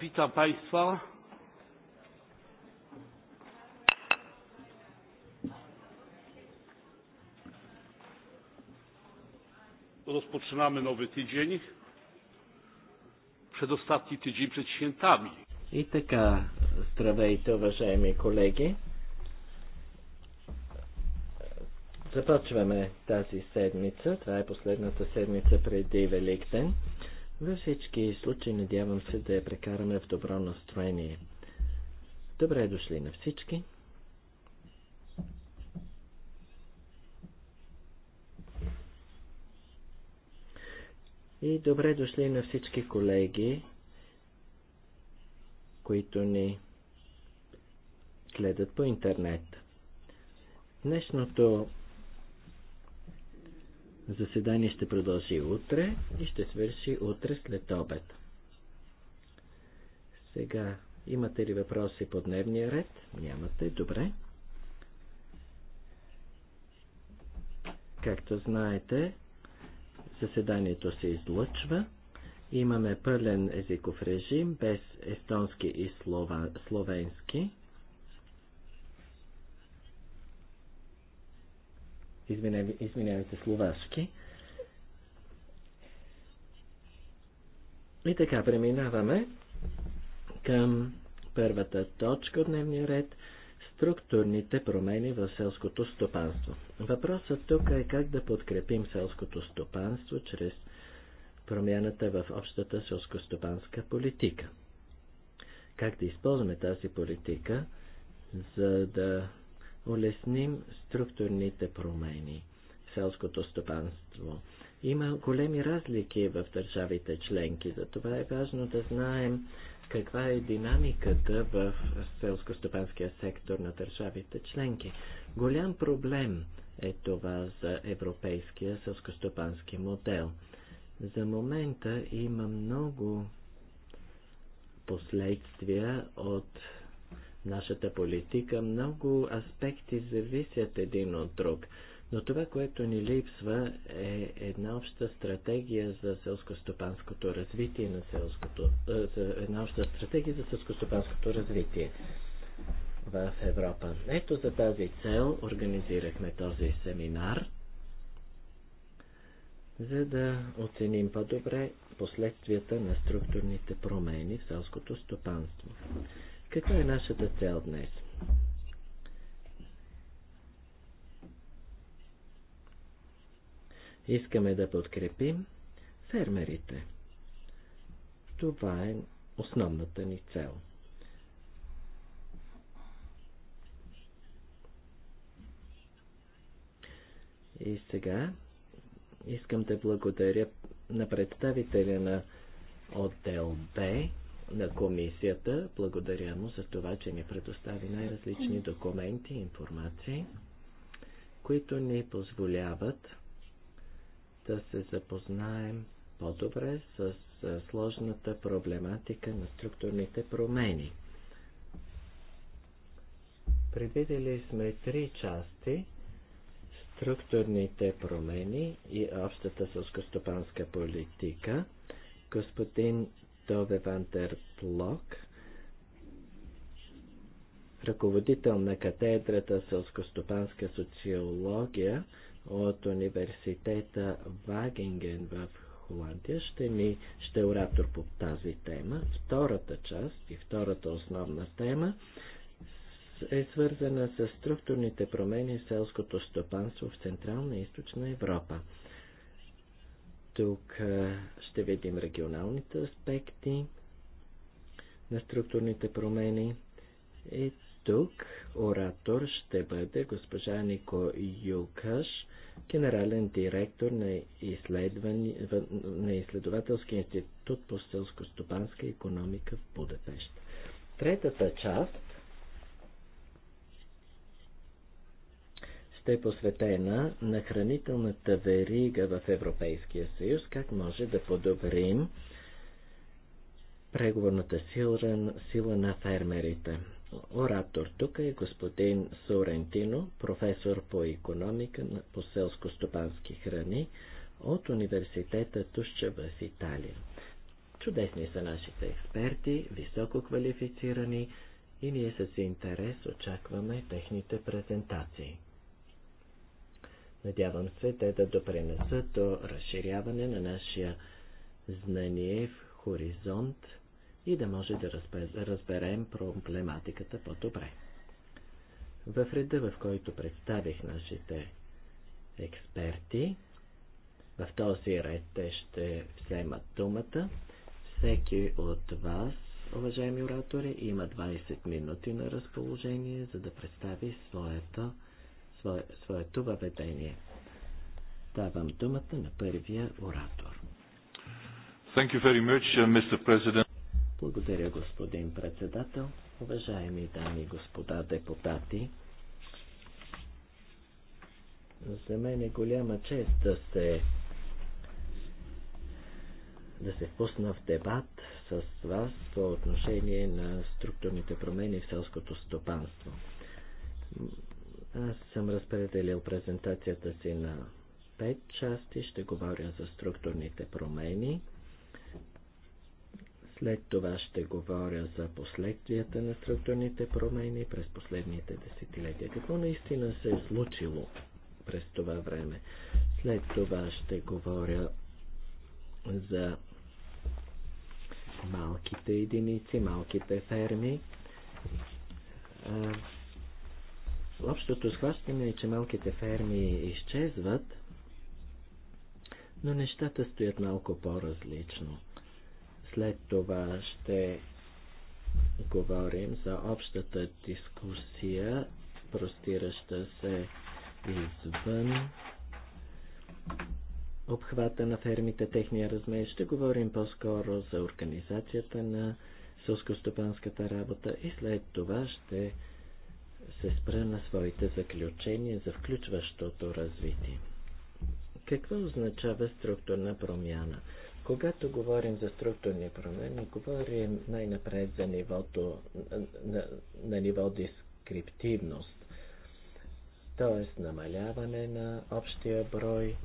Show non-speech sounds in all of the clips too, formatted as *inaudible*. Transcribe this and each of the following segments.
Witam Państwa. Rozpoczynamy nowy tydzień. Przedostatni tydzień przed świętami. I taka здравейте, уважаеми колеги. Започваме тази седмица. Това е последната седмица преди Великден. Във всички случаи надявам се да я е прекараме в добро настроение. Добре дошли на всички. И добре дошли на всички колеги, които ни гледат по интернет. Днешното Заседание ще продължи утре и ще свърши утре след обед. Сега, имате ли въпроси по дневния ред? Нямате, добре. Както знаете, заседанието се излъчва. Имаме пълен езиков режим без естонски и слова, словенски. извинявайте, словашки. И така, преминаваме към първата точка от дневния ред структурните промени в селското стопанство. Въпросът тук е как да подкрепим селското стопанство чрез промяната в общата селскостопанска политика. Как да използваме тази политика, за да улесним структурните промени в селското стопанство. Има големи разлики в държавите членки, затова е важно да знаем каква е динамиката в селско-стопанския сектор на държавите членки. Голям проблем е това за европейския селскостопански модел. За момента има много последствия от нашата политика, много аспекти зависят един от друг. Но това, което ни липсва, е една обща стратегия за селско-стопанското развитие на селското, Е, една обща стратегия за селско-стопанското развитие в Европа. Ето за тази цел организирахме този семинар, за да оценим по-добре последствията на структурните промени в селското стопанство. Каква е нашата цел днес? Искаме да подкрепим фермерите. Това е основната ни цел. И сега искам да благодаря на представителя на отдел Б на комисията. Благодаря му за това, че ни предостави най-различни документи и информации, които ни позволяват да се запознаем по-добре с сложната проблематика на структурните промени. Предвидели сме три части структурните промени и общата сълскостопанска политика. Господин Тове Вантерплок, ръководител на катедрата селскостопанска социология от университета Вагенген в Холандия, ще ми ще е оратор по тази тема. Втората част и втората основна тема е свързана с структурните промени в селското стопанство в Централна и Източна Европа. Тук ще видим регионалните аспекти на структурните промени. И тук оратор ще бъде госпожа Нико Юкаш, генерален директор на, изследвани... на изследователски институт по селско-стопанска економика в Будапешт. Третата част е посветена на хранителната верига в Европейския съюз, как може да подобрим преговорната сила, сила на фермерите. Оратор тук е господин Сорентино, професор по економика по селско-стопански храни от университета Тушча в Италия. Чудесни са нашите експерти, високо квалифицирани и ние с интерес очакваме техните презентации. Надявам се те да допренесат до разширяване на нашия знание в хоризонт и да може да разберем проблематиката по-добре. В реда, в който представих нашите експерти, в този ред те ще вземат думата. Всеки от вас, уважаеми оратори, има 20 минути на разположение, за да представи своята свое, своето въведение. Давам думата на първия оратор. Thank you very much, uh, Mr. President. Благодаря, господин председател. Уважаеми дами и господа депутати, за мен е голяма чест да се да се впусна в дебат с вас по отношение на структурните промени в селското стопанство. Аз съм разпределил презентацията си на пет части. Ще говоря за структурните промени. След това ще говоря за последствията на структурните промени през последните десетилетия. Какво наистина се е случило през това време? След това ще говоря за малките единици, малките ферми Общото схващане е, че малките ферми изчезват, но нещата стоят малко по-различно. След това ще говорим за общата дискусия, простираща се извън обхвата на фермите, техния размер. Ще говорим по-скоро за организацията на сълскостопанската работа и след това ще се спра на своите заключения за включващото развитие. Какво означава структурна промяна? Когато говорим за структурни промени, говорим най-напред за нивото, на, на ниво дескриптивност, т.е. намаляване на общия брой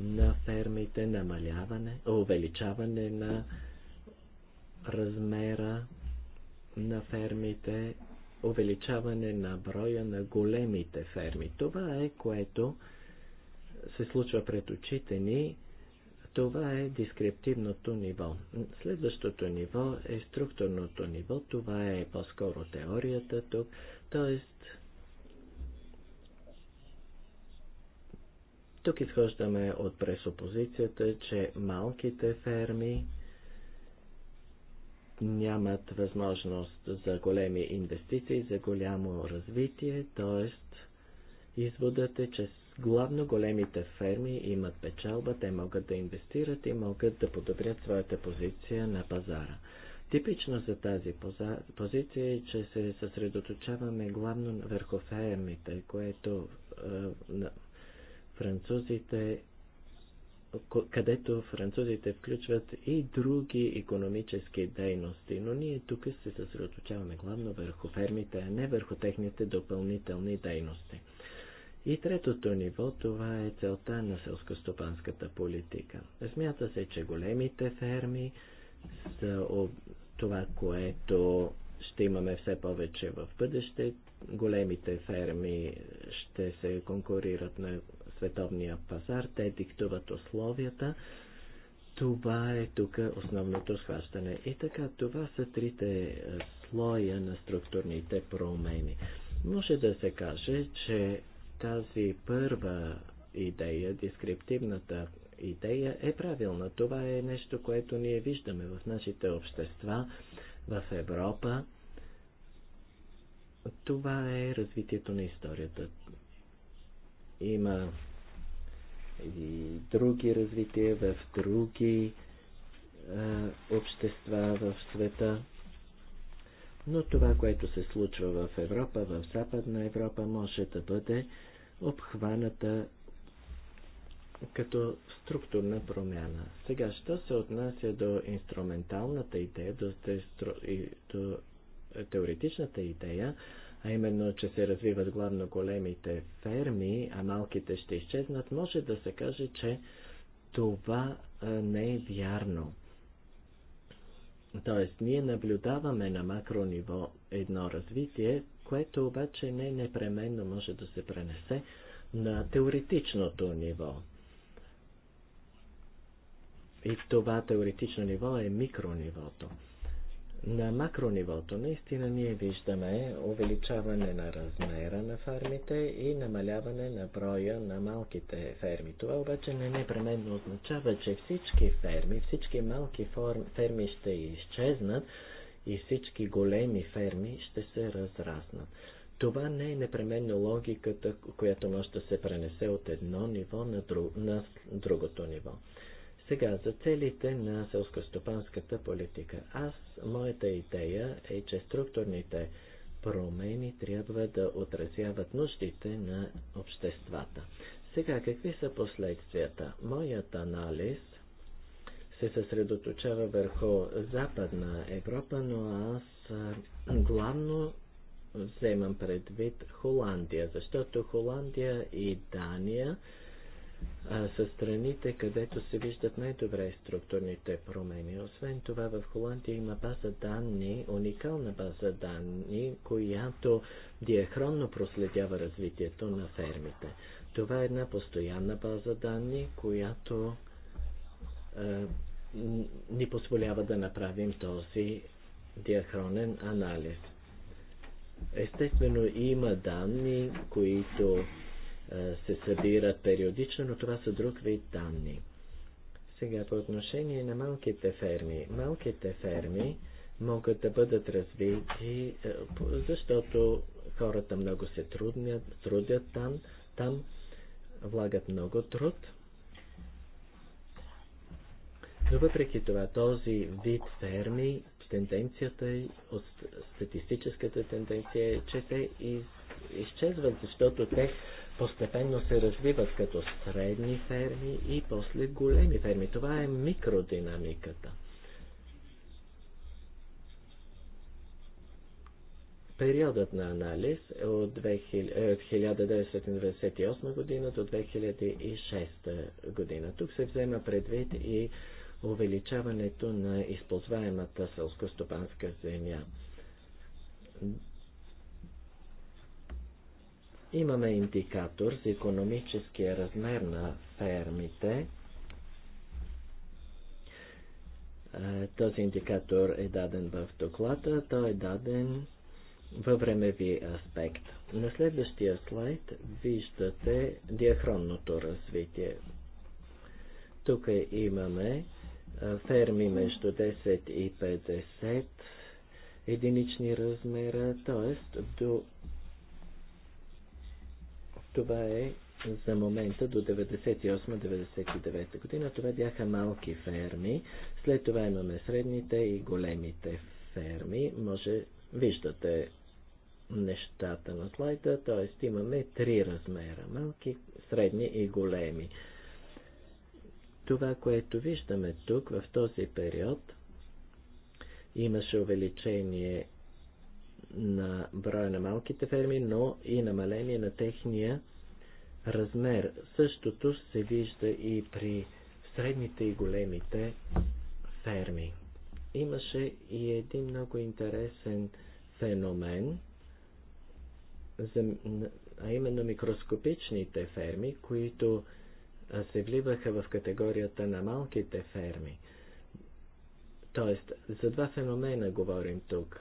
на фермите, намаляване, увеличаване на размера на фермите увеличаване на броя на големите ферми. Това е което се случва пред очите ни. Това е дискриптивното ниво. Следващото ниво е структурното ниво. Това е по-скоро теорията тук. Тоест, тук изхождаме от пресупозицията, че малките ферми нямат възможност за големи инвестиции, за голямо развитие, т.е. изводът е, че главно големите ферми имат печалба, те могат да инвестират и могат да подобрят своята позиция на пазара. Типично за тази позиция е, че се съсредоточаваме главно върху фермите, което е, французите където французите включват и други економически дейности, но ние тук се съсредоточаваме главно върху фермите, а не върху техните допълнителни дейности. И третото ниво, това е целта на селскостопанската политика. Смята се, че големите ферми са това, което ще имаме все повече в бъдеще. Големите ферми ще се конкурират на световния пазар, те диктуват условията. Това е тук основното схващане. И така, това са трите е, слоя на структурните промени. Може да се каже, че тази първа идея, дескриптивната идея е правилна. Това е нещо, което ние виждаме в нашите общества, в Европа. Това е развитието на историята. Има и други развития в други е, общества в света. Но това, което се случва в Европа, в Западна Европа, може да бъде обхваната като структурна промяна. Сега, що се отнася до инструменталната идея, до, до теоретичната идея, а именно, че се развиват главно големите ферми, а малките ще изчезнат, може да се каже, че това не е вярно. Тоест, ние наблюдаваме на макро ниво едно развитие, което обаче не непременно може да се пренесе на теоретичното ниво. И това теоретично ниво е микронивото. На макронивото наистина ние виждаме увеличаване на размера на фермите и намаляване на броя на малките ферми. Това обаче не непременно означава, че всички ферми, всички малки ферми ще изчезнат и всички големи ферми ще се разраснат. Това не е непременно логиката, която може да се пренесе от едно ниво на, друг, на другото ниво. Сега, за целите на селско-стопанската политика. Аз, моята идея е, че структурните промени трябва да отразяват нуждите на обществата. Сега, какви са последствията? Моят анализ се съсредоточава върху Западна Европа, но аз главно вземам предвид Холандия, защото Холандия и Дания са страните, където се виждат най-добре структурните промени. Освен това, в Холандия има база данни, уникална база данни, която диахронно проследява развитието на фермите. Това е една постоянна база данни, която е, ни позволява да направим този диахронен анализ. Естествено, има данни, които се събират периодично, но това са друг вид данни. Сега по отношение на малките ферми. Малките ферми могат да бъдат развити, защото хората много се труднят, трудят там, там влагат много труд. Но въпреки това, този вид ферми, тенденцията, е, от статистическата тенденция е, че се из изчезват, защото те постепенно се развиват като средни ферми и после големи ферми. Това е микродинамиката. Периодът на анализ е от 1998 е година до 2006 година. Тук се взема предвид и увеличаването на използваемата селскостопанска земя. Имаме индикатор за економическия размер на фермите. Е, този индикатор е даден в доклада, той е даден във времеви аспект. На следващия слайд виждате диахронното развитие. Тук имаме е, ферми между 10 и 50 единични размера, т.е. до това е за момента до 98-99 година. Това бяха малки ферми. След това имаме средните и големите ферми. Може, виждате нещата на слайда, т.е. имаме три размера. Малки, средни и големи. Това, което виждаме тук в този период, имаше увеличение на броя на малките ферми, но и намаление на техния размер. Същото се вижда и при средните и големите ферми. Имаше и един много интересен феномен, а именно микроскопичните ферми, които се вливаха в категорията на малките ферми. Тоест, за два феномена говорим тук.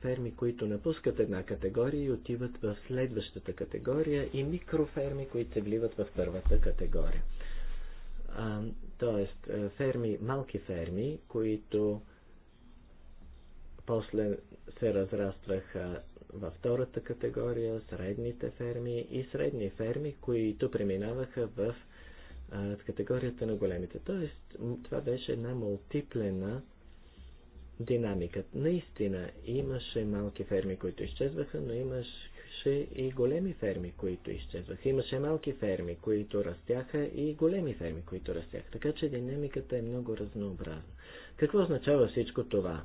Ферми, които напускат една категория и отиват в следващата категория и микроферми, които се вливат в първата категория. Тоест, ферми, малки ферми, които после се разрастваха във втората категория, средните ферми и средни ферми, които преминаваха в категорията на големите. Тоест, това беше една мултиплена динамикът. Наистина имаше малки ферми, които изчезваха, но имаше и големи ферми, които изчезваха. Имаше малки ферми, които растяха и големи ферми, които растяха. Така че динамиката е много разнообразна. Какво означава всичко това?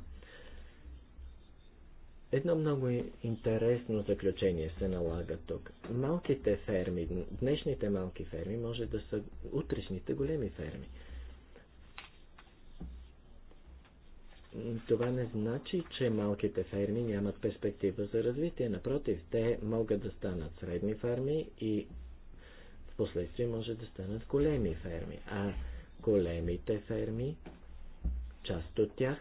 Едно много интересно заключение се налага тук. Малките ферми, днешните малки ферми, може да са утрешните големи ферми. това не значи, че малките ферми нямат перспектива за развитие. Напротив, те могат да станат средни ферми и в последствие може да станат големи ферми. А големите ферми, част от тях,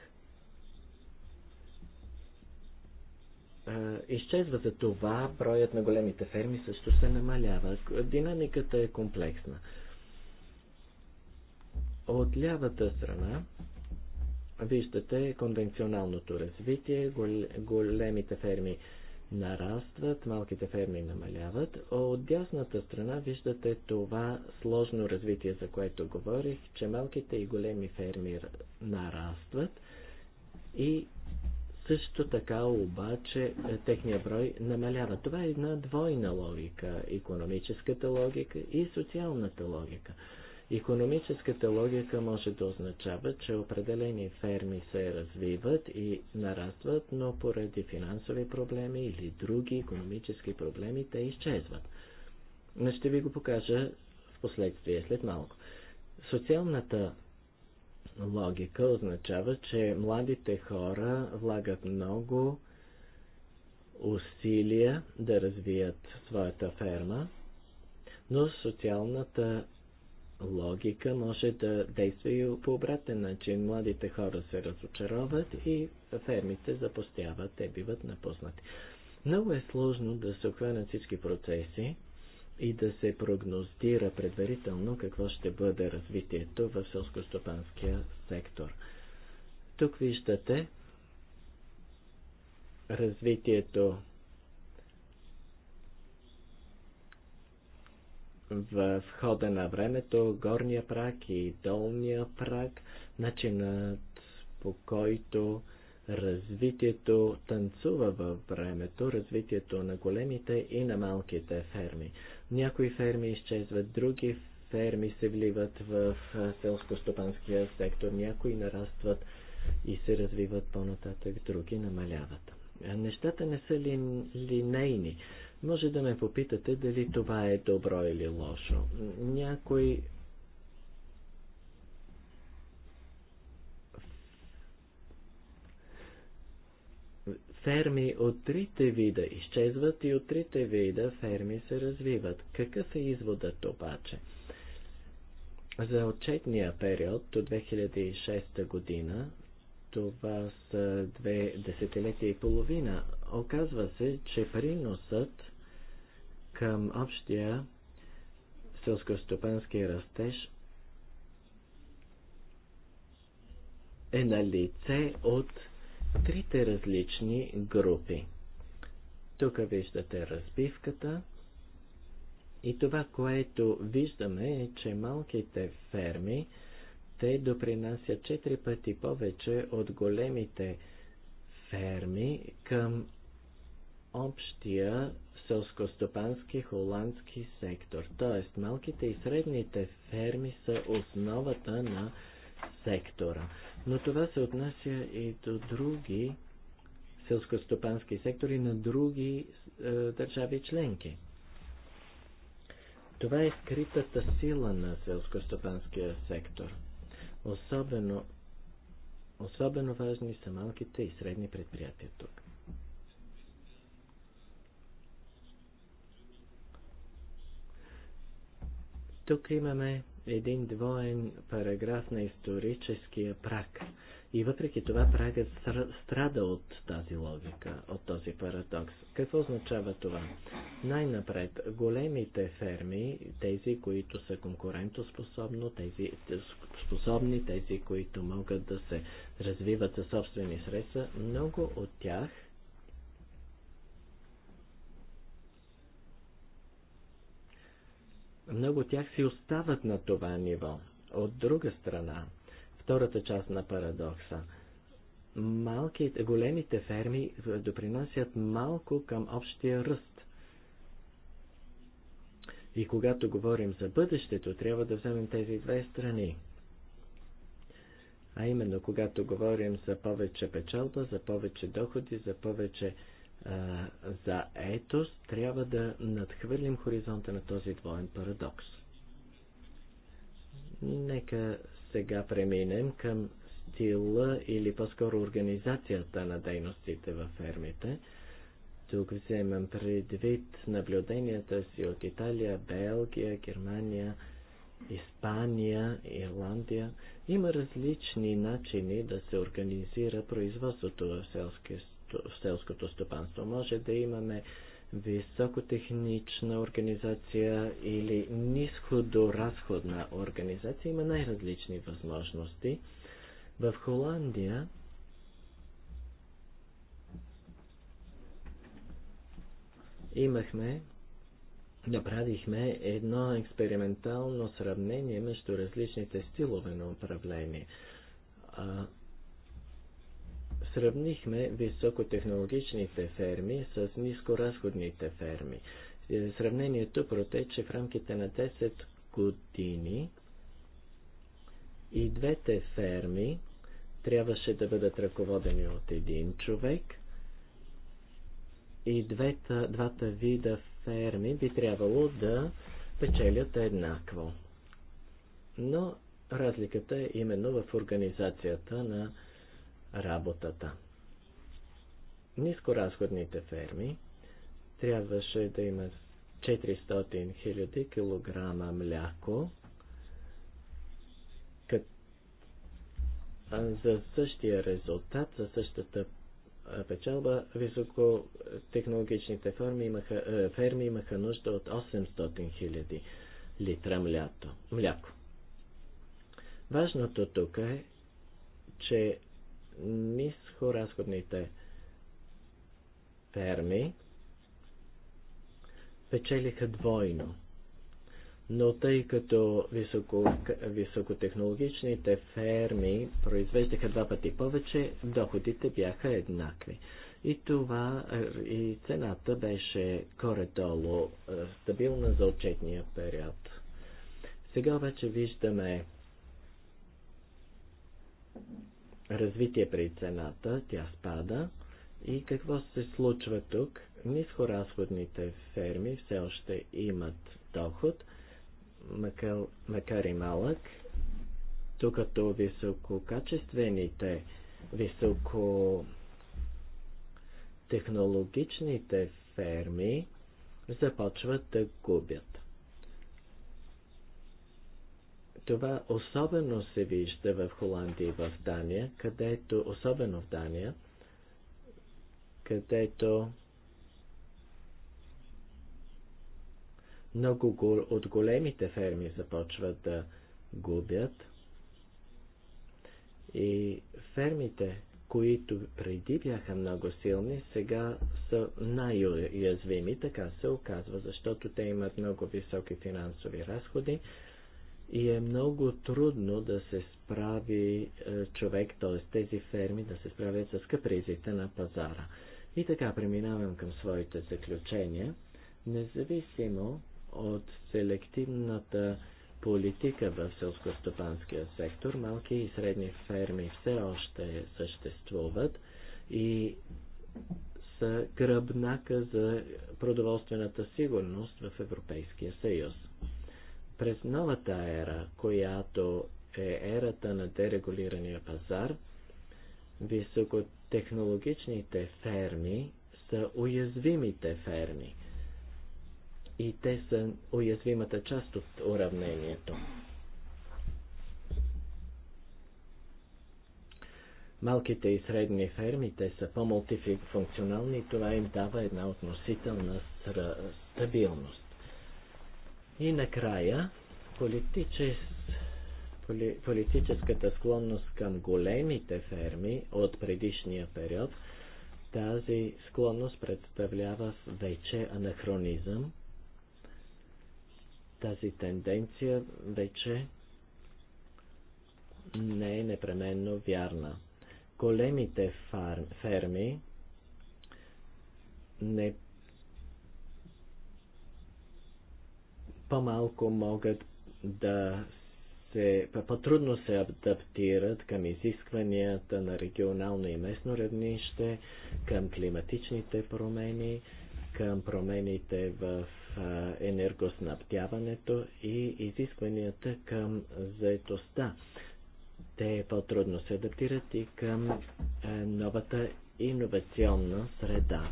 изчезва. За това броят на големите ферми също се намалява. Динамиката е комплексна. От лявата страна Виждате конвенционалното развитие, големите ферми нарастват, малките ферми намаляват. От дясната страна виждате това сложно развитие, за което говорих, че малките и големи ферми нарастват и също така обаче е, техния брой намалява. Това е една двойна логика, економическата логика и социалната логика. Економическата логика може да означава, че определени ферми се развиват и нарастват, но поради финансови проблеми или други економически проблеми те изчезват. Но ще ви го покажа в последствие след малко. Социалната логика означава, че младите хора влагат много усилия да развият своята ферма, но социалната логика може да действа и по обратен начин. Младите хора се разочароват и фермите запостяват, те биват напуснати. Много е сложно да се охванат всички процеси и да се прогностира предварително какво ще бъде развитието в селскостопанския сектор. Тук виждате развитието в хода на времето горния прак и долния прак, начинът по който развитието танцува във времето, развитието на големите и на малките ферми. Някои ферми изчезват, други ферми се вливат в селско-стопанския сектор, някои нарастват и се развиват по-нататък, други намаляват. Нещата не са ли, линейни. Може да ме попитате дали това е добро или лошо. Някой ферми от трите вида изчезват и от трите вида ферми се развиват. Какъв е изводът обаче? За отчетния период до 2006 година, това са две десетилетия и половина, оказва се, че приносът към общия селскостопански растеж е на лице от трите различни групи. Тук виждате разбивката и това, което виждаме е, че малките ферми те допринасят четири пъти повече от големите ферми към общия селско-стопански холандски сектор. Тоест, малките и средните ферми са основата на сектора. Но това се отнася и до други селскостопански сектори на други е, държави членки. Това е скритата сила на селскостопанския сектор. Особено, особено важни са малките и средни предприятия тук. Тук имаме един двоен параграф на историческия прак. И въпреки това прагът страда от тази логика, от този парадокс. Какво означава това? Най-напред, големите ферми, тези, които са конкурентоспособно, тези, способни, тези, които могат да се развиват със собствени средства, много от тях – много от тях си остават на това ниво. От друга страна, втората част на парадокса. Малките, големите ферми допринасят малко към общия ръст. И когато говорим за бъдещето, трябва да вземем тези две страни. А именно, когато говорим за повече печалба, за повече доходи, за повече за етос, трябва да надхвърлим хоризонта на този двоен парадокс. Нека сега преминем към стила или по-скоро организацията на дейностите във фермите. Тук вземам предвид наблюденията си от Италия, Белгия, Германия, Испания, Ирландия. Има различни начини да се организира производството в селския в селското стопанство. Може да имаме високотехнична организация или нисходоразходна организация. Има най-различни възможности. В Холандия имахме, направихме едно експериментално сравнение между различните стилове на управление. Сравнихме високотехнологичните ферми с нискоразходните ферми. Е, сравнението протече в рамките на 10 години и двете ферми трябваше да бъдат ръководени от един човек и двата, двата вида ферми би трябвало да печелят еднакво. Но разликата е именно в организацията на работата. Нискоразходните ферми трябваше да имат 400 000 кг мляко кът... за същия резултат, за същата печалба, високотехнологичните ферми имаха, ферми имаха нужда от 800 000 литра млято, мляко. Важното тук е, че нискоразходните ферми печелиха двойно. Но тъй като високо, високотехнологичните ферми произвеждаха два пъти повече, доходите бяха еднакви. И това е, и цената беше коредолу долу е, стабилна за отчетния период. Сега обаче виждаме развитие при цената, тя спада. И какво се случва тук? Нискоразходните ферми все още имат доход, макар, макар и малък, докато висококачествените, високотехнологичните ферми започват да губят. Това особено се вижда в Холандия и в Дания, където, особено в Дания, където много от големите ферми започват да губят и фермите, които преди бяха много силни, сега са най-уязвими, така се оказва, защото те имат много високи финансови разходи и е много трудно да се справи е, човек, т.е. тези ферми да се справят с капризите на пазара. И така преминавам към своите заключения. Независимо от селективната политика в селскостопанския сектор, малки и средни ферми все още съществуват и са гръбнака за продоволствената сигурност в Европейския съюз. През новата ера, която е ерата на дерегулирания пазар, високотехнологичните ферми са уязвимите ферми. И те са уязвимата част от уравнението. Малките и средни ферми, те са по-мултифункционални и това им дава една относителна стабилност. И накрая, политичес, поли, политическата склонност към големите ферми от предишния период, тази склонност представлява вече анахронизъм. Тази тенденция вече не е непременно вярна. Големите ферми не по-малко могат да се, по-трудно се адаптират към изискванията на регионално и местно равнище, към климатичните промени, към промените в енергоснабдяването и изискванията към заетостта. Те по-трудно се адаптират и към новата иновационна среда.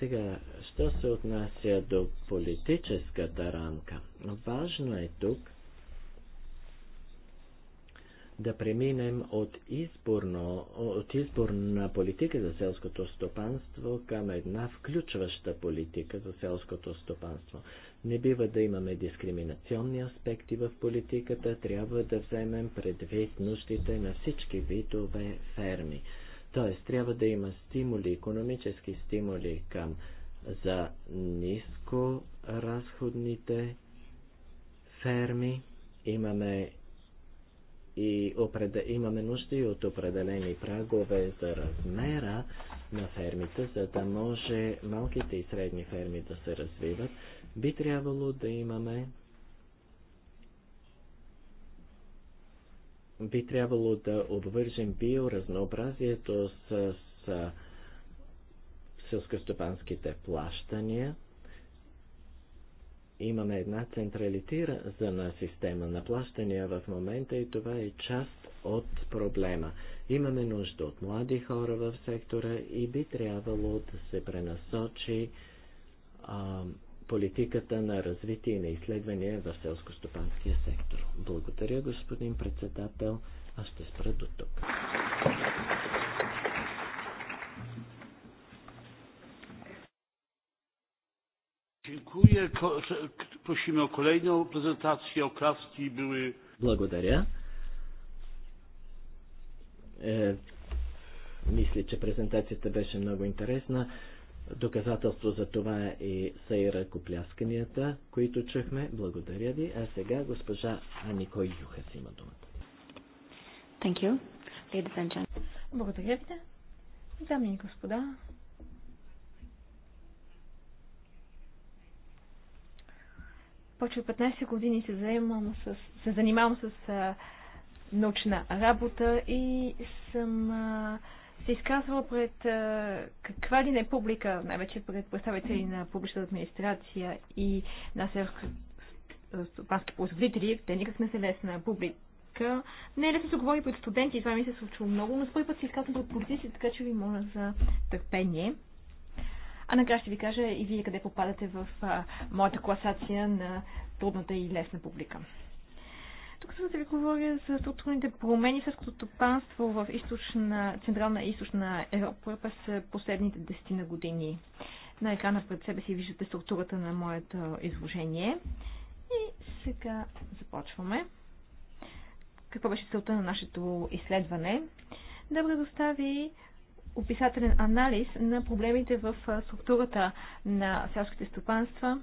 Сега, що се отнася до политическата рамка? Важно е тук да преминем от, изборно, от изборна политика за селското стопанство към една включваща политика за селското стопанство. Не бива да имаме дискриминационни аспекти в политиката, трябва да вземем предвид нуждите на всички видове ферми. Т.е. трябва да има стимули, економически стимули към за ниско разходните ферми. Имаме и опреда, имаме нужда и от определени прагове за размера на фермите, за да може малките и средни ферми да се развиват. Би трябвало да имаме би трябвало да обвържем биоразнообразието с, с селскостопанските плащания. Имаме една централизирана система на плащания в момента и това е част от проблема. Имаме нужда от млади хора в сектора и би трябвало да се пренасочи а, политиката на развитие и на изследвания в селско-стопанския сектор. Благодаря, господин председател. Аз ще спра до тук. Благодаря. Е, мисля, че презентацията беше много интересна. Доказателство за това е и сейра коплясканията, които чухме. Благодаря ви. А сега госпожа Анико Юхас има думата. Thank you. Ladies and gentlemen. Благодаря ви. Дами и господа, Почва 15 години се, заемам с, се занимавам с а, научна работа и съм а, се изказвал пред а, каква ли не публика, най-вече пред представители на публичната администрация и на селско-стопански производители, те никак не са лесна публика. Не е лесно се говори пред студенти, това ми се е случва много, но с първи път се изказвам пред политици, така че ви моля за търпение. А накрая ще ви кажа и вие къде попадате в а, моята класация на трудната и лесна публика. Тук съм да ви говоря за структурните промени в сърското стопанство в източна, Централна и Източна Европа през последните десетина години. На екрана пред себе си виждате структурата на моето изложение. И сега започваме. Какво беше целта на нашето изследване? Да предостави описателен анализ на проблемите в структурата на селските стопанства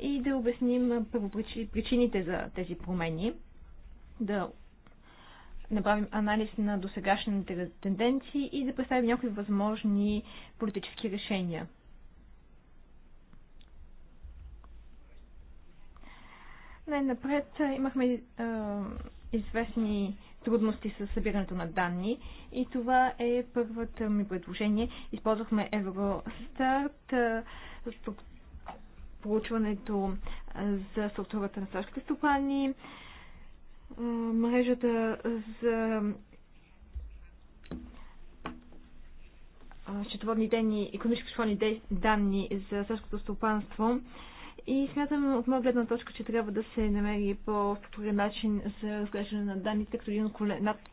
и да обясним първо причините за тези промени да направим анализ на досегашните тенденции и да представим някои възможни политически решения. Най-напред имахме е, известни трудности с събирането на данни и това е първото ми предложение. Използвахме Евростарт, проучването за структурата на САЩ стопани, мрежата за счетоводни данни, економически счетоводни данни за селското стопанство. И смятам от моя гледна точка, че трябва да се намери по-структурен начин за разглеждане на данните, като един от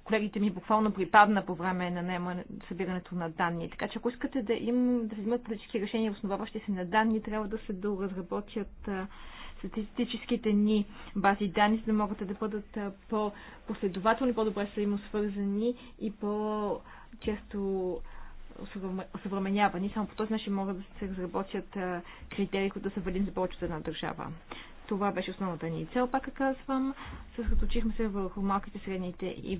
колегите ми буквално припадна по време на наема, събирането на данни. Така че ако искате да, им, да взимат политически решения, основаващи се на данни, трябва да се доразработят статистическите ни бази данни, за да могат да бъдат по-последователни, по-добре взаимосвързани и по-често съвременявани. Само по този начин могат да се разработят критерии, които да са валидни за повечето една държава. Това беше основната ни цел, пак казвам. Съсредоточихме се върху малките, средните и е,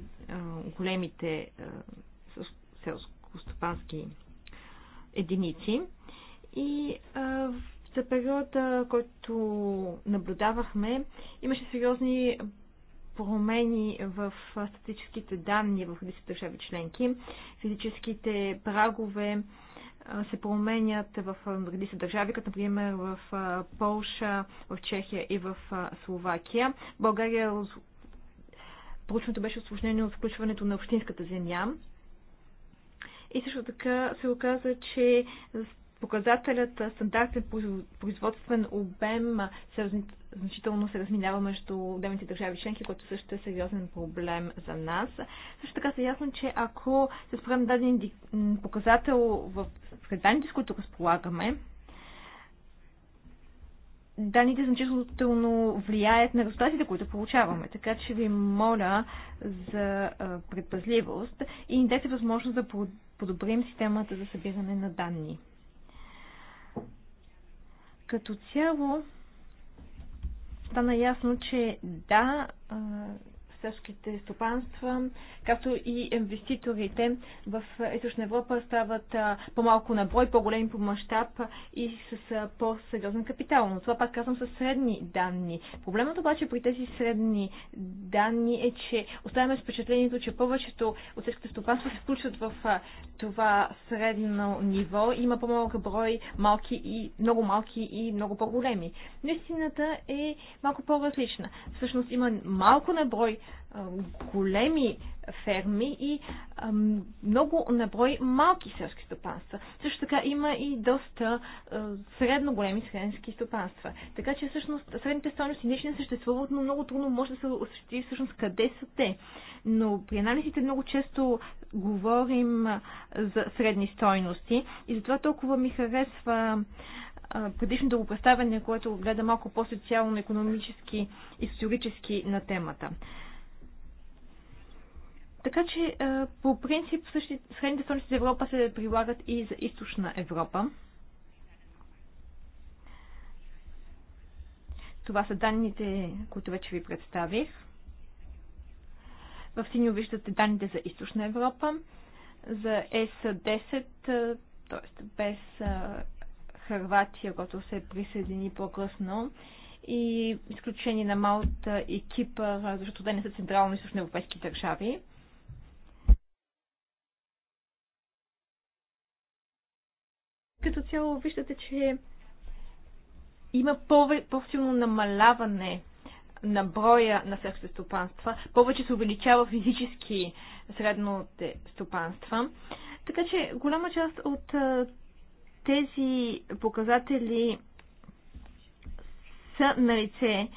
големите е, селско-стопански единици. И е, за периода, който наблюдавахме, имаше сериозни промени в статическите данни в редиците държави членки. Физическите прагове се променят в редица държави, като например в Полша, в Чехия и в Словакия. България проучването беше осложнено от включването на общинската земя. И също така се оказа, че показателят стандартен производствен обем се значително се разминава между отделните държави членки, което също е сериозен проблем за нас. Също така се ясно, че ако се спрем даден показател в данните, с които разполагаме, данните значително влияят на резултатите, които получаваме. Така че ви моля за предпазливост и дайте възможност да подобрим системата за събиране на данни. Като цяло стана ясно, че да, селските стопанства, както и инвеститорите в Източна Европа стават по-малко на брой, по-големи по мащаб и с по-сериозен капитал. Но това пак казвам със средни данни. Проблемът обаче при тези средни данни е, че оставяме с впечатлението, че повечето от селските стопанства се включват в това средно ниво. Има по-малък брой малки и много малки и много по-големи. Наистината е малко по-различна. Всъщност има малко на брой големи ферми и много наброй малки селски стопанства. Също така има и доста средно големи селски стопанства. Така че всъщност средните стойности не ще съществуват, но много трудно може да се осъществи всъщност къде са те. Но при анализите много често говорим за средни стойности и затова толкова ми харесва предишното го представяне, което гледа малко по-социално, економически и социологически на темата. Така че е, по принцип средните стойности за Европа се прилагат и за източна Европа. Това са данните, които вече ви представих. В синьо виждате данните за източна Европа, за ЕС-10, е, т.е. без е, Харватия, който се присъедини по-късно и изключение на Малта и Кипър, защото те не са централно източно европейски държави. като цяло виждате, че има по-силно намаляване на броя на селските стопанства. Повече се увеличава физически средните стопанства. Така че голяма част от тези показатели са на лице,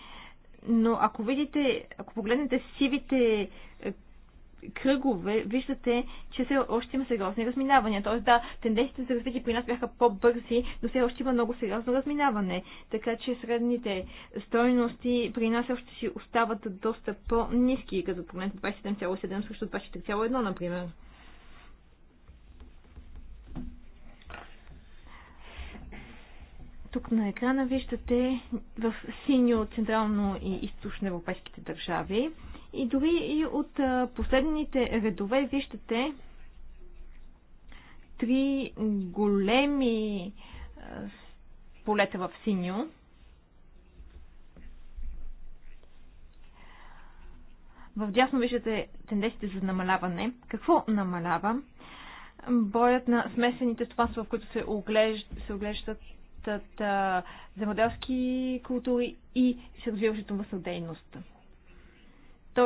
но ако видите, ако погледнете сивите кръгове, виждате, че все още има сериозни разминавания. Тоест, да, тенденциите за развитие при нас бяха по-бързи, но все още има много сериозно разминаване. Така че средните стойности при нас още си остават доста по-низки, като погледнете 27,7 срещу 24,1, например. Тук на екрана виждате в синьо централно и източно европейските държави и дори и от последните редове виждате три големи полета в синьо. В дясно виждате тенденциите за намаляване. Какво намалява? Боят на смесените стопанства, в които се, оглежд, се оглеждат земеделски култури и се развива животновъдна дейност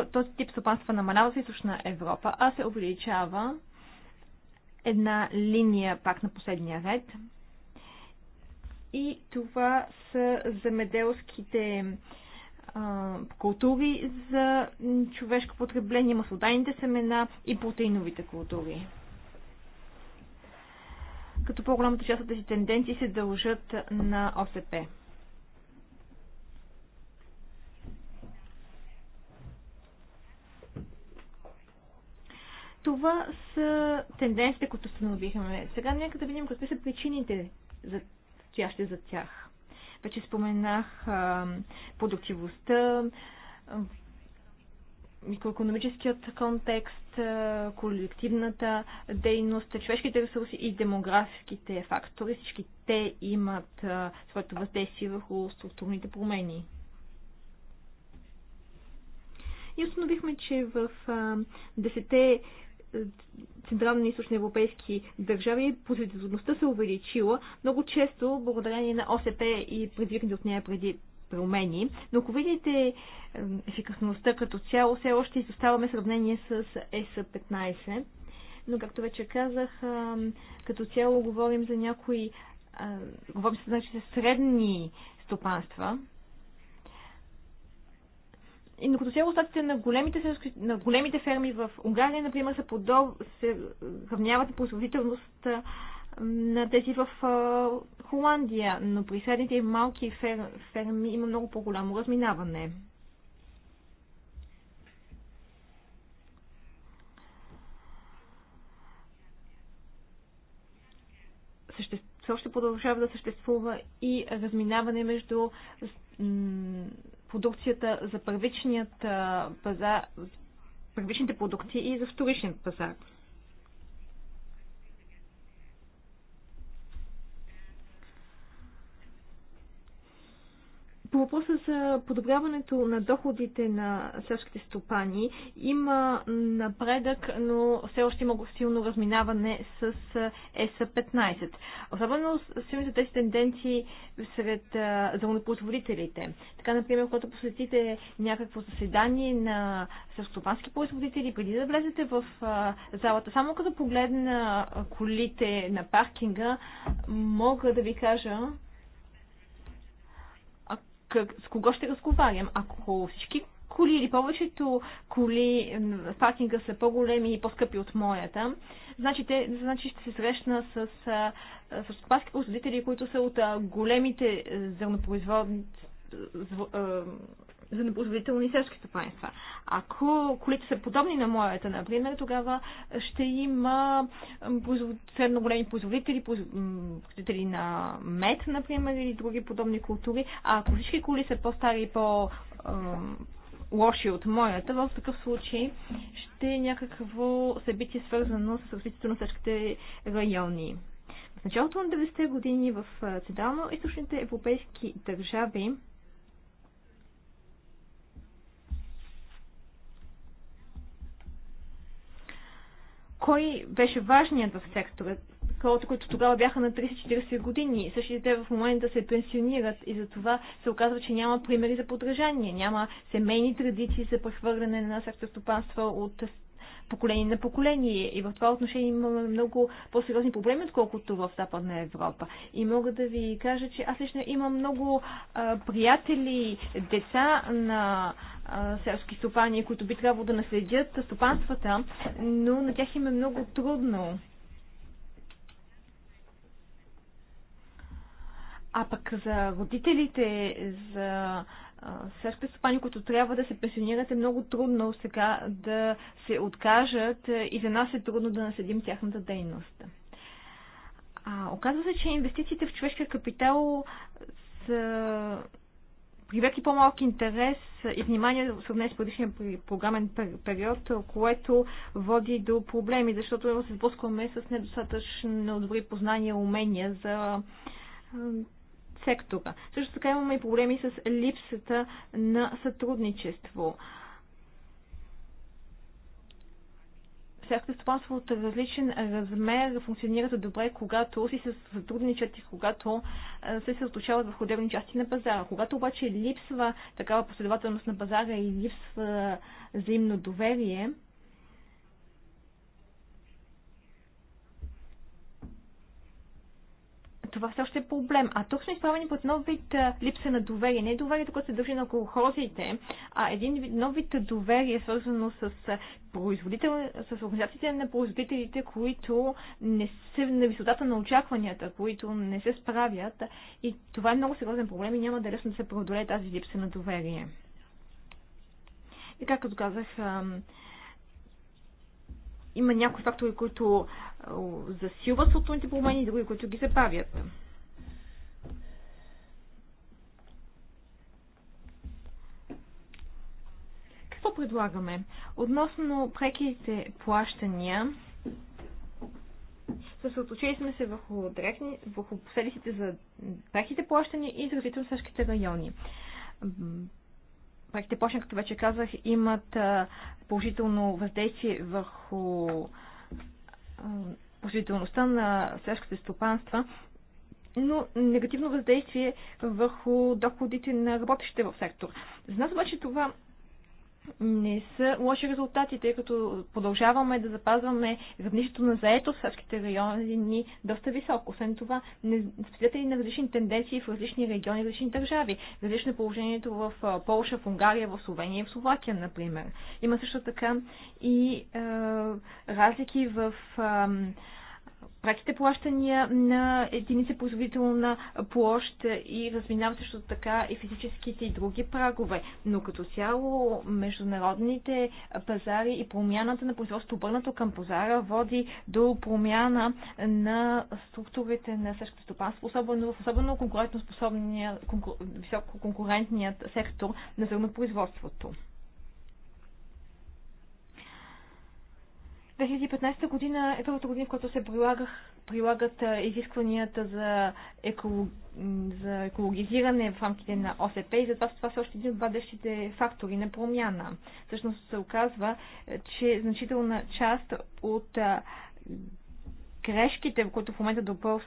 този тип стопанства намалява в източна Европа, а се увеличава една линия пак на последния ред. И това са замеделските а, култури за човешко потребление, маслодайните семена и протеиновите култури. Като по-голямата част от тези тенденции се дължат на ОСП. Това са тенденциите, които установихме. Сега нека да видим какви са причините за стоящи за тях. Вече споменах а, продуктивността, микроекономическият контекст, колективната дейност, човешките ресурси и демографските фактори. Всички те имат своето въздействие върху структурните промени. И установихме, че в десете централно и европейски държави, производителността се е увеличила много често благодарение на ОСП и предвидените от нея преди промени. Но ако видите ефикасността като цяло, все още изоставаме сравнение с ЕС-15. Но, както вече казах, като цяло говорим за някои, говорим за значи, средни стопанства, и докато сега остатите на големите, на големите ферми в Унгария, например, са подол, се равняват на производителност на тези в Холандия, но при средните и малки фер, ферми има много по-голямо разминаване. Съще... още продължава да съществува и разминаване между продукцията за първичният пазар, първичните продукти и за вторичният пазар. По въпроса за подобряването на доходите на селските стопани има напредък, но все още има силно разминаване с ЕСА-15. Особено силни са тези тенденции сред зърнопроизводителите. Така, например, когато посетите някакво заседание на селскостопански производители, преди да влезете в залата, само като погледна колите на паркинга, мога да ви кажа, как, с кого ще разговарям. Ако всички коли или повечето коли в паркинга са по-големи и по-скъпи от моята, значи, те, значи ще се срещна с, с, с производители, които са от големите зърнопроизводни за непозволителни селски стопанства. Ако колите са подобни на моята, например, тогава ще има средно големи позволители, производители на мед, например, или други подобни култури. А ако всички коли са по-стари и по- лоши от моята, в такъв случай ще е някакво събитие свързано с развитието на всичките райони. В началото на 90-те години в централно-источните европейски държави кой беше важният в сектора. Хората, които тогава бяха на 30-40 години, същите те в момента се пенсионират и затова се оказва, че няма примери за подражание, няма семейни традиции за прехвърляне на стопанства от поколение на поколение. И в това отношение имаме много по-сериозни проблеми, отколкото в Западна Европа. И мога да ви кажа, че аз лично имам много а, приятели, деца на а, селски стопани, които би трябвало да наследят стопанствата, но на тях им е много трудно. А пък за родителите, за селските стопани, които трябва да се пенсионират, е много трудно сега да се откажат и за нас е трудно да наследим тяхната дейност. А, оказва се, че инвестициите в човешкия капитал са привлекли по-малък интерес и внимание в сравнение с предишния програмен период, което води до проблеми, защото се сблъскваме с недостатъчно добри познания и умения за сектора. Също така имаме и проблеми с липсата на сътрудничество. Всяко стопанство е от различен размер функционират добре, когато си се сътрудничат и когато се съсредоточават в отделни части на пазара. Когато обаче липсва такава последователност на пазара и липсва взаимно доверие, това все още е проблем. А тук сме изправени под нов вид липса на доверие. Не е доверието, което се държи на колхозите, а един нов вид доверие, свързано с, производител, с организациите на производителите, които не са на висотата на очакванията, които не се справят. И това е много сериозен проблем и няма да е лесно да се преодолее тази липса на доверие. И както казах, има някои фактори, които засилват структурните промени и други, които ги забавят. Какво предлагаме? Относно преките плащания, съсредоточили сме се върху, дрехни, върху последиците за преките плащания и за развитието на райони проектите почна, като вече казах, имат положително въздействие върху положителността на селските стопанства, но негативно въздействие върху доходите на работещите в сектор. За нас обаче това не са лоши резултати, тъй като продължаваме да запазваме равнището на заето в селските райони ни доста високо. Освен това, не, свидетели на различни тенденции в различни региони, в различни държави. Различно е положението в Полша, в Унгария, в Словения и в Словакия, например. Има също така и е, разлики в. Е, преките плащания на единици производител на площ и разминава също така и физическите и други прагове. Но като цяло международните пазари и промяната на производството обърнато към пазара води до промяна на структурите на същото стопанство, особено в особено способния, конкур, висококонкурентният сектор на зърнопроизводството. производството. 2015 година е първата година, в която се прилагах, прилагат изискванията за, еколог, за екологизиране в рамките на ОСП и затова това са още един от бъдещите фактори на промяна. Всъщност се оказва, е, че значителна част от грешките, които в момента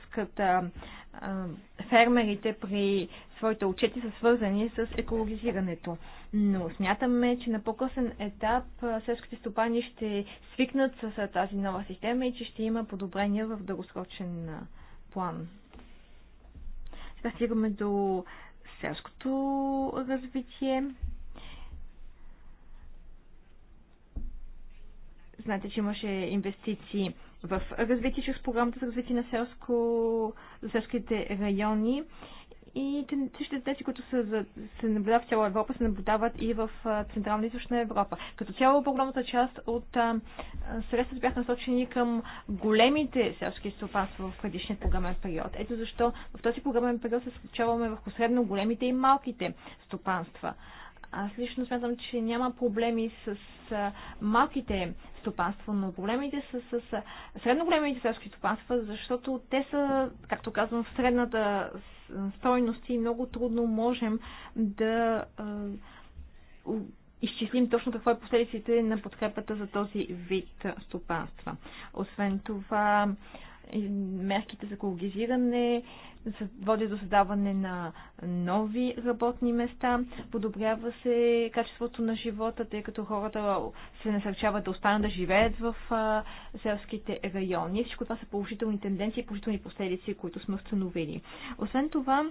а, фермерите при своите отчети са свързани с екологизирането. Но смятаме, че на по-късен етап селските стопани ще свикнат с тази нова система и че ще има подобрения в дългосрочен план. Сега стигаме до селското развитие. Знаете, че имаше инвестиции в развитие чрез програмата за развитие на селско, селските райони. И същите тези, които са, се наблюдават в цяла Европа, се наблюдават и в Централна и Източна Европа. Като цяло по-голямата е част от средствата бяха насочени към големите селски стопанства в предишния програмен период. Ето защо в този програмен период се случаваме върху средно големите и малките стопанства. Аз лично смятам, че няма проблеми с малките стопанства, но проблемите са с, с средно-големите селски стопанства, защото те са, както казвам, в средната стойност и много трудно можем да изчислим точно какво е последиците на подкрепата за този вид стопанства. Освен това, мерките за екологизиране води до създаване на нови работни места, подобрява се качеството на живота, тъй като хората се насърчават да останат да живеят в селските райони. Всичко това са положителни тенденции, положителни последици, които сме установили. Освен това,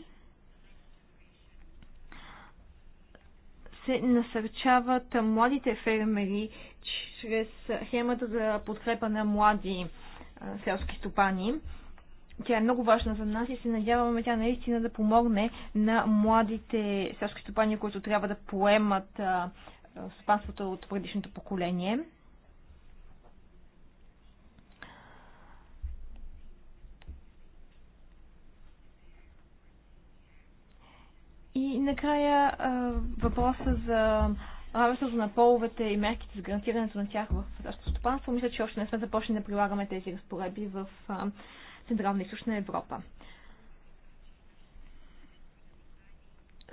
се насърчават младите фермери чрез схемата за подкрепа на млади селски стопани. Тя е много важна за нас и се надяваме тя наистина да помогне на младите селски стопани, които трябва да поемат стопанството от предишното поколение. И накрая въпроса за равенството на половете и мерките за гарантирането на тях в нашето стопанство. Мисля, че още не сме започнали да прилагаме тези разпоредби в Централна и Източна Европа.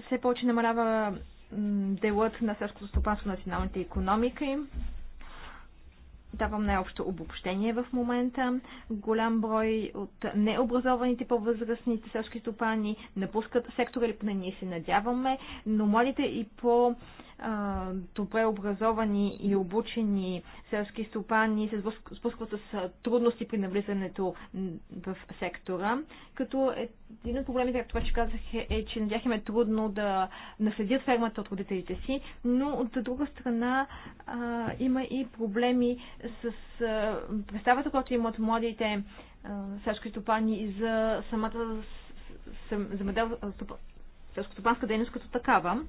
Все повече намалява делът на селското стопанство на националните економики давам най-общо обобщение в момента. Голям брой от необразованите по-възрастните селски стопани напускат сектора или поне ние се надяваме, но младите и по- добре образовани и обучени селски стопани се спускват с трудности при навлизането в сектора. Като един от проблемите, както вече казах, е, е, че на тях им е трудно да наследят фермата от родителите си, но от друга страна а, има и проблеми с а, представата, която имат младите селски стопани и за самата селско-стопанска дейност като такава.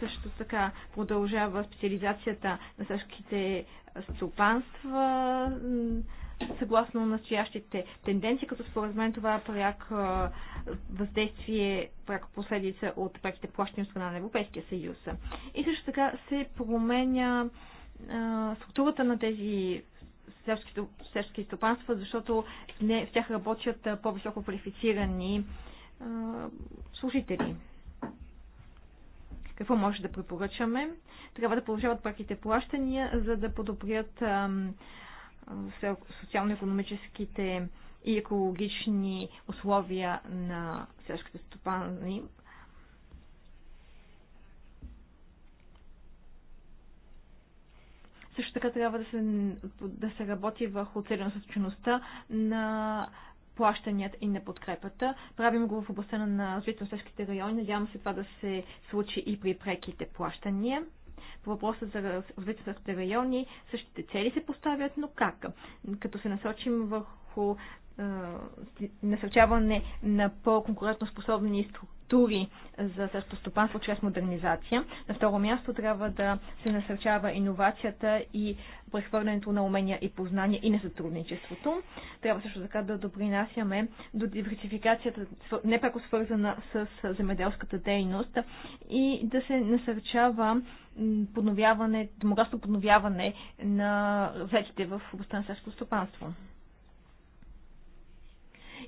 Също така продължава специализацията на селските стопанства съгласно настоящите тенденции, като според мен това е пряк въздействие, пряк последица от преките плащания от страна на Европейския съюз. И също така се променя а, структурата на тези селски стопанства, защото в, не, в тях работят по-високо квалифицирани служители. Какво може да препоръчаме? Трябва да продължават праките плащания, за да подобрят социално-економическите и екологични условия на селските стопани. Също така трябва да се, да се работи върху целенасочеността на плащанията и на подкрепата. Правим го в областта на развитието на селските райони. Надявам се това да се случи и при преките плащания. По въпроса за развитието на селските райони същите цели се поставят, но как? Като се насочим върху насърчаване на по-конкурентно способни структури, структури за селско стопанство чрез модернизация. На второ място трябва да се насърчава иновацията и прехвърлянето на умения и познания и на сътрудничеството. Трябва също така да допринасяме до диверсификацията, непреко свързана с земеделската дейност и да се насърчава подновяване, демографско подновяване на вечите в областта на селското стопанство.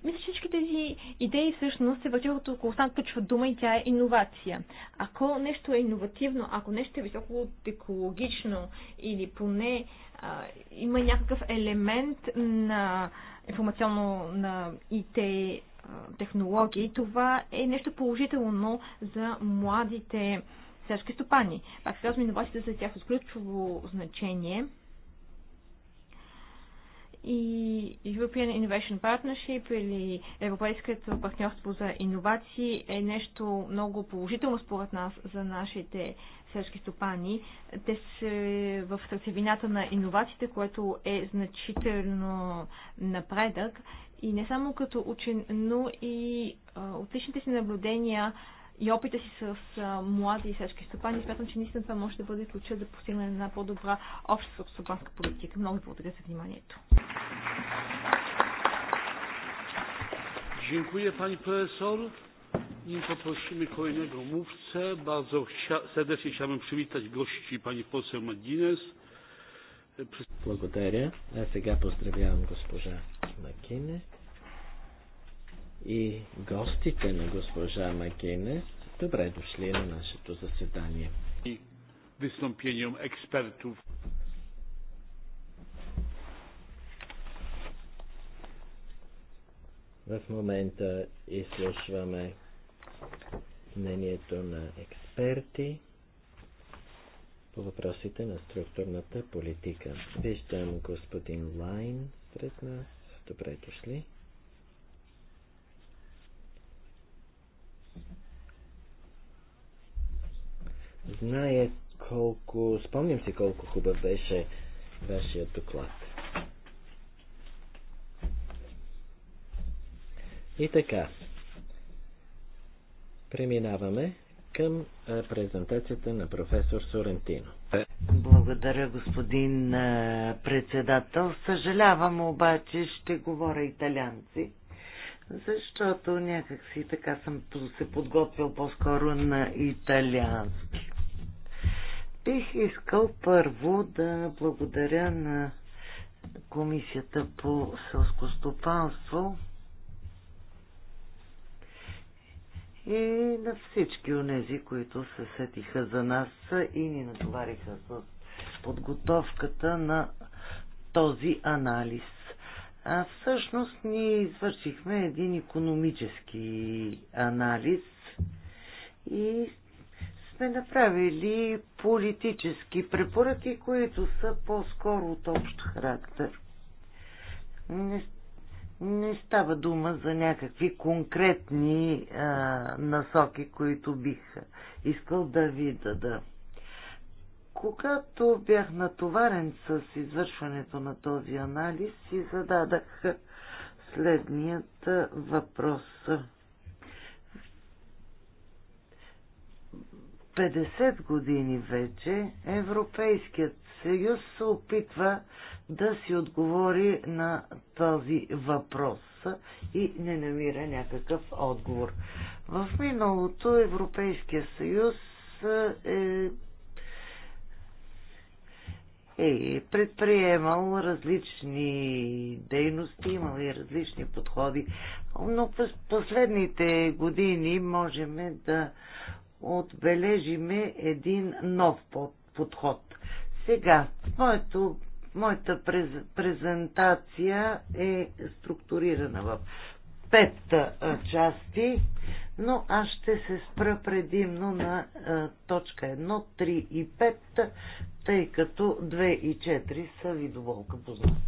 Мисля, всички тези идеи всъщност се въртят около една ключова дума и тя е иновация. Ако нещо е иновативно, ако нещо е високо екологично или поне а, има някакъв елемент на информационно на ИТ технологии, това е нещо положително за младите селски стопани. Пак сме иновациите за тях от ключово значение – и European Innovation Partnership или Европейското партньорство за иновации е нещо много положително според нас за нашите селски стопани. Те са в сърцевината на иновациите, което е значително напредък и не само като учен, но и а, отличните си наблюдения и опита си с а, млади и сечки стопани. Смятам, че наистина това може да бъде ключа за постигане на по-добра обща стопанска политика. Много ви благодаря за вниманието. Dziękuję pani profesor. i poprosimy kolejnego mówcę, bardzo chcia, serdecznie chciałbym przywitać gości pani poseł Medines. Благодаря. Ja сега поздравявам госпожа Magines и гостите на госпожа Макене. Добре дошли на нашето заседание. И експертов. В момента изслушваме мнението на експерти по въпросите на структурната политика. Виждам господин Лайн сред нас. Добре дошли. Знае колко, спомням си колко хубав беше вашия доклад. И така, преминаваме към презентацията на професор Сорентино. Благодаря, господин председател. Съжалявам, обаче ще говоря италянци, защото някак си така съм се подготвил по-скоро на италиански. Бих искал първо да благодаря на Комисията по селско стопанство и на всички онези, които се сетиха за нас и ни натовариха с подготовката на този анализ. А всъщност ние извършихме един економически анализ и сме направили политически препоръки, които са по-скоро от общ характер. Не, не става дума за някакви конкретни а, насоки, които бих искал да ви дада. Когато бях натоварен с извършването на този анализ, си зададах следният въпрос – 50 години вече Европейският съюз се опитва да си отговори на този въпрос и не намира някакъв отговор. В миналото Европейския съюз е, е предприемал различни дейности, имал и различни подходи, но през последните години можем да отбележиме един нов подход. Сега, моето, моята през, презентация е структурирана в пет части, но аз ще се спра предимно на а, точка 1, 3 и 5, тъй като 2 и 4 са ви доволка познати.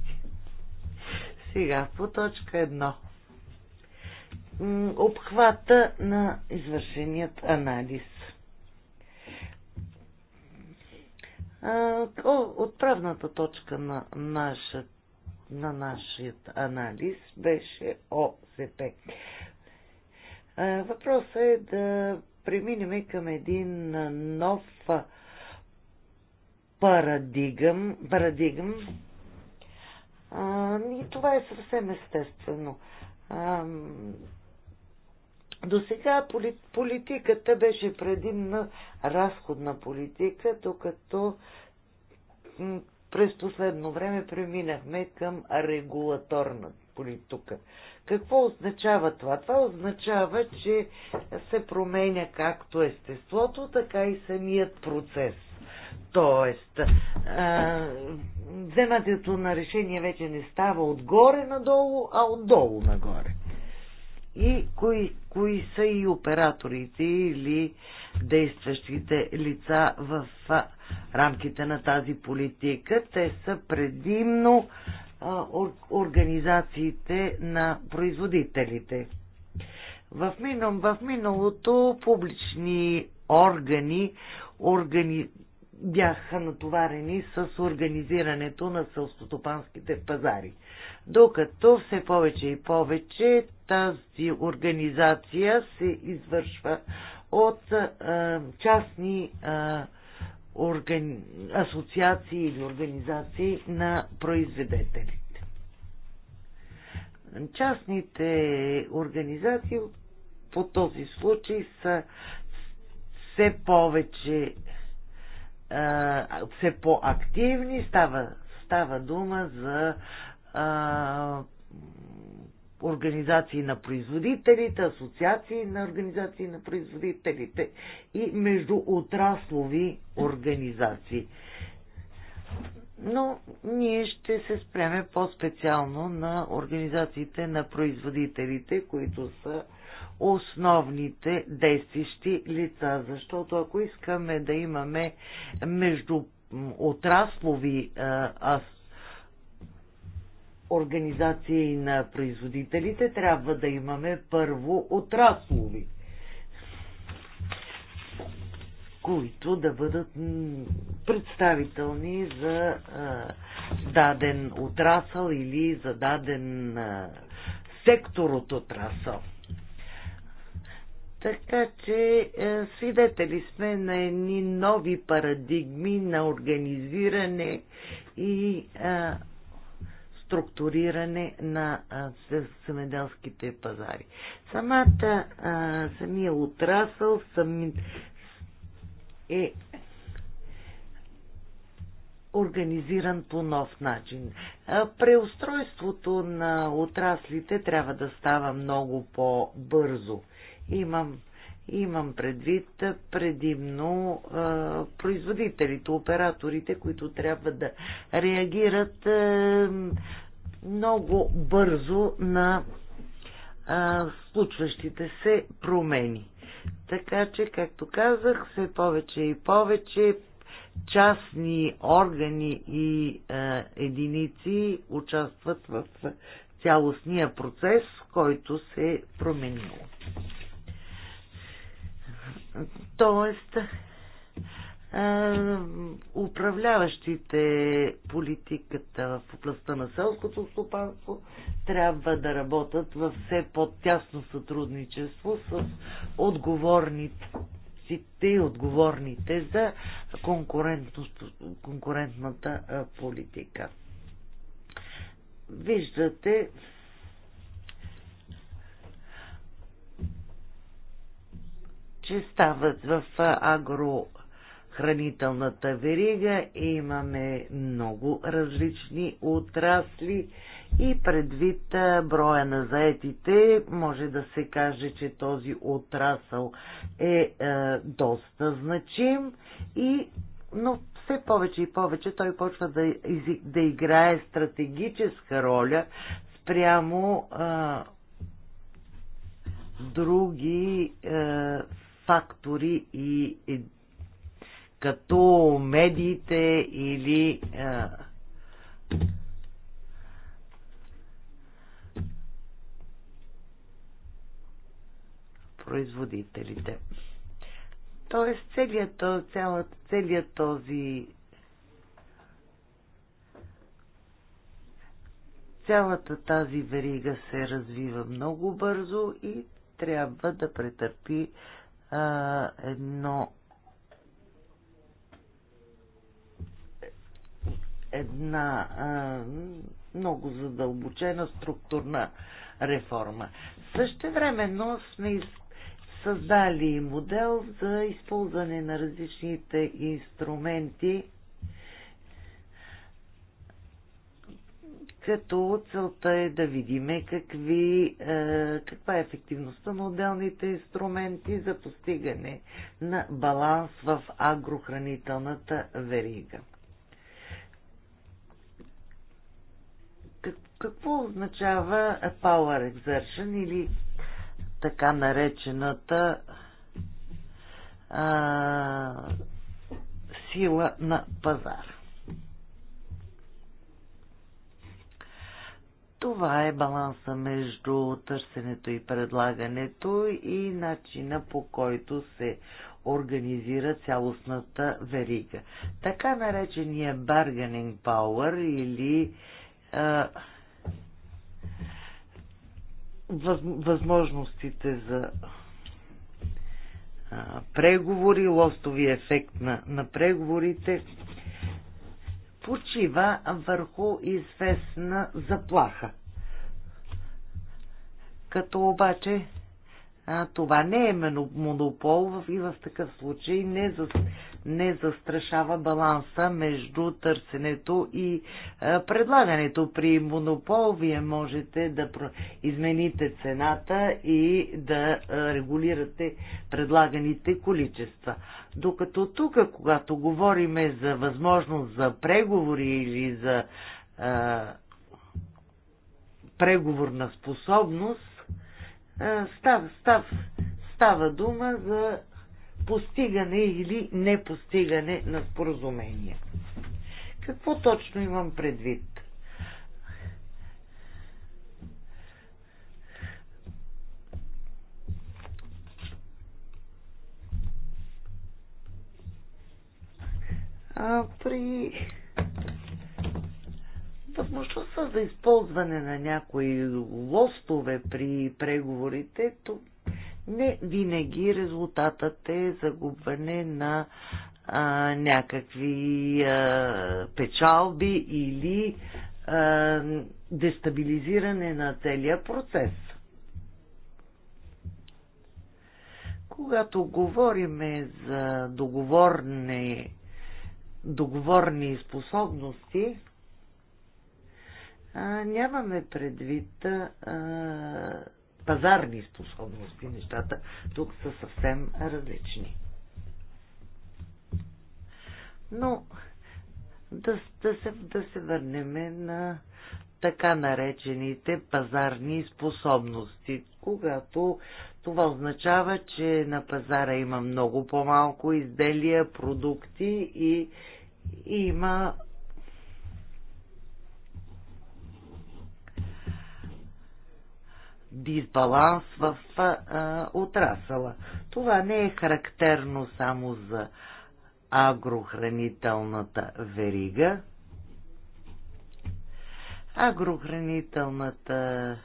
Сега по точка 1 обхвата на извършеният анализ. Отправната точка на, наша, на нашият анализ беше ОСП. Въпросът е да преминем към един нов парадигъм, парадигъм и това е съвсем естествено. До сега политиката беше предимна разходна политика, докато през последно време преминахме към регулаторна политика. Какво означава това? Това означава, че се променя както естеството, така и самият процес. Тоест, а, вземането на решение вече не става отгоре надолу, а отдолу нагоре и кои, кои са и операторите или действащите лица в рамките на тази политика. Те са предимно а, организациите на производителите. В, минал, в миналото публични органи органи, бяха натоварени с организирането на сълстотопанските пазари докато все повече и повече тази организация се извършва от а, частни а, органи... асоциации или организации на произведетелите. Частните организации по този случай са все повече все по-активни. Става, става дума за а, организации на производителите, асоциации на организации на производителите и между отраслови организации. Но ние ще се спреме по-специално на организациите на производителите, които са основните действащи лица, защото ако искаме да имаме между отраслови а, организации на производителите, трябва да имаме първо отраслови, които да бъдат представителни за даден отрасъл или за даден сектор от отрасъл. Така че свидетели сме на едни нови парадигми на организиране и структуриране на земеделските пазари. Самата, а, самия отрасъл сами, е организиран по нов начин. Преустройството на отраслите трябва да става много по-бързо. Имам, имам предвид предимно а, производителите, операторите, които трябва да реагират А, много бързо на а, случващите се промени. Така че, както казах, все повече и повече частни органи и а, единици участват в цялостния процес, който се е променил. Тоест, управляващите политиката в областта на селското стопанство трябва да работят в все по-тясно сътрудничество с отговорните и отговорните за конкурентната политика. Виждате че стават в агро хранителната верига имаме много различни отрасли и предвид броя на заетите, може да се каже, че този отрасъл е, е доста значим, и, но все повече и повече той почва да, да играе стратегическа роля спрямо е, други е, фактори и като медиите или а, е, производителите. Тоест целият, целият, целият този цялата тази верига се развива много бързо и трябва да претърпи а, едно една а, много задълбочена структурна реформа. но сме създали модел за използване на различните инструменти, като целта е да видиме какви, е, каква е ефективността на отделните инструменти за постигане на баланс в агрохранителната верига. какво означава power exertion или така наречената а, сила на пазар? Това е баланса между търсенето и предлагането и начина по който се организира цялостната верига. Така наречения bargaining power или възможностите за преговори, лостови ефект на, на преговорите почива върху известна заплаха. Като обаче а, това не е монопол и в такъв случай не, за, не застрашава баланса между търсенето и е, предлагането. При монопол вие можете да измените цената и да е, регулирате предлаганите количества. Докато тук, когато говориме за възможност за преговори или за е, преговорна способност, став, став, става дума за постигане или непостигане на споразумение. Какво точно имам предвид? А, при възможността за използване на някои лостове при преговорите, тук не винаги резултатът е загубване на а, някакви а, печалби или а, дестабилизиране на целия процес. Когато говориме за договорни, договорни способности, а, нямаме предвид а, пазарни способности. Нещата тук са съвсем различни. Но да, да, се, да се върнем на така наречените пазарни способности, когато това означава, че на пазара има много по-малко изделия, продукти и, и има дисбаланс в а, отрасъла. Това не е характерно само за агрохранителната верига. Агрохранителната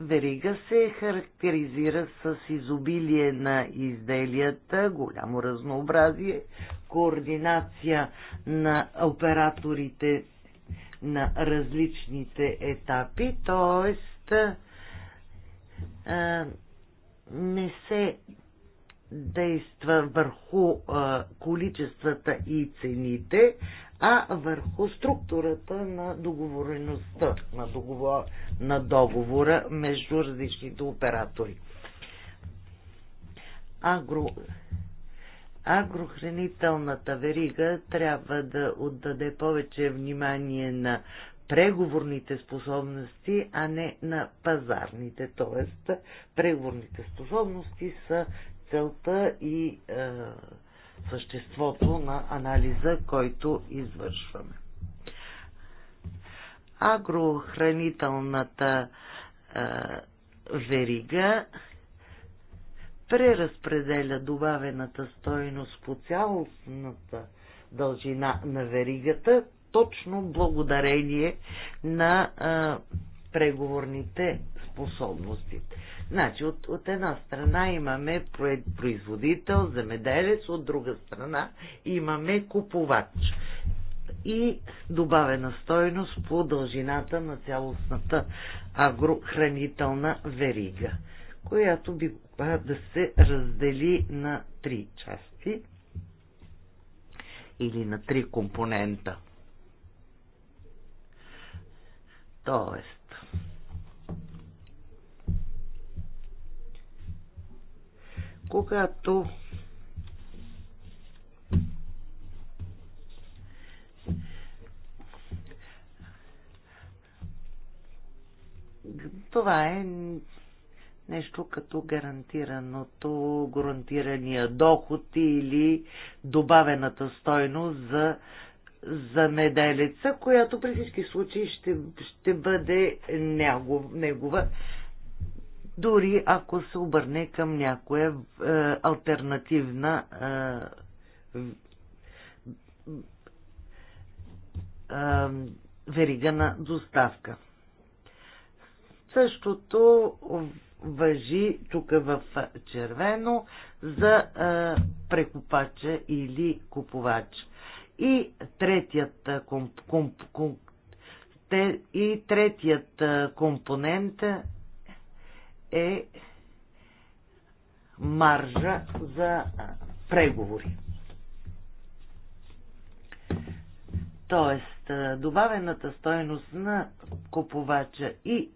верига се характеризира с изобилие на изделията, голямо разнообразие, координация на операторите на различните етапи, т.е не се действа върху а, количествата и цените, а върху структурата на договореността, на, договор, на договора между различните оператори. Агро, агрохранителната верига трябва да отдаде повече внимание на преговорните способности, а не на пазарните. Тоест, преговорните способности са целта и е, съществото на анализа, който извършваме. Агрохранителната е, верига преразпределя добавената стойност по цялостната дължина на веригата, точно благодарение на а, преговорните способности. Значи, от, от една страна имаме производител, земеделец, от друга страна имаме купувач и добавена стойност по дължината на цялостната агрохранителна верига, която би могла да се раздели на три части или на три компонента. Тоест, когато това е нещо като гарантираното, гарантирания доход или добавената стойност за замеделица, която при всички случаи ще, ще бъде негов, негова, дори ако се обърне към някоя е, альтернативна е, е, верига на доставка. Същото въжи тук в червено за е, прекупача или купувача. И третият, комп, комп, комп, те, и третият компонент е маржа за преговори. Тоест, добавената стойност на купувача и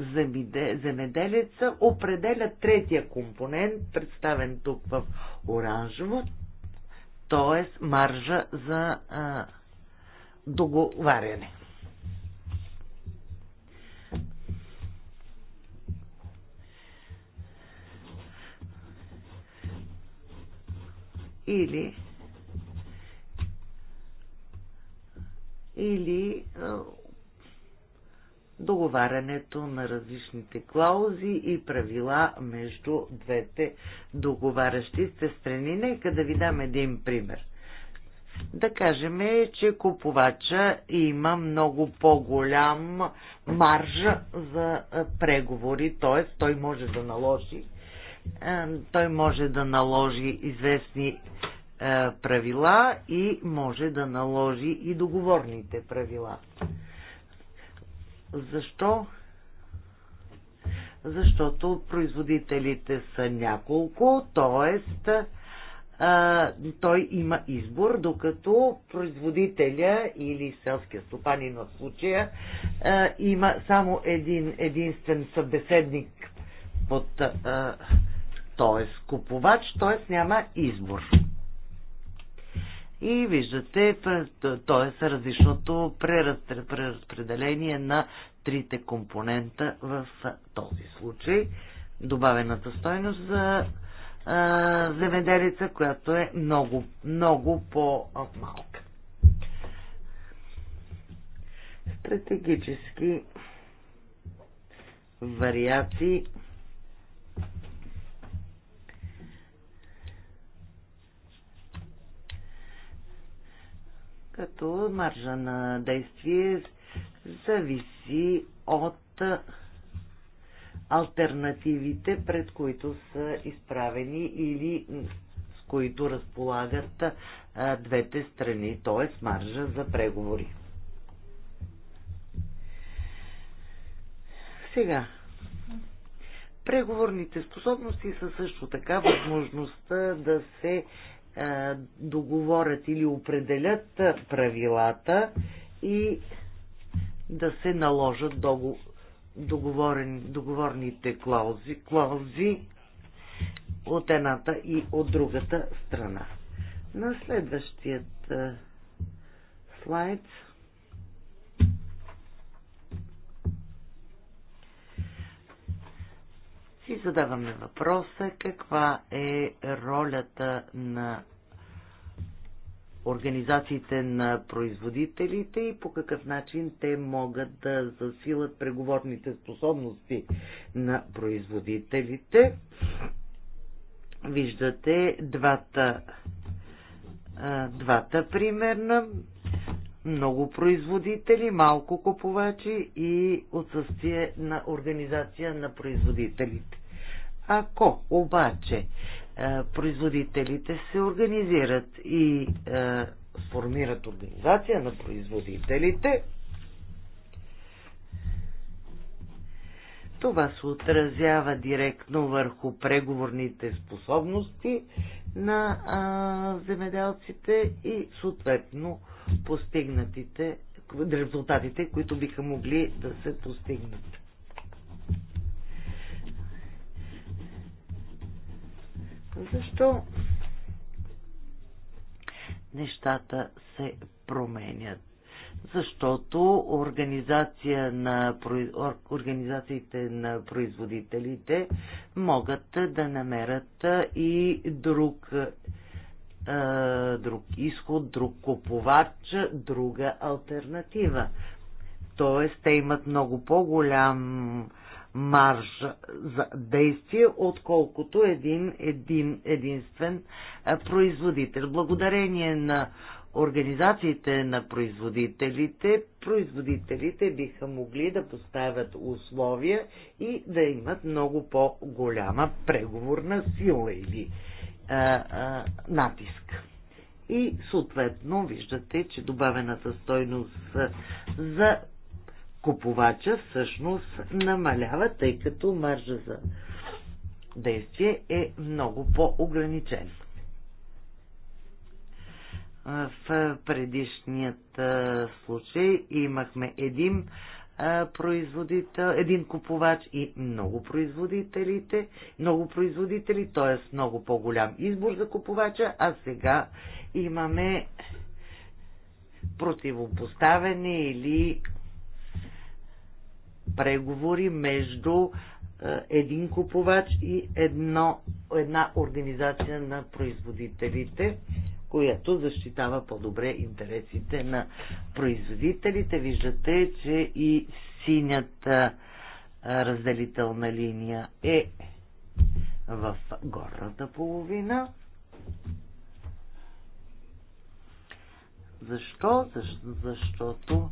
земеделеца определя третия компонент, представен тук в оранжево, т.е. маржа за а, договаряне. Или или договарянето на различните клаузи и правила между двете договарящи се страни. Нека да ви дам един пример. Да кажем, че купувача има много по-голям марж за преговори, т.е. той може да наложи е, той може да наложи известни е, правила и може да наложи и договорните правила. Защо? Защото производителите са няколко, т.е. той има избор, докато производителя или селския стопанин в случая а, има само един единствен събеседник под т.е. купувач, т.е. няма избор. И виждате, т.е. различното преразпределение на трите компонента в този случай. Добавената стойност за земеделица, която е много, много по-малка. Стратегически вариации като маржа на действие зависи от альтернативите, пред които са изправени или с които разполагат двете страни, т.е. маржа за преговори. Сега, преговорните способности са също така възможността да се е, договорят или определят правилата и да се наложат договорните клаузи, клаузи от едната и от другата страна. На следващият е, слайд И задаваме въпроса каква е ролята на организациите на производителите и по какъв начин те могат да засилат преговорните способности на производителите. Виждате двата, двата примерна много производители, малко купувачи и отсъствие на организация на производителите. Ако обаче производителите се организират и формират организация на производителите, Това се отразява директно върху преговорните способности на а, земеделците и съответно постигнатите резултатите, които биха могли да се постигнат. Защо нещата се променят? Защото организация на, организациите на производителите могат да намерят и друг друг изход, друг купувач, друга альтернатива. Тоест, те имат много по-голям марж за действие, отколкото един, един единствен производител. Благодарение на организациите на производителите, производителите биха могли да поставят условия и да имат много по-голяма преговорна сила или а, а, натиск. И съответно виждате, че добавената стойност за купувача всъщност намалява, тъй като маржа за действие е много по-ограничен. В предишният случай имахме един производител, един купувач и много производителите, много производители, т.е. много по-голям избор за купувача, а сега имаме противопоставяне или преговори между е, един купувач и едно, една организация на производителите, която защитава по-добре интересите на производителите. Виждате, че и синята е, разделителна линия е в горната половина. Защо? Защо? Защото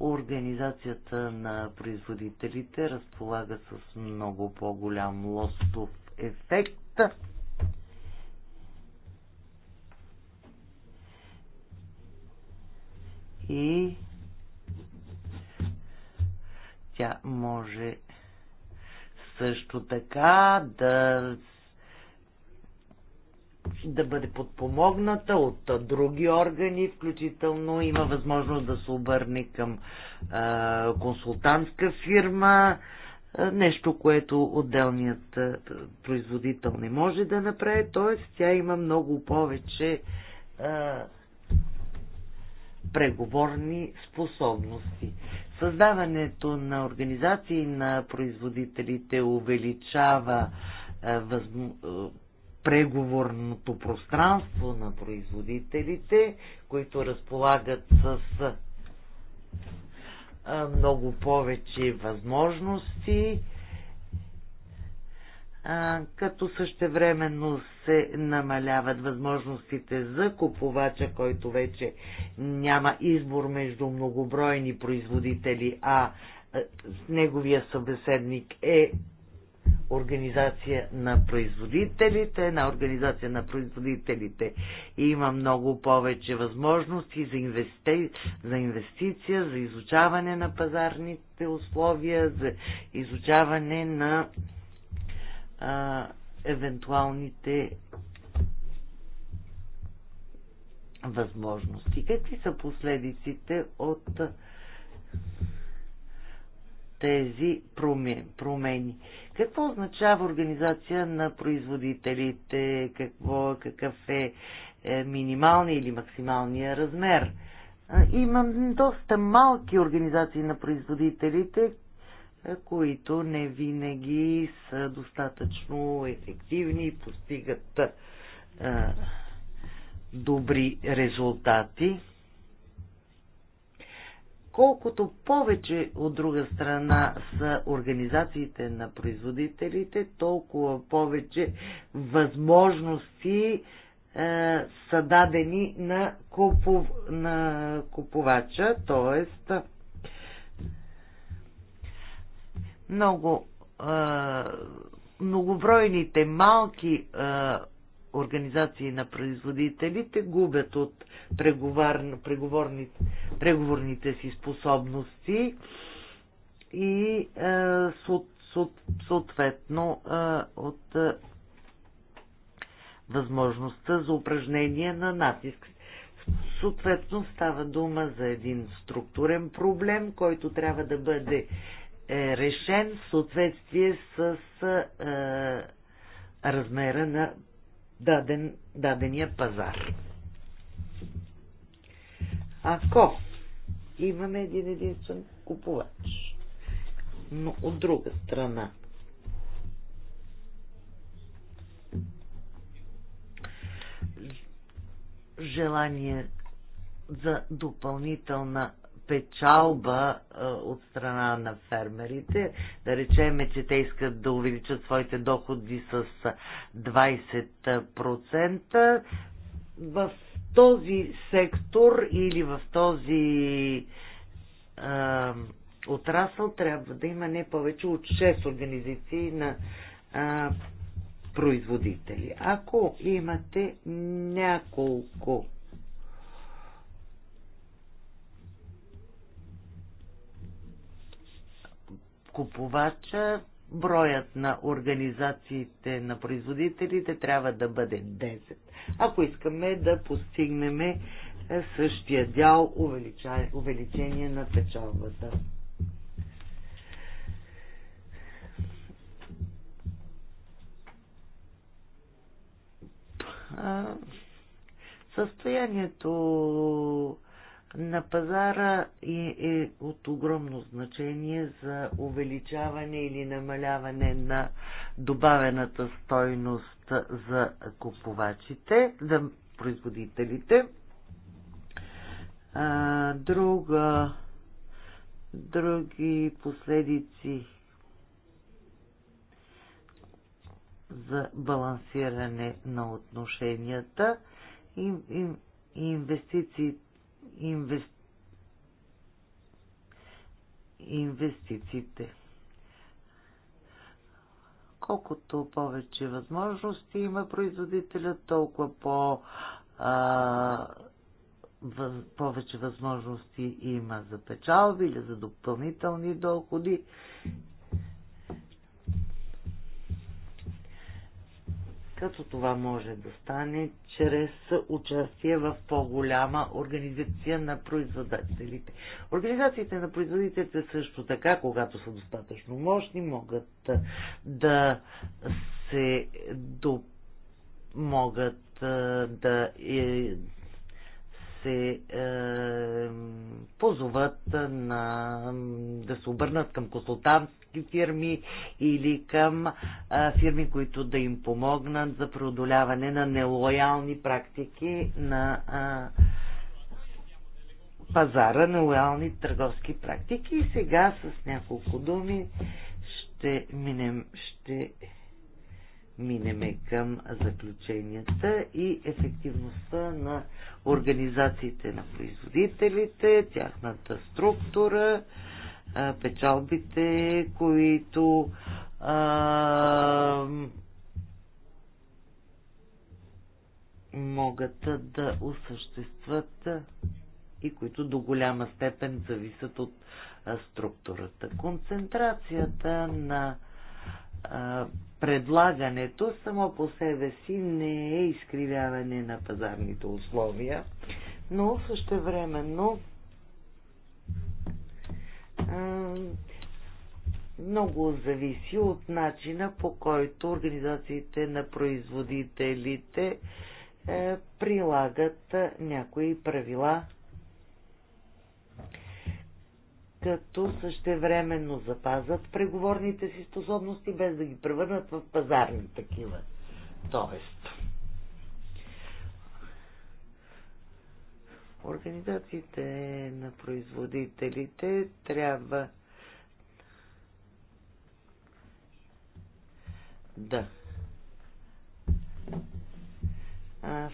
Организацията на производителите разполага с много по-голям лостов ефект. И тя може също така да да бъде подпомогната от други органи, включително има възможност да се обърне към а, консултантска фирма, а, нещо, което отделният а, производител не може да направи, т.е. тя има много повече а, преговорни способности. Създаването на организации на производителите увеличава а, възможност преговорното пространство на производителите, които разполагат с много повече възможности, като същевременно се намаляват възможностите за купувача, който вече няма избор между многобройни производители, а неговия събеседник е организация на производителите. Една организация на производителите има много повече възможности за, инвести... за инвестиция, за изучаване на пазарните условия, за изучаване на а, евентуалните възможности. Какви са последиците от тези промени. Какво означава организация на производителите? Какво, какъв е, е минималния или максималния размер? Имам доста малки организации на производителите, които не винаги са достатъчно ефективни и постигат добри резултати колкото повече от друга страна са организациите на производителите, толкова повече възможности е, са дадени на, купов, на купувача, т.е. много е, многобройните малки е, организации на производителите губят от преговорните... преговорните си способности и е, съответно е, от е, възможността за упражнение на натиск. Съответно става дума за един структурен проблем, който трябва да бъде е, решен в съответствие с е, размера на даден, дадения пазар. Ако имаме един единствен купувач, но от друга страна желание за допълнителна печалба от страна на фермерите. Да речеме, че те искат да увеличат своите доходи с 20%. В този сектор или в този а, отрасъл трябва да има не повече от 6 организации на а, производители. Ако имате няколко купувача, броят на организациите на производителите трябва да бъде 10, ако искаме да постигнем е, същия дял увеличение на печалбата. Състоянието на пазара е, е от огромно значение за увеличаване или намаляване на добавената стойност за купувачите, за производителите. А, друга, други последици за балансиране на отношенията и, и, и инвестициите инвести... инвестициите. Колкото повече възможности има производителя, толкова по, а, въз, повече възможности има за печалби или за допълнителни доходи като това може да стане чрез участие в по-голяма организация на производителите. Организациите на производителите също така, когато са достатъчно мощни, могат да се до, могат да е, се е, позоват на да се обърнат към консултант фирми или към а, фирми, които да им помогнат за преодоляване на нелоялни практики на а, пазара, нелоялни търговски практики. И сега с няколко думи ще минем, ще минеме към заключенията и ефективността на организациите на производителите, тяхната структура, печалбите, които а, могат да осъществят и които до голяма степен зависят от структурата. Концентрацията на а, предлагането само по себе си не е изкривяване на пазарните условия, но същевременно времено много зависи от начина по който организациите на производителите е, прилагат някои правила, като същевременно запазят преговорните си способности, без да ги превърнат в пазарни такива. Тоест, Организациите на производителите трябва да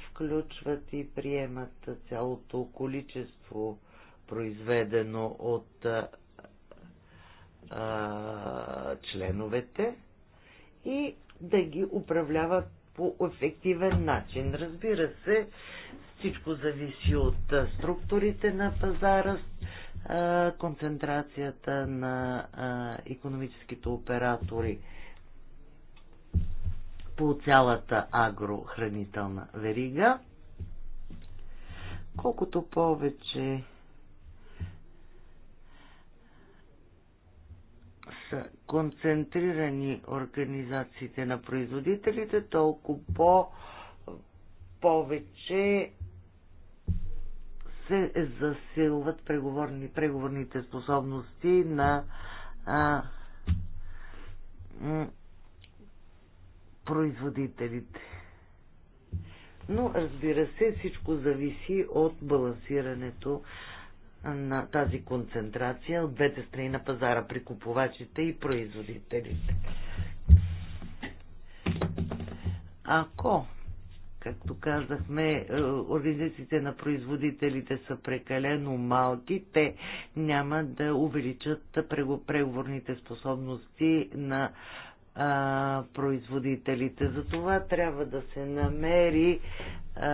включват и приемат цялото количество произведено от а, членовете и да ги управляват по ефективен начин. Разбира се, всичко зависи от структурите на пазара, концентрацията на економическите оператори по цялата агрохранителна верига. Колкото повече са концентрирани организациите на производителите, толкова по повече се засилват преговорни, преговорните способности на а, производителите. Но, разбира се, всичко зависи от балансирането на тази концентрация от двете страни на пазара при купувачите и производителите. Ако Както казахме, е, организациите на производителите са прекалено малки. Те няма да увеличат преговорните способности на а, производителите. Затова трябва да се намери а,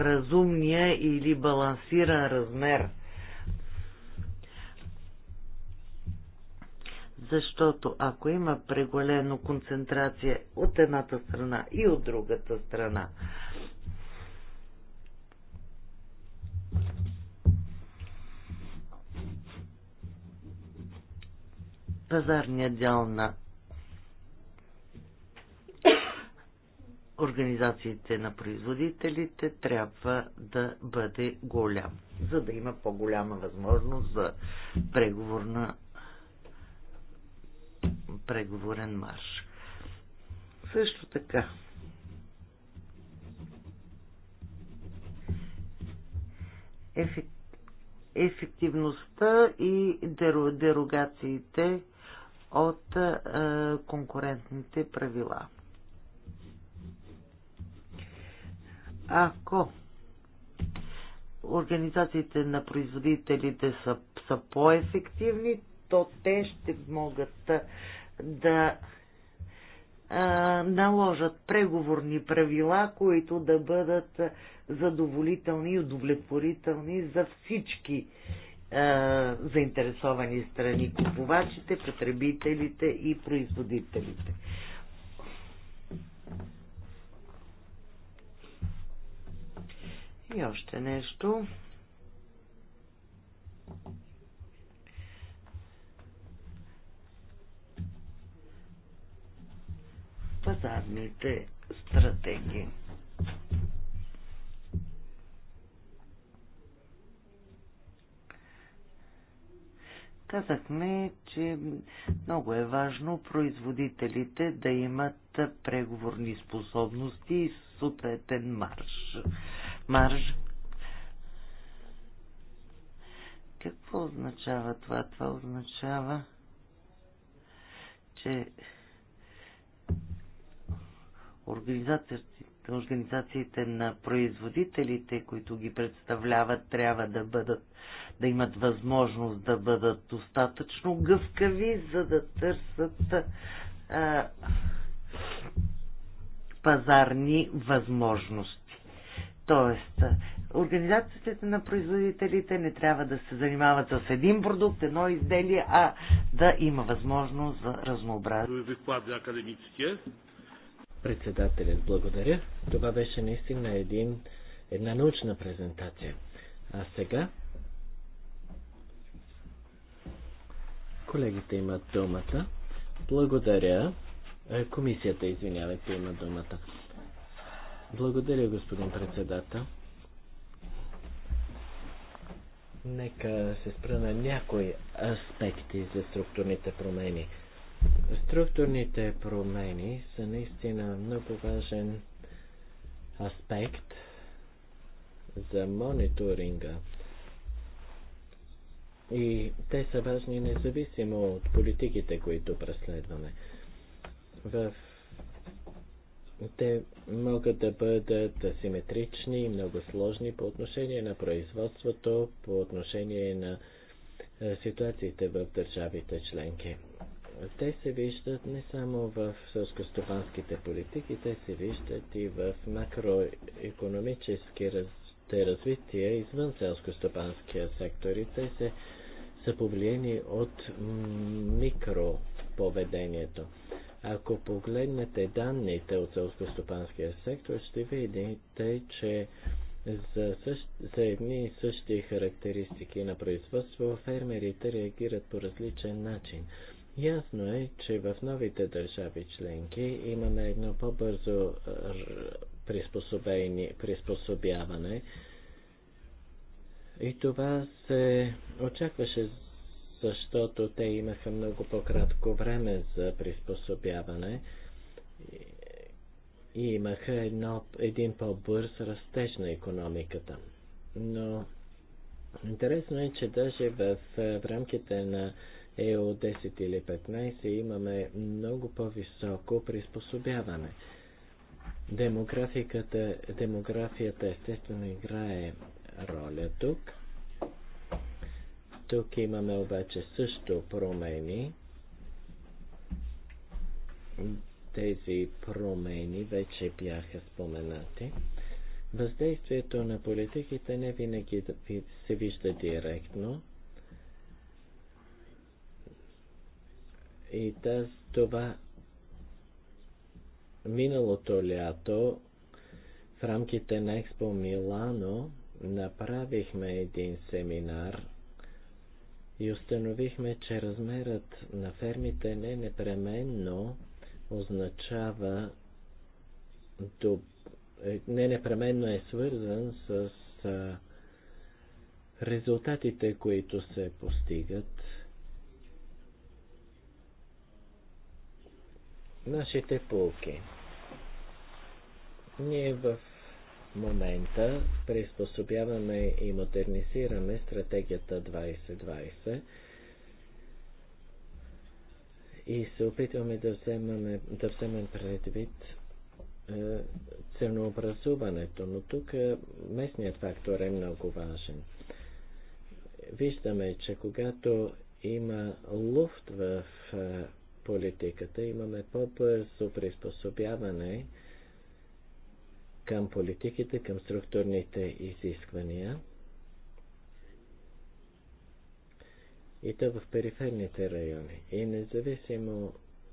разумния или балансиран размер Защото ако има преголено концентрация от едната страна и от другата страна, пазарния дял на организациите на производителите трябва да бъде голям, за да има по-голяма възможност за преговорна преговорен марш. Също така, ефект, ефективността и дерогациите от е, конкурентните правила. Ако организациите на производителите са, са по-ефективни, то те ще могат да наложат преговорни правила, които да бъдат задоволителни и удовлетворителни за всички заинтересовани страни купувачите, потребителите и производителите. И още нещо. пазарните стратегии. Казахме, че много е важно производителите да имат преговорни способности и съответен марш. марж. Какво означава това? Това означава, че организациите, организациите на производителите, които ги представляват, трябва да бъдат, да имат възможност да бъдат достатъчно гъвкави, за да търсят а, пазарни възможности. Тоест, организациите на производителите не трябва да се занимават с един продукт, едно изделие, а да има възможност за разнообразие. Выклади Председателят, благодаря. Това беше наистина един, една научна презентация. А сега колегите имат думата. Благодаря. Е, комисията, извинявайте, има думата. Благодаря, господин председател. Нека се спра на някои аспекти за структурните промени – Структурните промени са наистина много важен аспект за мониторинга. И те са важни независимо от политиките, които преследваме. В... Те могат да бъдат асиметрични и много сложни по отношение на производството, по отношение на ситуациите в държавите членки те се виждат не само в сълскостопанските политики, те се виждат и в макроекономически развития извън селскостопанския сектор и те се са повлияни от микроповедението. Ако погледнете данните от селскостопанския сектор, ще видите, че за, същ, за едни и същи характеристики на производство фермерите реагират по различен начин. Ясно е, че в новите държави членки имаме едно по-бързо е, приспособяване и това се очакваше, защото те имаха много по-кратко време за приспособяване и имаха едно, един по-бърз растеж на економиката. Но интересно е, че даже в, е, в рамките на е от 10 или 15, имаме много по-високо приспособяване. Демографиката, демографията естествено играе роля тук. Тук имаме обаче също промени. Тези промени вече бяха споменати. Въздействието на политиките не винаги се вижда директно. И таз, това миналото лято в рамките на Експо Милано направихме един семинар и установихме, че размерът на фермите не непременно означава е, не непременно е свързан с резултатите, които се постигат Нашите полки. Ние в момента приспособяваме и модернизираме стратегията 2020 и се опитваме да вземем, да вземем предвид е, ценообразуването, но тук е, местният фактор е много важен. Виждаме, че когато има луфт в е, политиката. Имаме по-бързо приспособяване към политиките, към структурните изисквания. И то в периферните райони. И независимо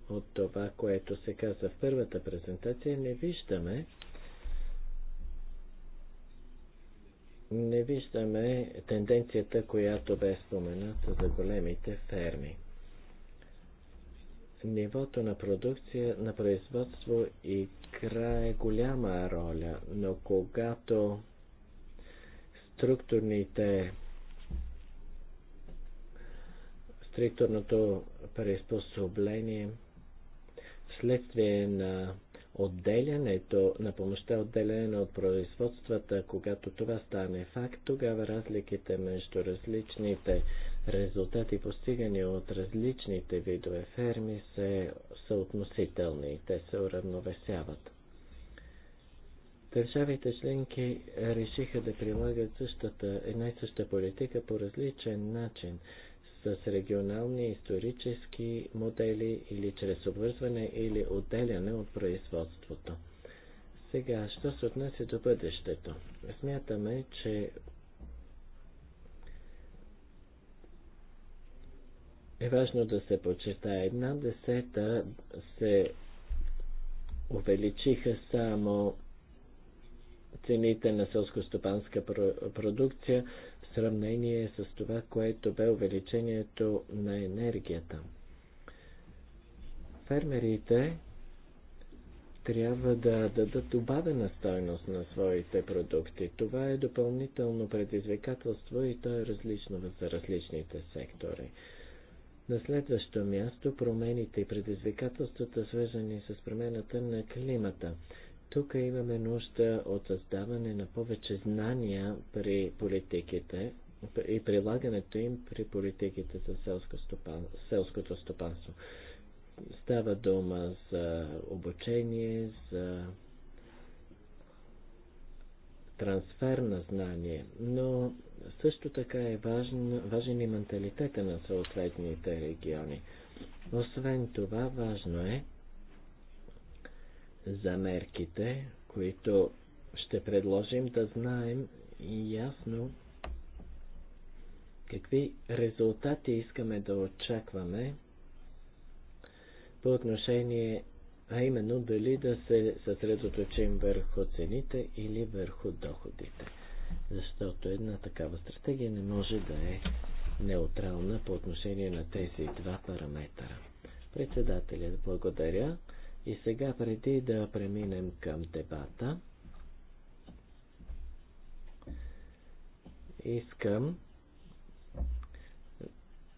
от това, което се каза в първата презентация, не виждаме не виждаме тенденцията, която бе спомената за големите ферми нивото на продукция, на производство играе голяма роля, но когато структурните структурното приспособление вследствие на отделянето, на помощта отделяне от производствата, когато това стане факт, тогава разликите между различните резултати, постигани от различните видове ферми, се, са относителни и те се уравновесяват. Държавите членки решиха да прилагат същата, една и съща политика по различен начин, с регионални исторически модели или чрез обвързване или отделяне от производството. Сега, що се отнася до бъдещето? Смятаме, че е важно да се подчертае. Една десета се увеличиха само цените на селско-стопанска продукция в сравнение с това, което бе увеличението на енергията. Фермерите трябва да дадат добавена стойност на своите продукти. Това е допълнително предизвикателство и то е различно за различните сектори. На следващо място промените и предизвикателствата, свързани с промената на климата. Тук имаме нужда от създаване на повече знания при политиките и прилагането им при политиките за селско стопан, селското стопанство. Става дума за обучение, за трансфер на знание, но също така е важен, важен и менталитета на съответните региони. Освен това, важно е за мерките, които ще предложим да знаем ясно какви резултати искаме да очакваме по отношение, а именно дали да се съсредоточим върху цените или върху доходите защото една такава стратегия не може да е неутрална по отношение на тези два параметъра. Председателят благодаря и сега преди да преминем към дебата, искам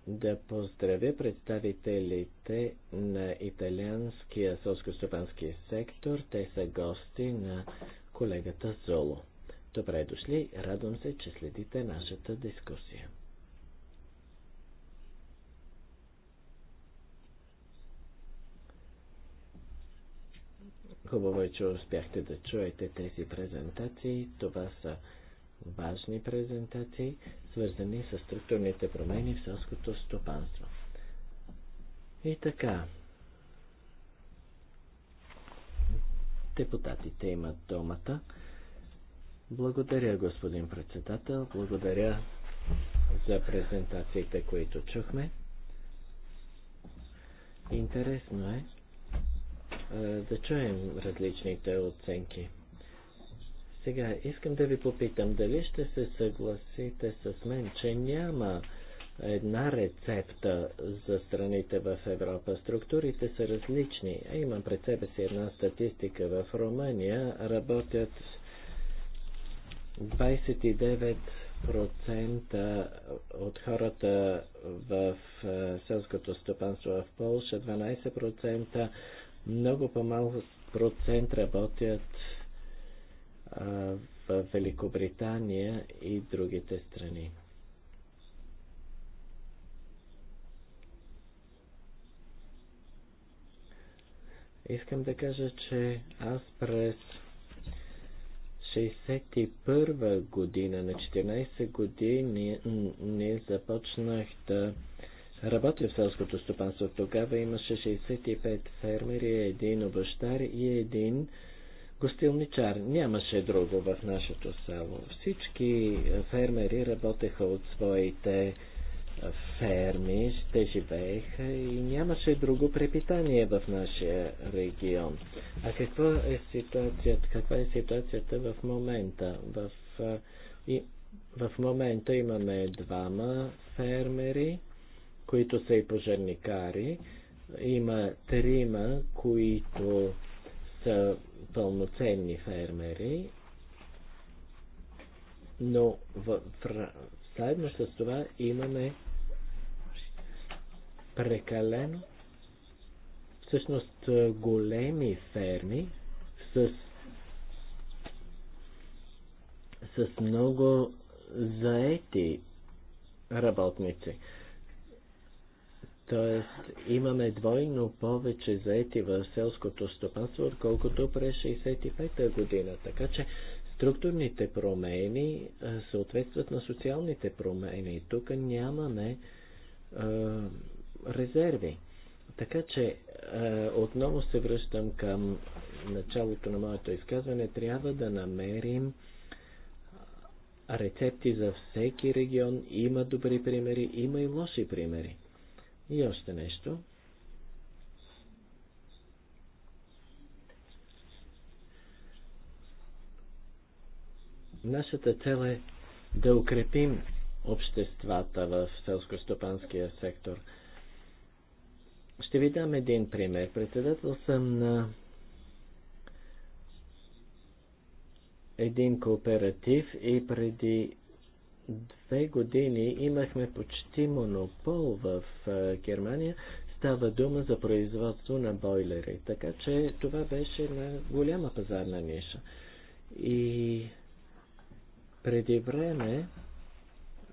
да поздравя представителите на италианския сълско-стопански сектор. Те са гости на колегата Золо. Добре дошли, радвам се, че следите нашата дискусия. Хубаво е, че успяхте да чуете тези презентации. Това са важни презентации, свързани с структурните промени в селското стопанство. И така, депутатите имат думата. Благодаря, господин председател. Благодаря за презентациите, които чухме. Интересно е да чуем различните оценки. Сега искам да ви попитам дали ще се съгласите с мен, че няма една рецепта за страните в Европа. Структурите са различни. Имам пред себе си една статистика. В Румъния работят 29% от хората в е, селското стопанство в Полша, 12%, много по-малко процент работят в Великобритания и другите страни. Искам да кажа, че аз през 61 година, на 14 години, не започнах да работя в селското стопанство. Тогава имаше 65 фермери, един обащар и един гостилничар. Нямаше друго в нашето село. Всички фермери работеха от своите ферми ще живееха и нямаше друго препитание в нашия регион. А каква е ситуацията, каква е ситуацията в момента? В, и, в момента имаме двама фермери, които са и пожарникари. Има трима, които са пълноценни фермери, но в, в, заедно с това имаме прекалено. Всъщност големи ферми с, с много заети работници. Тоест имаме двойно повече заети в селското стопанство, отколкото през 65-та година. Така че структурните промени съответстват на социалните промени. Тук нямаме е, резерви. Така че е, отново се връщам към началото на моето изказване. Трябва да намерим е, рецепти за всеки регион. Има добри примери, има и лоши примери. И още нещо. Нашата цел е да укрепим обществата в селско-стопанския сектор – ще ви дам един пример. Председател съм на един кооператив и преди две години имахме почти монопол в Германия. Става дума за производство на бойлери. Така че това беше на голяма пазарна ниша. И преди време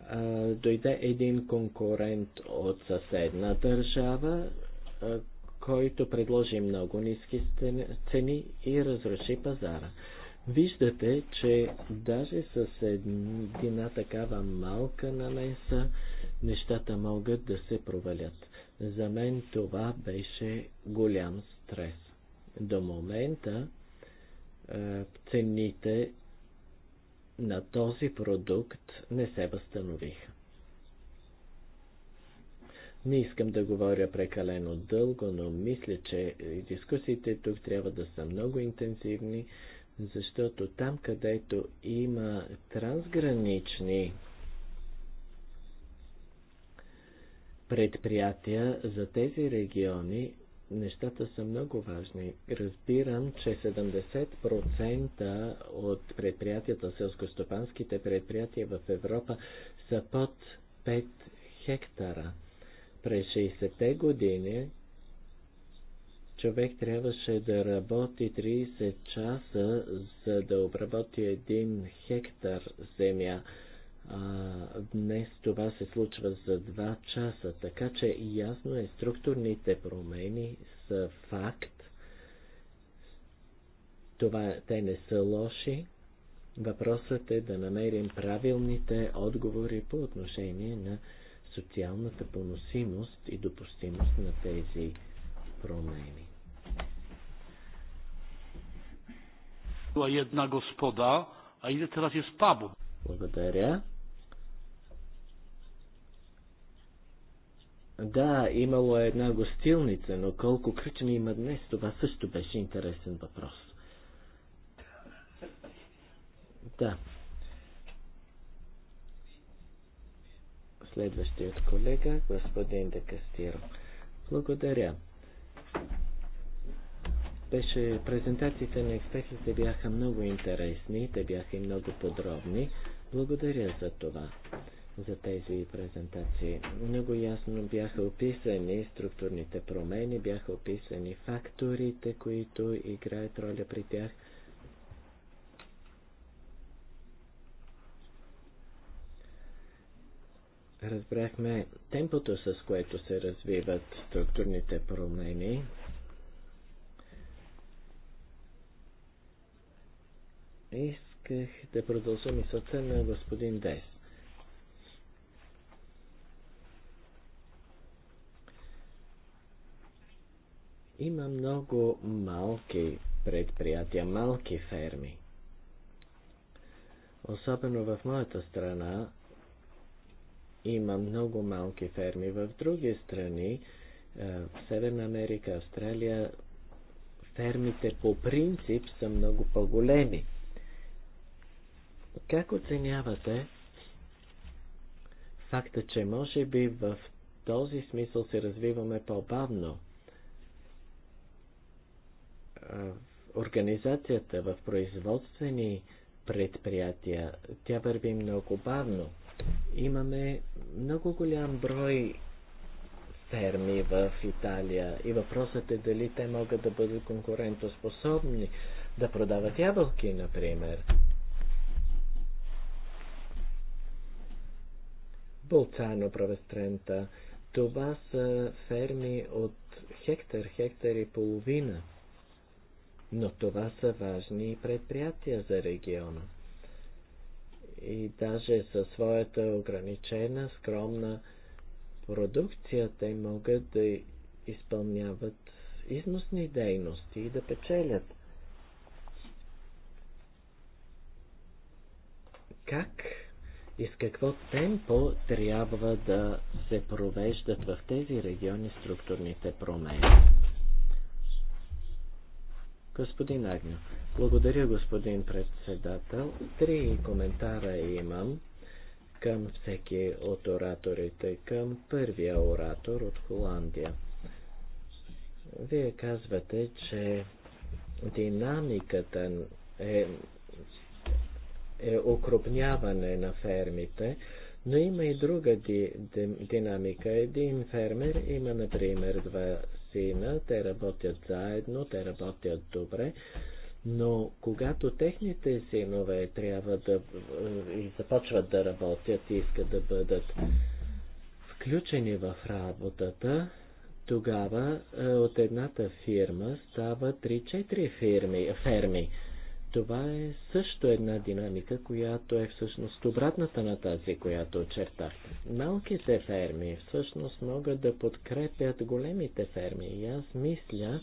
а, дойде един конкурент от съседна държава, който предложи много ниски цени и разруши пазара. Виждате, че даже с една такава малка намеса нещата могат да се провалят. За мен това беше голям стрес. До момента цените на този продукт не се възстановиха. Не искам да говоря прекалено дълго, но мисля, че дискусиите тук трябва да са много интензивни, защото там, където има трансгранични предприятия за тези региони, нещата са много важни. Разбирам, че 70% от предприятията, селскостопанските предприятия в Европа са под 5 хектара. През 60-те години човек трябваше да работи 30 часа, за да обработи един хектар земя. А, днес това се случва за 2 часа, така че ясно е, структурните промени са факт. Това, те не са лоши. Въпросът е да намерим правилните отговори по отношение на социалната поносимост и допустимост на тези промени. Była jedna gospoda, a ile teraz jest pubów? Благодаря. Да, имало е една гостилница, но колко кръчми има днес, това също беше интересен въпрос. Да. Следващият колега, господин Декастиро. Благодаря. Беше, презентациите на експертите бяха много интересни, те бяха и много подробни. Благодаря за това, за тези презентации. Много ясно бяха описани структурните промени, бяха описани факторите, които играят роля при тях – разбрахме темпото, с което се развиват структурните промени. Исках да продължа мисълта на господин Дес. Има много малки предприятия, малки ферми. Особено в моята страна има много малки ферми в други страни, е, в Северна Америка, Австралия, фермите по принцип са много по-големи. Как оценявате факта, че може би в този смисъл се развиваме по-бавно? Организацията в производствени предприятия, тя върви много бавно. Имаме много голям брой ферми в Италия и въпросът е дали те могат да бъдат конкурентоспособни, да продават ябълки, например. Болцано, Правестрента. Това са ферми от хектар, хектар и половина. Но това са важни предприятия за региона и даже със своята ограничена, скромна продукция те могат да изпълняват износни дейности и да печелят. Как и с какво темпо трябва да се провеждат в тези региони структурните промени? Господин Агнев. Благодаря, господин председател. Три коментара имам към всеки от ораторите, към първия оратор от Холандия. Вие казвате, че динамиката е, е укрупняване на фермите, но има и друга ди, ди, динамика. Един фермер има, например, два сина, те работят заедно, те работят добре, но когато техните синове трябва да и започват да работят и искат да бъдат включени в работата, тогава е, от едната фирма става 3-4 фирми, ферми. Това е също една динамика, която е всъщност обратната на тази, която очерта. Малките ферми всъщност могат да подкрепят големите ферми и аз мисля,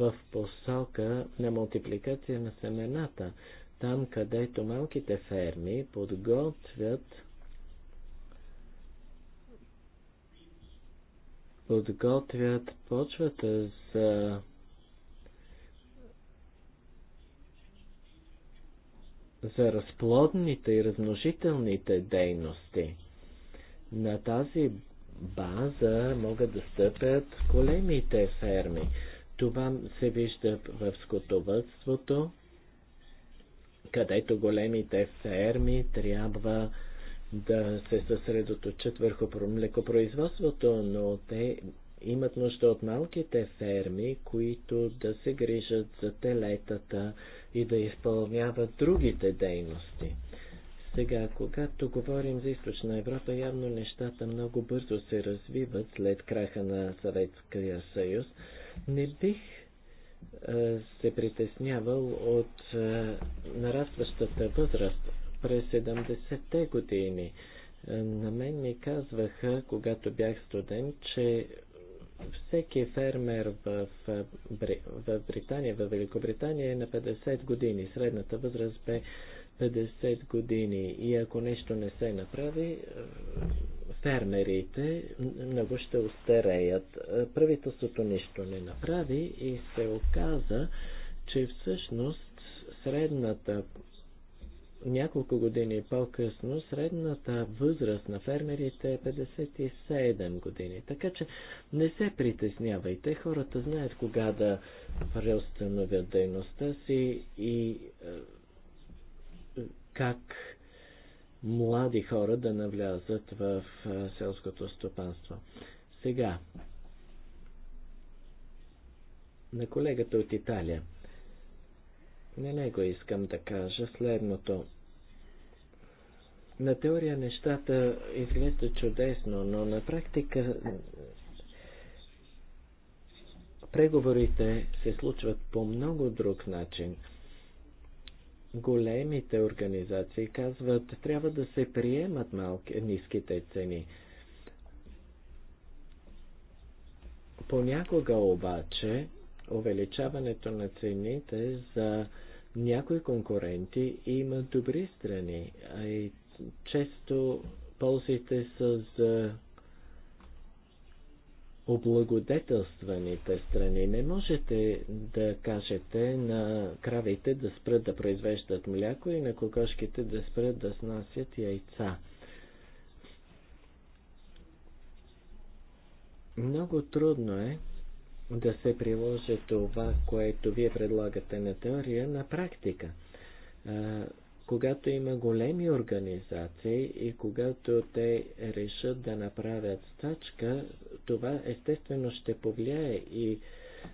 в посока на мултипликация на семената. Там, където малките ферми подготвят подготвят почвата за за разплодните и размножителните дейности. На тази база могат да стъпят големите ферми. Това се вижда в скотовътството, където големите ферми трябва да се съсредоточат върху млекопроизводството, но те имат нужда от малките ферми, които да се грижат за телетата и да изпълняват другите дейности. Сега, когато говорим за източна Европа, явно нещата много бързо се развиват след краха на Съветския съюз. Не бих е, се притеснявал от е, нарастващата възраст през 70-те години. Е, на мен ми казваха, когато бях студент, че всеки фермер в, в Британия, в Великобритания е на 50 години. Средната възраст бе 50 години и ако нещо не се направи, е, фермерите много ще устареят. Е, правителството нищо не направи и се оказа, че всъщност средната няколко години по-късно средната възраст на фермерите е 57 години. Така че не се притеснявайте, хората знаят кога да преустановят дейността си и е, как млади хора да навлязат в селското стопанство. Сега, на колегата от Италия. На него искам да кажа следното. На теория нещата изглежда чудесно, но на практика преговорите се случват по много друг начин – големите организации казват, трябва да се приемат малки, ниските цени. Понякога обаче увеличаването на цените за някои конкуренти има добри страни, а и често ползите са за облагодетелстваните страни. Не можете да кажете на кравите да спрат да произвеждат мляко и на кокошките да спрат да снасят яйца. Много трудно е да се приложи това, което вие предлагате на теория, на практика. Когато има големи организации и когато те решат да направят стачка, това естествено ще повлияе и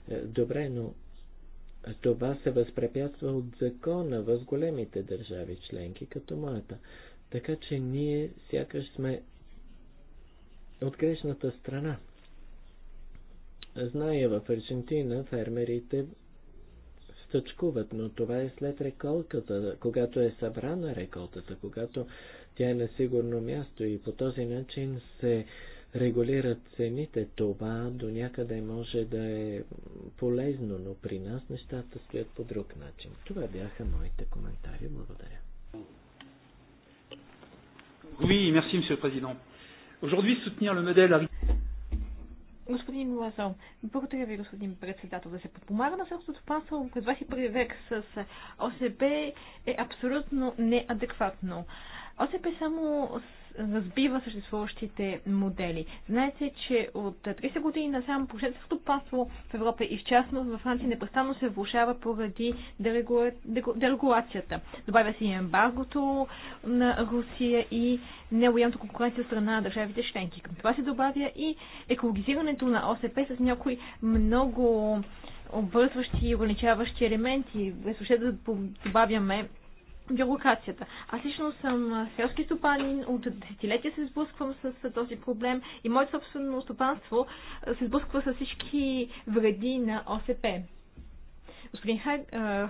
е, добре, но това се възпрепятства от закона в големите държави членки, като моята. Така че ние сякаш сме от грешната страна. Зная в Аржентина фермерите стъчкуват, но това е след реколката, когато е събрана реколтата, когато тя е на сигурно място и по този начин се регулират цените. Това до някъде може да е полезно, но при нас нещата стоят по друг начин. Това бяха моите коментари. Благодаря. Oui, merci, Monsieur le Président. Aujourd'hui, soutenir le modèle Господин Лазо, благодаря ви, господин председател. Да се подпомага на селското стопанство в 21 век с ОСБ е абсолютно неадекватно. ОСП само разбива съществуващите модели. Знаете, че от 30 години насам прошедското стопанство в Европа и в частност във Франция непрестанно се влушава поради дерегула... дерегулацията. Добавя се и ембаргото на Русия и нелоялната конкуренция страна на държавите членки. Към това се добавя и екологизирането на ОСП с някои много обвързващи и ограничаващи елементи. Без да добавяме бюрокрацията. Аз лично съм селски стопанин, от десетилетия се сблъсквам с този проблем и моето собствено стопанство се сблъсква с всички вреди на ОСП. Господин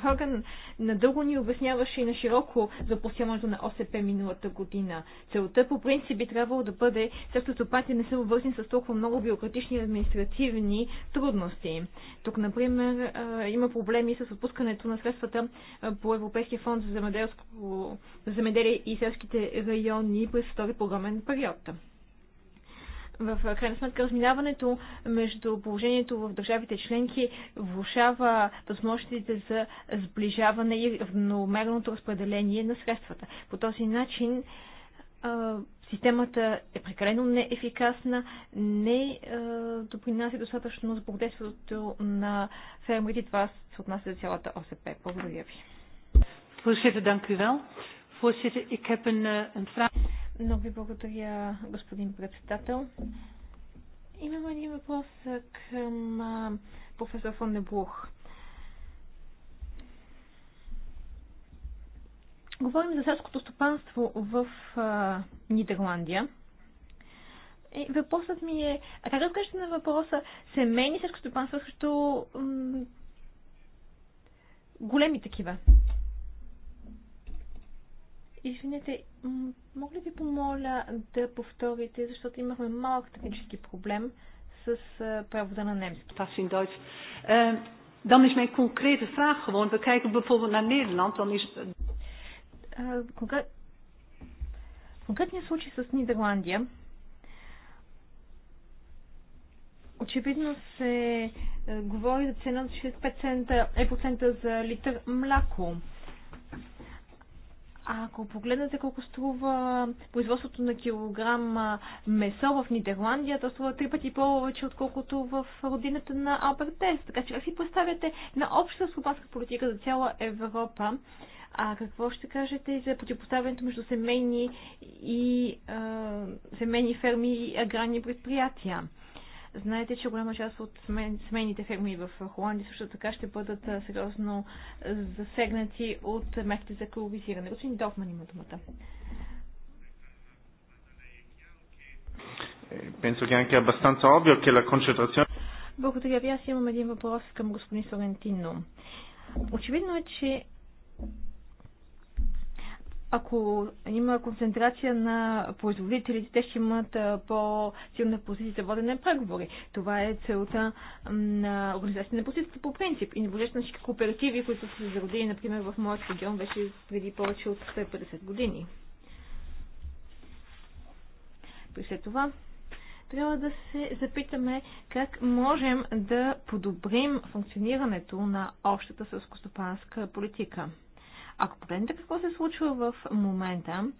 Хоган надълго ни обясняваше и на широко запустяването на ОСП миналата година. Целта по принцип би трябвало да бъде, както стопати не са обвързани с толкова много бюрократични и административни трудности. Тук, например, има проблеми с отпускането на средствата по Европейския фонд за земеделие и селските райони през втори програмен период в крайна сметка разминаването между положението в държавите членки влушава възможностите за сближаване и равномерното разпределение на средствата. По този начин системата е прекалено неефикасна, не допринася достатъчно за благодействието на фермерите. Това се отнася за цялата ОСП. Благодаря ви. Voorzitter, dank u wel. Voorzitter, ik heb een, eh, een vraag. Много ви благодаря, господин председател. Имам един въпрос към професор Фон Неблух. Говорим за селското стопанство в а, Нидерландия. Е, въпросът ми е, а как разглеждате на въпроса семейни селско стопанство срещу големи такива? Извинете, мога ли ви помоля да повторите, защото имахме малък технически проблем с превода на немски. Това in Duits. Ehm, dan is mijn concrete vraag gewoon, we kijken bijvoorbeeld naar Nederland, dan is... Конкретният случай с Нидерландия очевидно се е, говори за цена от 65 цента, е за литър мляко. Ако погледнете колко струва производството на килограм месо в Нидерландия, то струва три пъти повече, отколкото в родината на Алберт Тес. Така че как си представяте на обща слобанска политика за цяла Европа? А какво ще кажете за противопоставянето между семейни и а, семейни ферми и аграрни предприятия? Знаете, че голяма част от семейните ферми в Холандия също така ще бъдат сериозно засегнати от мерките за коловизиране. Господин Дофман има думата. Благодаря ви. Аз имам един въпрос към господин Сорентино. Очевидно е, че ако има концентрация на производителите, те ще имат по-силна позиция за водене на преговори. Това е целта на организацията на позицията по принцип. И небожествено всички кооперативи, които са се зародили, например, в моят регион, беше преди повече от 150 години. При след това трябва да се запитаме как можем да подобрим функционирането на общата сълскостопанска политика. Ако погледнете какво се случва в момента,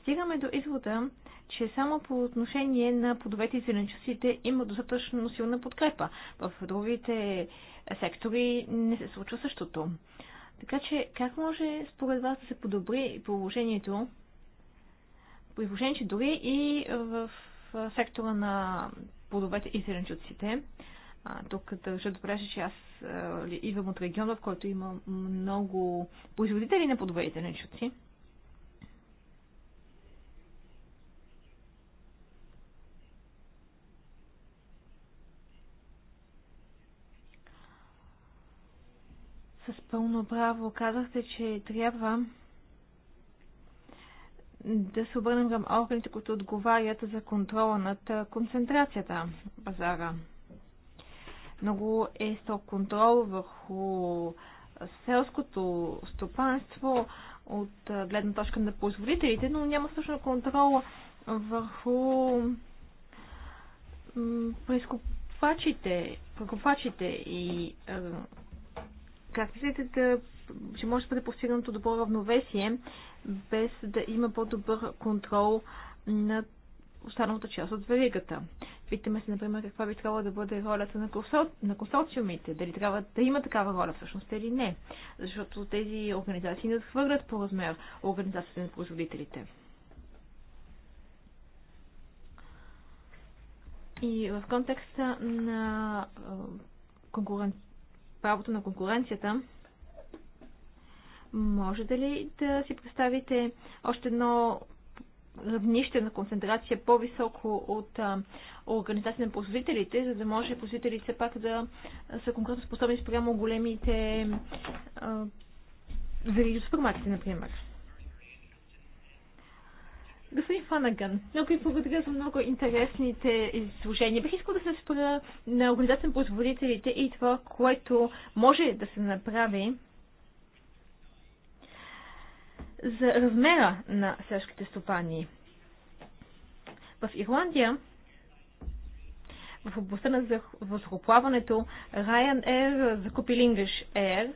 стигаме до извода, че само по отношение на плодовете и зеленчуците има достатъчно силна подкрепа. В другите сектори не се случва същото. Така че, как може според вас да се подобри положението, при положение, че дори и в сектора на плодовете и зеленчуците, а, тук държа добре, че аз а, идвам от регион, в който има много производители на подварителни чуци. С пълно право казахте, че трябва да се обърнем към органите, които отговарят за контрола над концентрацията пазара. Много е контрол върху селското стопанство от гледна точка на производителите, но няма също контрол върху прескопвачите, прекопвачите и как мислите да че може да бъде постигнато добро равновесие, без да има по-добър контрол на останалата част от веригата. Питаме се, например, каква би трябвало да бъде ролята на, консор... на консорциумите, дали трябва да има такава роля всъщност или не. Защото тези организации не отхвърлят по размер организацията на производителите. И в контекста на конкурен... правото на конкуренцията, можете ли да си представите още едно равнище на концентрация по-високо от организация на производителите, за да може производителите все пак да са конкретно способни спрямо големите вериги супермаркети, например. Господин Фанаган, много ви благодаря за много интересните изложения. Бих искал да се спра на организация на производителите и това, което може да се направи за размера на селските стопани. В Ирландия в областта на въздухоплаването Ryanair закупи English Air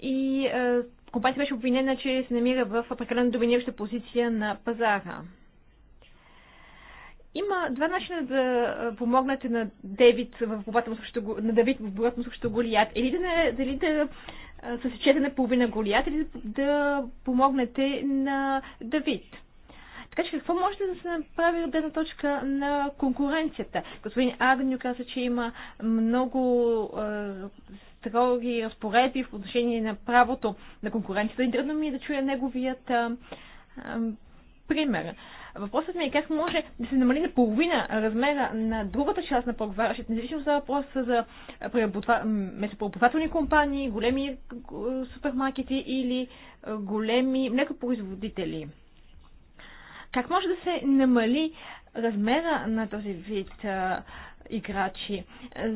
и е, компанията беше обвинена, че се намира в прекалено доминираща позиция на пазара. Има два начина да е, помогнете на в борбата му срещу, Давид в борбата му срещу Голият. Или да, дали да с сечете на половина голият или да помогнете на Давид. Така че какво може да се направи от една точка на конкуренцията? Господин Агню каза, че има много е, строги разпоредби в отношение на правото на конкуренцията. Интересно ми е да чуя неговият е, е, пример. Въпросът ми е как може да се намали на половина размера на другата част на преговарящите, независимо за въпроса за месопреобразователни компании, големи е, супермаркети или е, големи млекопроизводители. Как може да се намали размера на този вид е, играчи.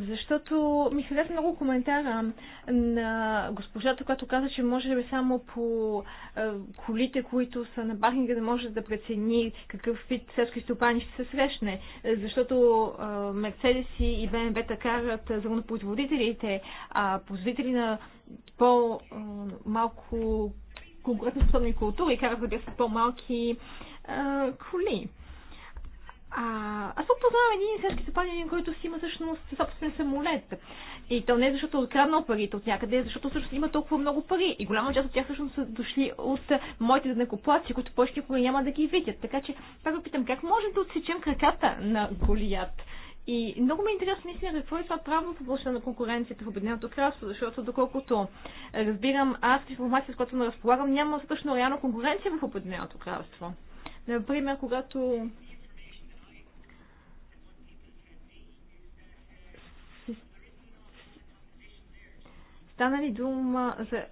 Защото ми хареса много коментара на госпожата, която каза, че може би само по е, колите, които са на бахинга да може да прецени какъв вид селски стопани ще се срещне. Защото Мерцедеси и БМВ-та карат зърнопроизводителите, а производители на по-малко конкурентоспособни култури карат да бяха по-малки е, коли. А, аз тук познавам един сърски стопанин, който си има всъщност собствен самолет. И то не е защото е откраднал парите от някъде, защото всъщност има толкова много пари. И голяма част от тях всъщност са дошли от моите данекоплаци, които повече няма да ги видят. Така че, пак питам, как може да отсечем краката на Голият? И много ме е интересно наистина какво е това правно в на конкуренцията в Обединеното кралство, защото доколкото разбирам аз информация, с която не разполагам, няма достатъчно реална конкуренция в Обединеното кралство. Например, когато стана ли дума за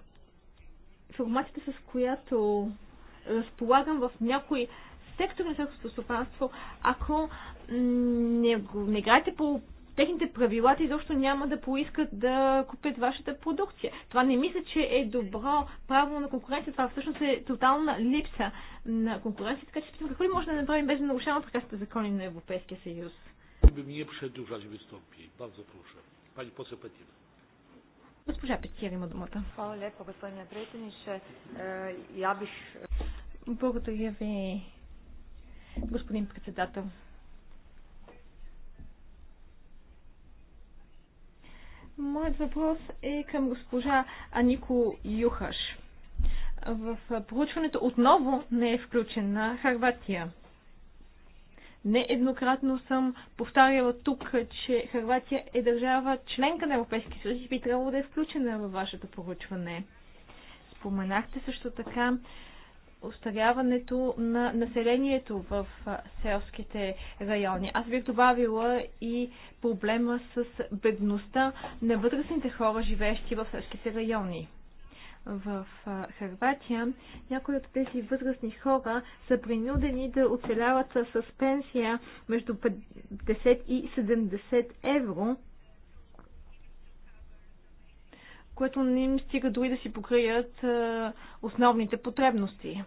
информацията, с която разполагам в някои сектори на селското стопанство, ако не, не играете по техните правила, те изобщо няма да поискат да купят вашата продукция. Това не мисля, че е добро право на конкуренция. Това всъщност е тотална липса на конкуренция. Така че питам, какво ли може да направим без да нарушаваме прекрасните закони на Европейския съюз? Бим не ви стопи. Бързо прошу. Пани посепетина. Госпожа Петир има думата. Хвала лепо, господин председнише. Я бих... Благодаря ви, господин председател. Моят въпрос е към госпожа Анико Юхаш. В е, проучването отново не е включена Харватия. Нееднократно съм повтаряла тук, че Харватия е държава членка на Европейския съюз и би трябвало да е включена във вашето поручване. Споменахте също така устаряването на населението в селските райони. Аз бих добавила и проблема с бедността на възрастните хора, живеещи в селските райони в Харватия, някои от тези възрастни хора са принудени да оцеляват с пенсия между 50 и 70 евро, което не им стига дори да си покрият основните потребности.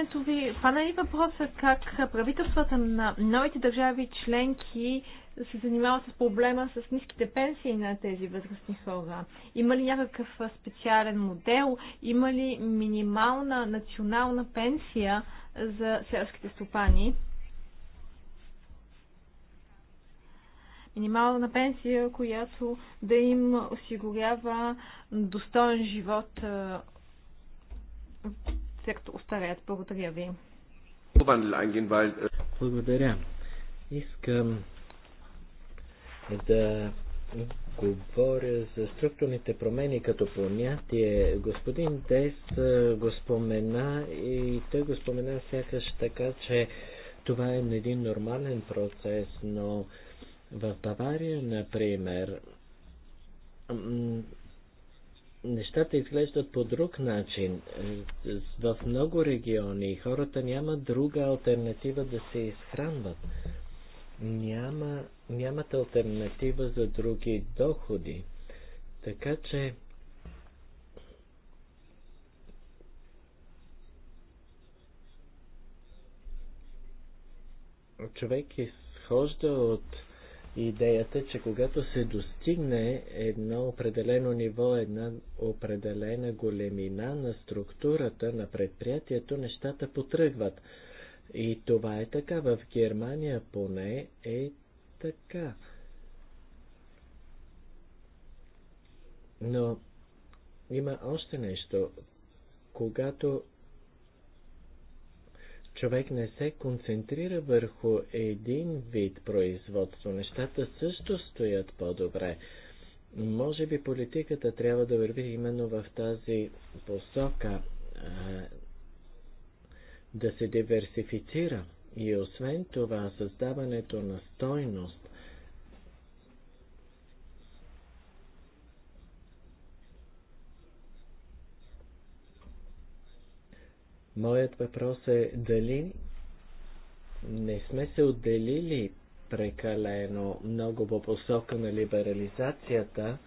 изслушването ви пана е ли въпроса как правителствата на новите държави членки се занимават с проблема с ниските пенсии на тези възрастни хора? Има ли някакъв специален модел? Има ли минимална национална пенсия за селските стопани? Минимална пенсия, която да им осигурява достоен живот Секто оставят. остарят. Благодаря ви. Благодаря. Искам да говоря за структурните промени като понятие. Господин Дес го спомена и той го спомена сякаш така, че това е един нормален процес, но в Бавария, например, нещата изглеждат по друг начин. В много региони хората нямат друга альтернатива да се изхранват. Няма, нямат альтернатива за други доходи. Така че човек изхожда от идеята, че когато се достигне едно определено ниво, една определена големина на структурата на предприятието, нещата потръгват. И това е така. В Германия поне е така. Но има още нещо. Когато човек не се концентрира върху един вид производство. Нещата също стоят по-добре. Може би политиката трябва да върви именно в тази посока, да се диверсифицира. И освен това, създаването на стойност Моят въпрос е дали не сме се отделили прекалено много по посока на либерализацията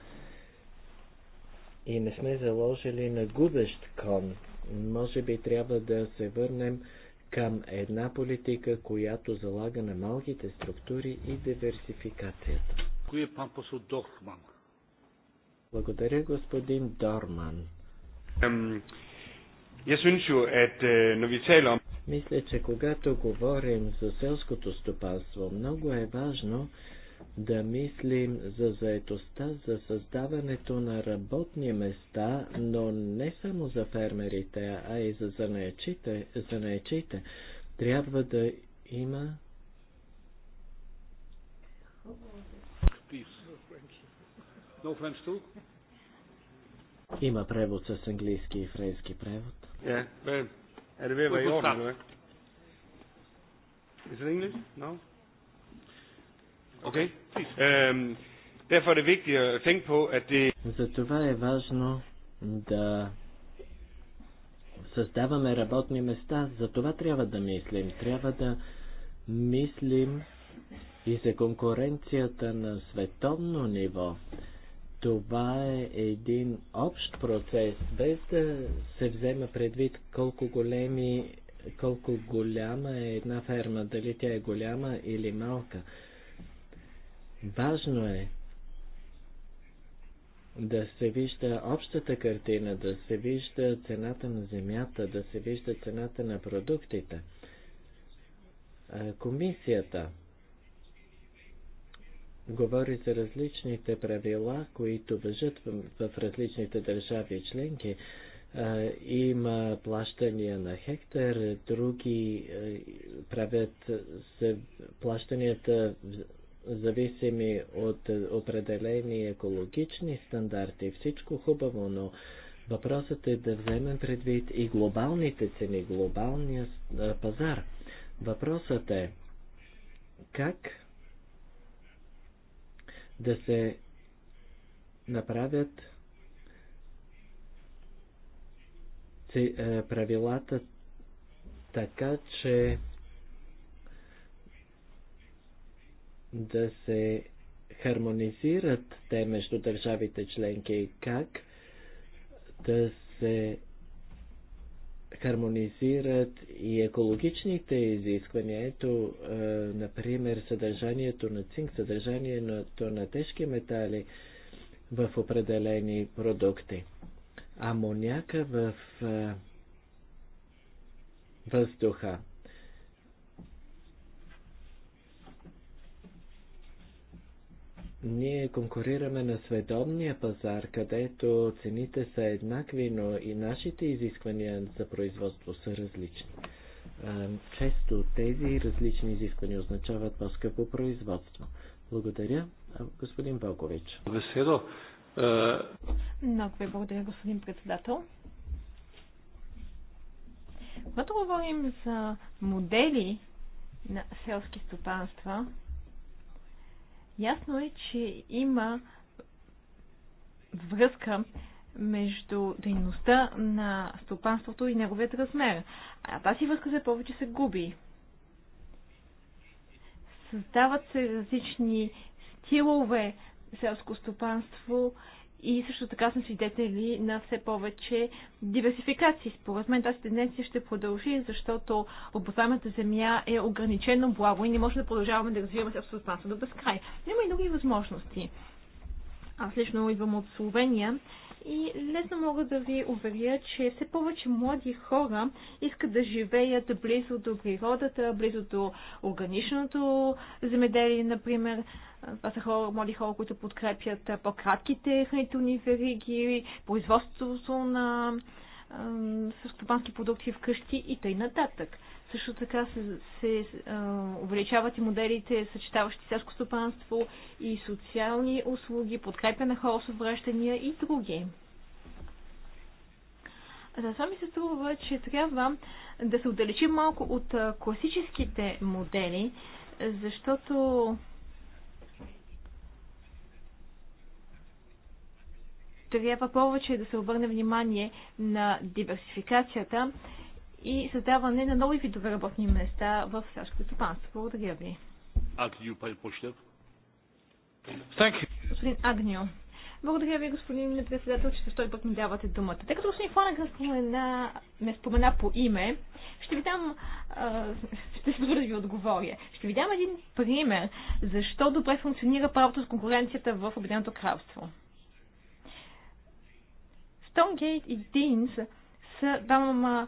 и не сме заложили на губещ кон. Може би трябва да се върнем към една политика, която залага на малките структури и диверсификацията. Кой е пан посол Дорфман? Благодаря, господин Дорман. Jeg synes jo, at øh, når vi taler om... Мисля, че когато говорим за селското стопанство, много е важно да мислим за заетостта, за създаването на работни места, но не само за фермерите, а и за занаечите. занаечите. Трябва да има Има превод с английски и френски превод. Yeah, well, arriveva io. Is it English? No? Okay. Um, derfor er det vigtigt at tænke på, at det... Så du var i Vajno, да създаваме работни места. За това трябва да мислим. Трябва да мислим и за конкуренцията на световно ниво това е един общ процес, без да се взема предвид колко големи, колко голяма е една ферма, дали тя е голяма или малка. Важно е да се вижда общата картина, да се вижда цената на земята, да се вижда цената на продуктите. Комисията говори за различните правила, които въжат в, в различните държави членки. има плащания на хектар, други правят се плащанията зависими от определени екологични стандарти. Всичко хубаво, но въпросът е да вземем предвид и глобалните цени, глобалния пазар. Въпросът е как да се направят е, правилата така, че да се хармонизират те между държавите членки и как да се хармонизират и екологичните изисквания. Ето, е, например, съдържанието на цинк, съдържанието на тежки метали в определени продукти. Амоняка в е, въздуха. Ние конкурираме на световния пазар, където цените са еднакви, но и нашите изисквания за производство са различни. Често тези различни изисквания означават по-скъпо производство. Благодаря, господин Балкович. Весело. Много ви благодаря, господин председател. Когато говорим за модели на селски стопанства, Ясно е, че има връзка между дейността на стопанството и неговият размер. А тази връзка за повече се губи. Създават се различни стилове селско стопанство и също така сме свидетели на все повече диверсификации. Според мен тази тенденция ще продължи, защото обознаемата земя е ограничено благо и не може да продължаваме да развиваме се абсолютно до безкрай. Няма и други възможности. Аз лично идвам от Словения и лесно мога да ви уверя, че все повече млади хора искат да живеят близо до природата, близо до органичното земеделие, например. Това са хора, млади хора, които подкрепят по-кратките хранителни вериги, производството на съскопански продукти вкъщи и тъй нататък. Също така се, се а, увеличават и моделите, съчетаващи селско стопанство и социални услуги, подкрепя на хора с обращания и други. За това ми се струва, че трябва да се отдалечим малко от класическите модели, защото трябва повече да се обърне внимание на диверсификацията и създаване на нови видове работни места в селското стопанство. Благодаря ви. Агнио, Господин Агнио. Благодаря ви, господин председател, че втори път ми давате думата. Тъй като господин Фланаган спомена, ме спомена по име, ще ви дам, а, ще се да ви отговоря. Ще ви дам един пример, защо добре функционира правото с конкуренцията в Обединеното кралство. Стонгейт и Динс са двама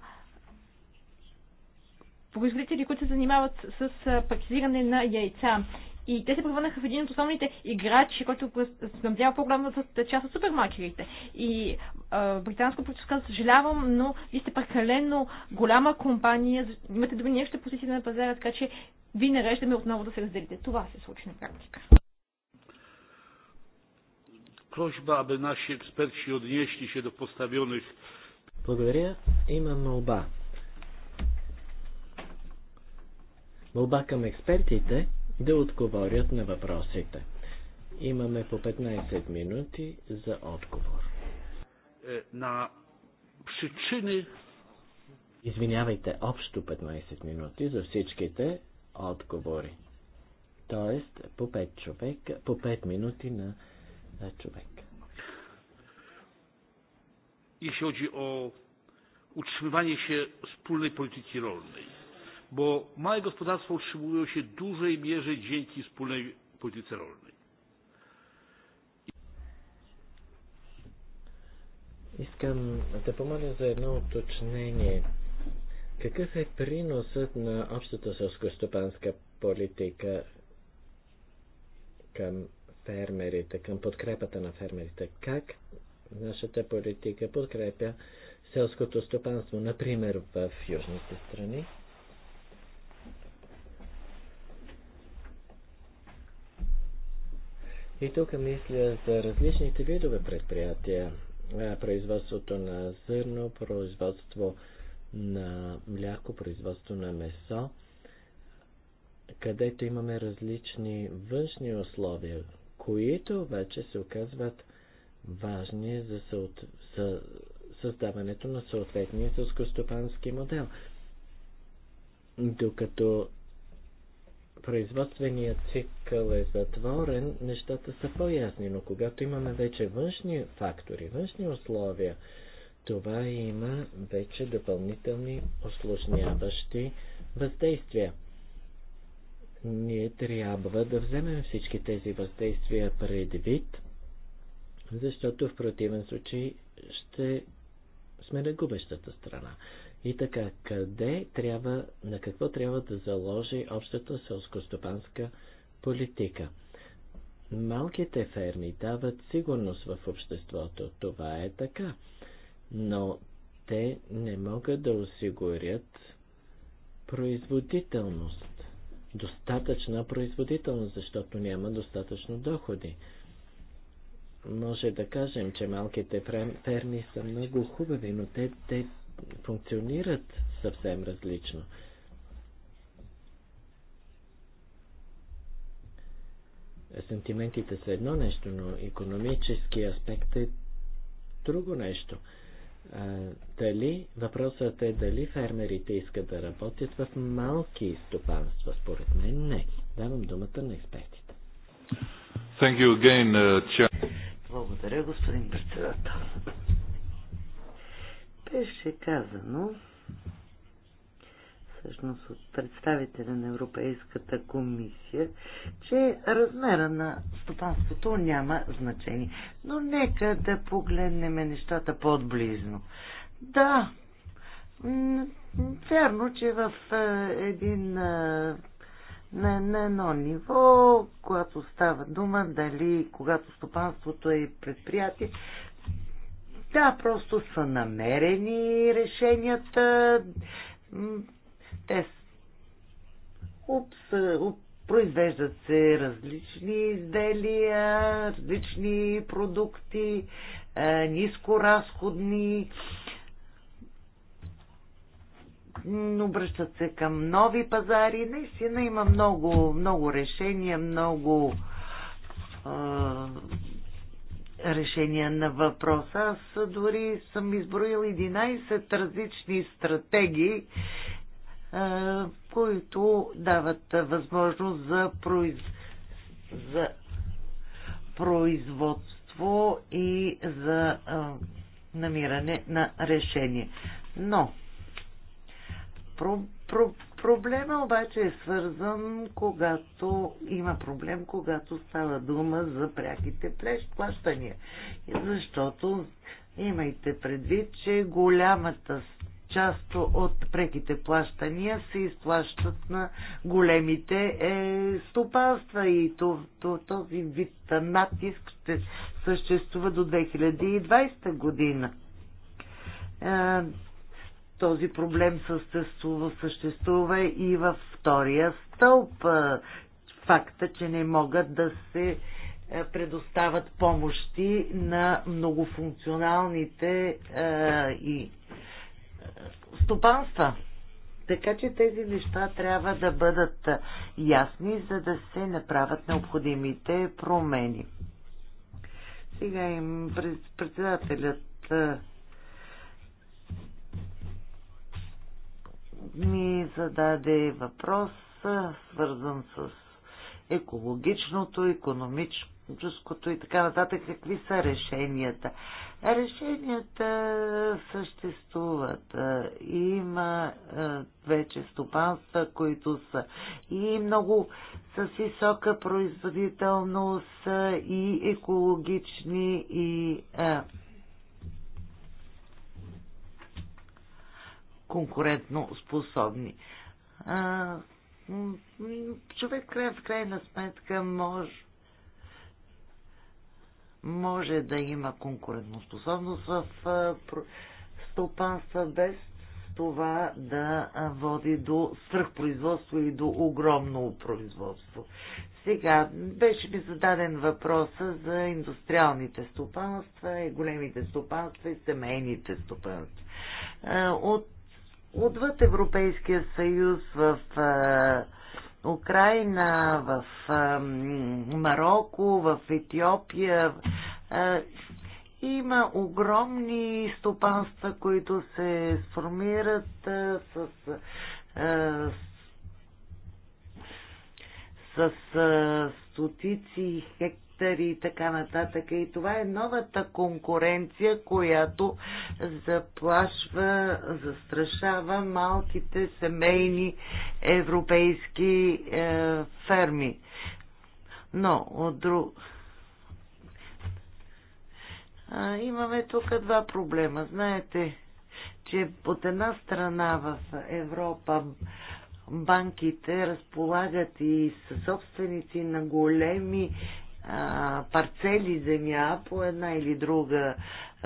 производители, които се занимават с пакетиране на яйца. И те се превърнаха в един от основните играчи, който снабдява по-голямата част от супермаркетите. И а, британско правителство каза, съжалявам, но вие сте прекалено голяма компания, имате доминираща позиция на пазара, така че ви нареждаме отново да се разделите. Това се случи на практика. Просьба, aby nasi eksperci odnieśli się do postawionych. Благодаря. Има молба Молба към експертите да отговорят на въпросите. Имаме по 15 минути за отговор. Е, на причини... Извинявайте, общо 15 минути за всичките отговори. Тоест по 5, човек, по 5 минути на човек. Jeśli chodzi о utrzymywanie се wspólnej политики ролни bo małe gospodarstwo utrzymują się w dużej mierze dzięki wspólnej polityce rolnej. Искам да помоля за едно уточнение. Какъв е приносът на общата селскостопанска политика към фермерите, към подкрепата на фермерите? Как нашата политика подкрепя селското стопанство, например в южните страни? И тук мисля за различните видове предприятия. Производството на зърно, производство на мляко, производство на месо, където имаме различни външни условия, които вече се оказват важни за, съот... за създаването на съответния сълскостопански модел. Докато производственият цикъл е затворен, нещата са по-ясни, но когато имаме вече външни фактори, външни условия, това има вече допълнителни осложняващи въздействия. Ние трябва да вземем всички тези въздействия предвид, защото в противен случай ще сме на губещата страна. И така, къде трябва, на какво трябва да заложи общата селскостопанска политика? Малките ферми дават сигурност в обществото, това е така, но те не могат да осигурят производителност, достатъчна производителност, защото няма достатъчно доходи. Може да кажем, че малките ферми са много хубави, но те, те функционират съвсем различно. Сентиментите са едно нещо, но економически аспект е друго нещо. А, дали, въпросът е дали фермерите искат да работят в малки стопанства? Според мен не. Давам думата на експертите. Thank you again, uh, Благодаря, господин председател. Беше казано, всъщност от представителя на Европейската комисия, че размера на стопанството няма значение. Но нека да погледнем нещата по-отблизно. Да, вярно, че в е, един е, на, на едно ниво, когато става дума дали когато стопанството е предприятие, да, просто са намерени решенията. Те обс... произвеждат се различни изделия, различни продукти, е, нискоразходни. Обръщат се към нови пазари. Наистина има много, много решения, много е, решения на въпроса. Аз дори съм изброил 11 различни стратегии, е, които дават възможност за, произ... за производство и за е, намиране на решение. Но про, про, Проблема обаче е свързан, когато има проблем, когато става дума за пряките плащания. Защото имайте предвид, че голямата част от преките плащания се изплащат на големите е, стопанства и то, то, този вид натиск ще съществува до 2020 година. Е, този проблем съществува, съществува и във втория стълб. Факта, че не могат да се е, предоставят помощи на многофункционалните е, и е, стопанства. Така че тези неща трябва да бъдат ясни, за да се направят необходимите промени. Сега им председателят ми зададе въпрос, свързан с екологичното, економическото и така нататък. Какви са решенията? Решенията съществуват. Има вече стопанства, които са и много с висока производителност и екологични и конкурентно способни. А, човек в крайна сметка може може да има конкурентоспособност в стопанства без това да води до свръхпроизводство и до огромно производство. Сега, беше ми зададен въпроса за индустриалните стопанства, и големите стопанства и семейните стопанства. От отвъд Европейския съюз в Украина, в Марокко, в Етиопия. Има огромни стопанства, които се сформират с с стотици хек, регистър и така нататък. И това е новата конкуренция, която заплашва, застрашава малките семейни европейски е, ферми. Но от друг... А, имаме тук два проблема. Знаете, че от една страна в Европа банките разполагат и със собственици на големи а, парцели земя по една или друга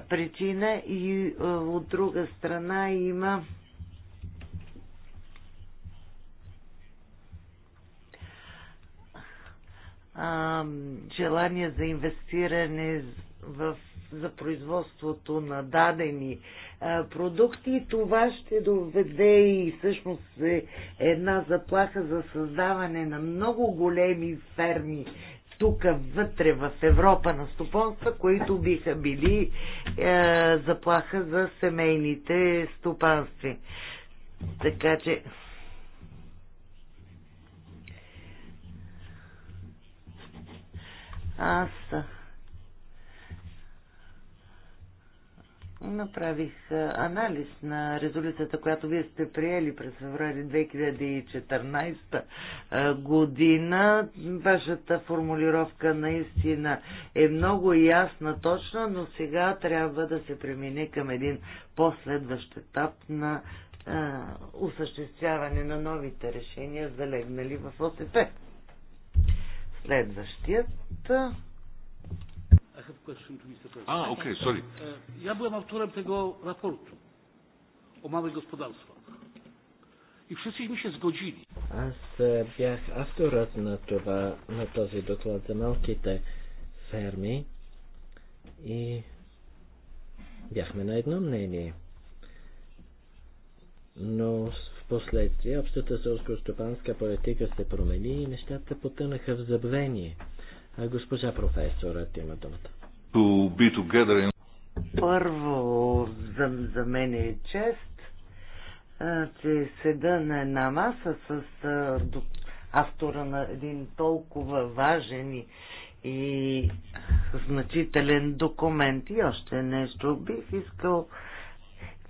причина и а, от друга страна има а, желание за инвестиране в, за производството на дадени а, продукти. Това ще доведе и всъщност е една заплаха за създаване на много големи ферми тук вътре в Европа на стопонства, които биха били е, заплаха за семейните стопанстви. Така че аз направих анализ на резолюцията, която вие сте приели през феврали 2014 година. Вашата формулировка наистина е много ясна, точна, но сега трябва да се премине към един последващ етап на а, осъществяване на новите решения, залегнали в ОСП. Следващият have question to Mr. President. Ah, okay, sorry. E, ja byłem autorem tego raportu o małych gospodarstwach. И всички ми се сгодили. Аз бях авторът на, това, на този доклад за малките ферми и бяхме на едно мнение. Но в последствие общата селско-стопанска политика се промени и нещата потънаха в забвение. А госпожа професорът има думата to be together in... Първо, за, за мен е чест, а, че седа на една маса с а, до, автора на един толкова важен и, и значителен документ. И още нещо бих искал.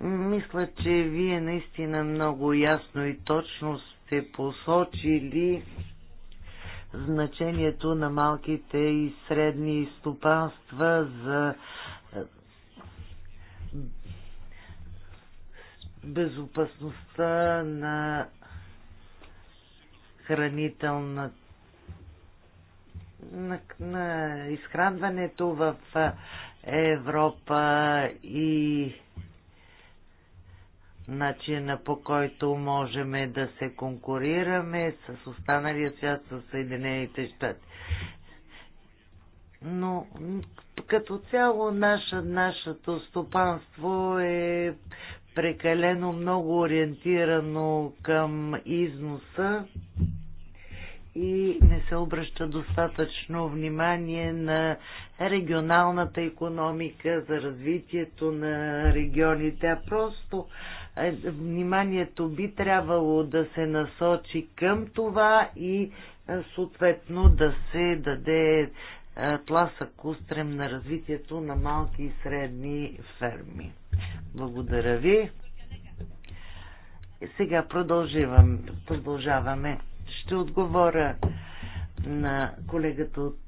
Мисля, че вие наистина много ясно и точно сте посочили значението на малките и средни стопанства за е, безопасността на хранителна на, на изхранването в Европа и начина по който можем да се конкурираме с останалия свят, с Съединените щати. Но като цяло наша, нашето стопанство е прекалено много ориентирано към износа и не се обръща достатъчно внимание на регионалната економика, за развитието на регионите, а просто е, вниманието би трябвало да се насочи към това и е, съответно да се даде е, тласък устрем на развитието на малки и средни ферми. Благодаря ви. Сега продължавам, продължаваме. Ще отговоря на колегата от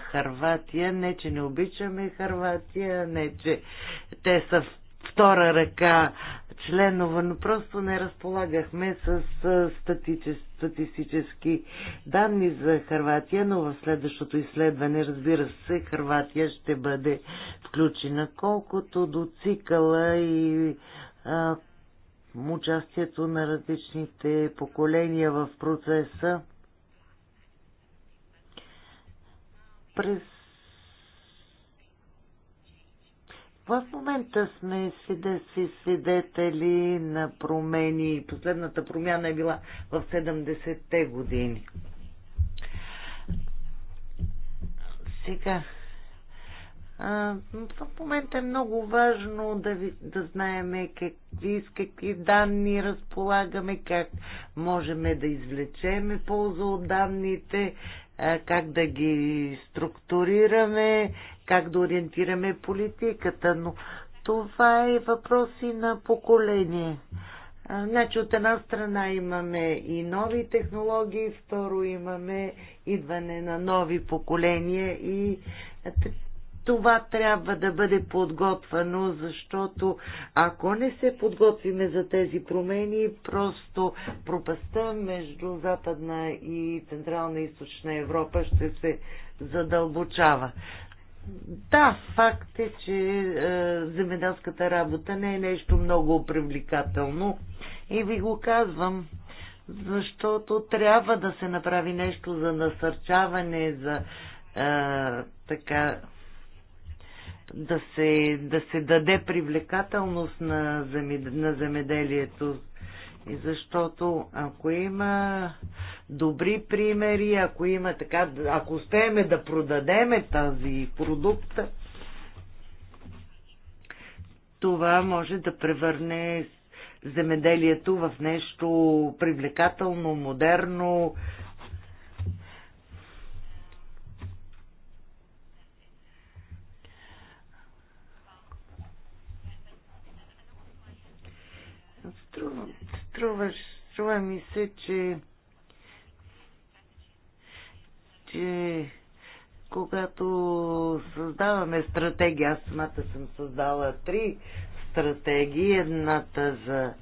Харватия. Не, че не обичаме Харватия, не, че те са в втора ръка членове, но просто не разполагахме с статистически данни за Харватия, но в следващото изследване, разбира се, Харватия ще бъде включена. Колкото до цикъла и а, участието на различните поколения в процеса, през В момента сме свидетели на промени. Последната промяна е била в 70-те години. Сега. А, в момента е много важно да, ви, да знаем какви, с какви данни разполагаме, как можем да извлечеме полза от данните, как да ги структурираме, как да ориентираме политиката, но това е въпроси на поколение. Значи от една страна имаме и нови технологии, второ имаме идване на нови поколения и това трябва да бъде подготвено, защото ако не се подготвиме за тези промени, просто пропаста между Западна и Централна и Източна Европа ще се задълбочава. Да, факт е, че е, земеделската работа не е нещо много привлекателно и ви го казвам, защото трябва да се направи нещо за насърчаване, за е, така да се, да се даде привлекателност на, замед, на земеделието. И защото ако има добри примери, ако има така, ако успееме да продадеме тази продукт, това може да превърне земеделието в нещо привлекателно, модерно, Струва, струва, струва ми се, че, че когато създаваме стратегия, аз самата съм създала три стратегии. Едната за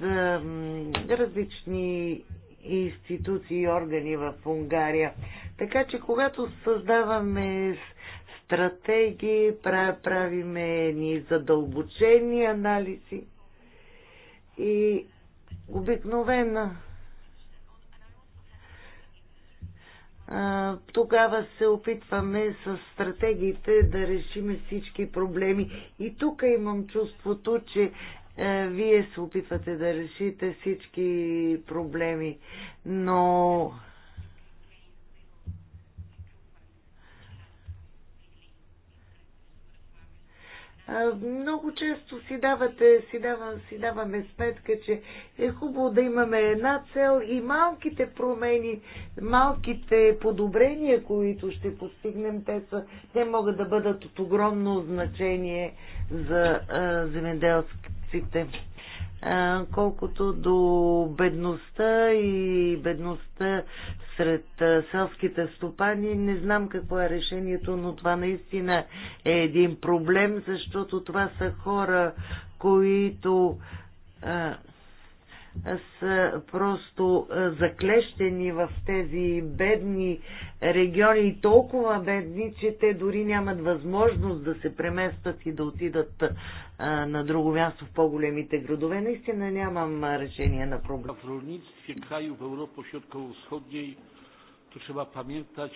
за различни институции и органи в Унгария. Така че когато създаваме стратегии, правиме ни задълбочени анализи и обикновена тогава се опитваме с стратегиите да решим всички проблеми. И тук имам чувството, че вие се опитвате да решите всички проблеми, но много често си, давате, си, давам, си даваме сметка, че е хубаво да имаме една цел и малките промени, малките подобрения, които ще постигнем, те, са, те могат да бъдат от огромно значение за а, земеделските колкото до бедността и бедността сред селските стопани. Не знам какво е решението, но това наистина е един проблем, защото това са хора, които са просто е, заклещени в тези бедни региони и толкова бедни, че те дори нямат възможност да се преместват и да отидат е, на друго място в по-големите градове. Наистина нямам е, решение на проблема. В rolnictwie krajów Europy Środkowo-Wschodniej to trzeba pamiętać,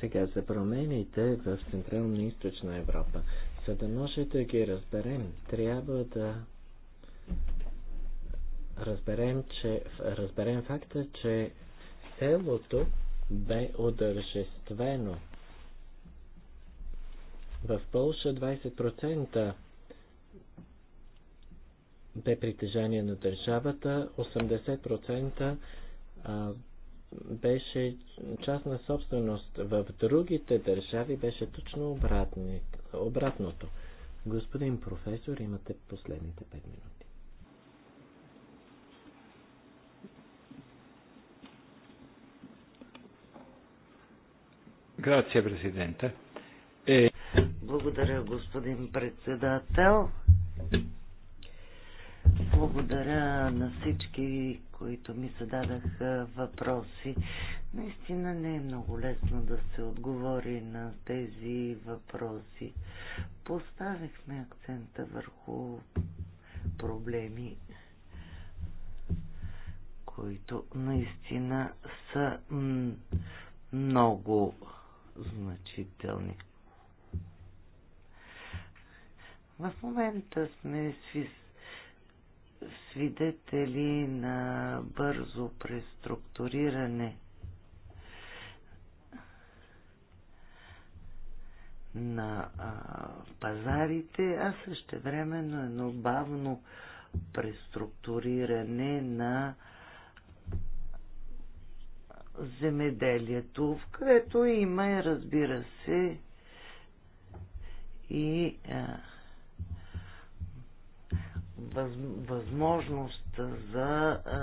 Сега за промените в Централна и Източна Европа. За да може да ги разберем, трябва да разберем, че, разберем факта, че селото бе удържествено. В Польша 20% бе притежание на държавата, 80% беше частна собственост. В другите държави беше точно обратното. Господин професор, имате последните 5 минути. Grazie, Presidente. E... Благодаря, господин председател. Благодаря на всички, които ми зададаха въпроси. Наистина не е много лесно да се отговори на тези въпроси. Поставихме акцента върху проблеми, които наистина са много значителни. В момента сме свидетели на бързо преструктуриране на а, пазарите, а същевременно едно бавно преструктуриране на а, земеделието, в което има, и разбира се, и а, въз, възможност за а,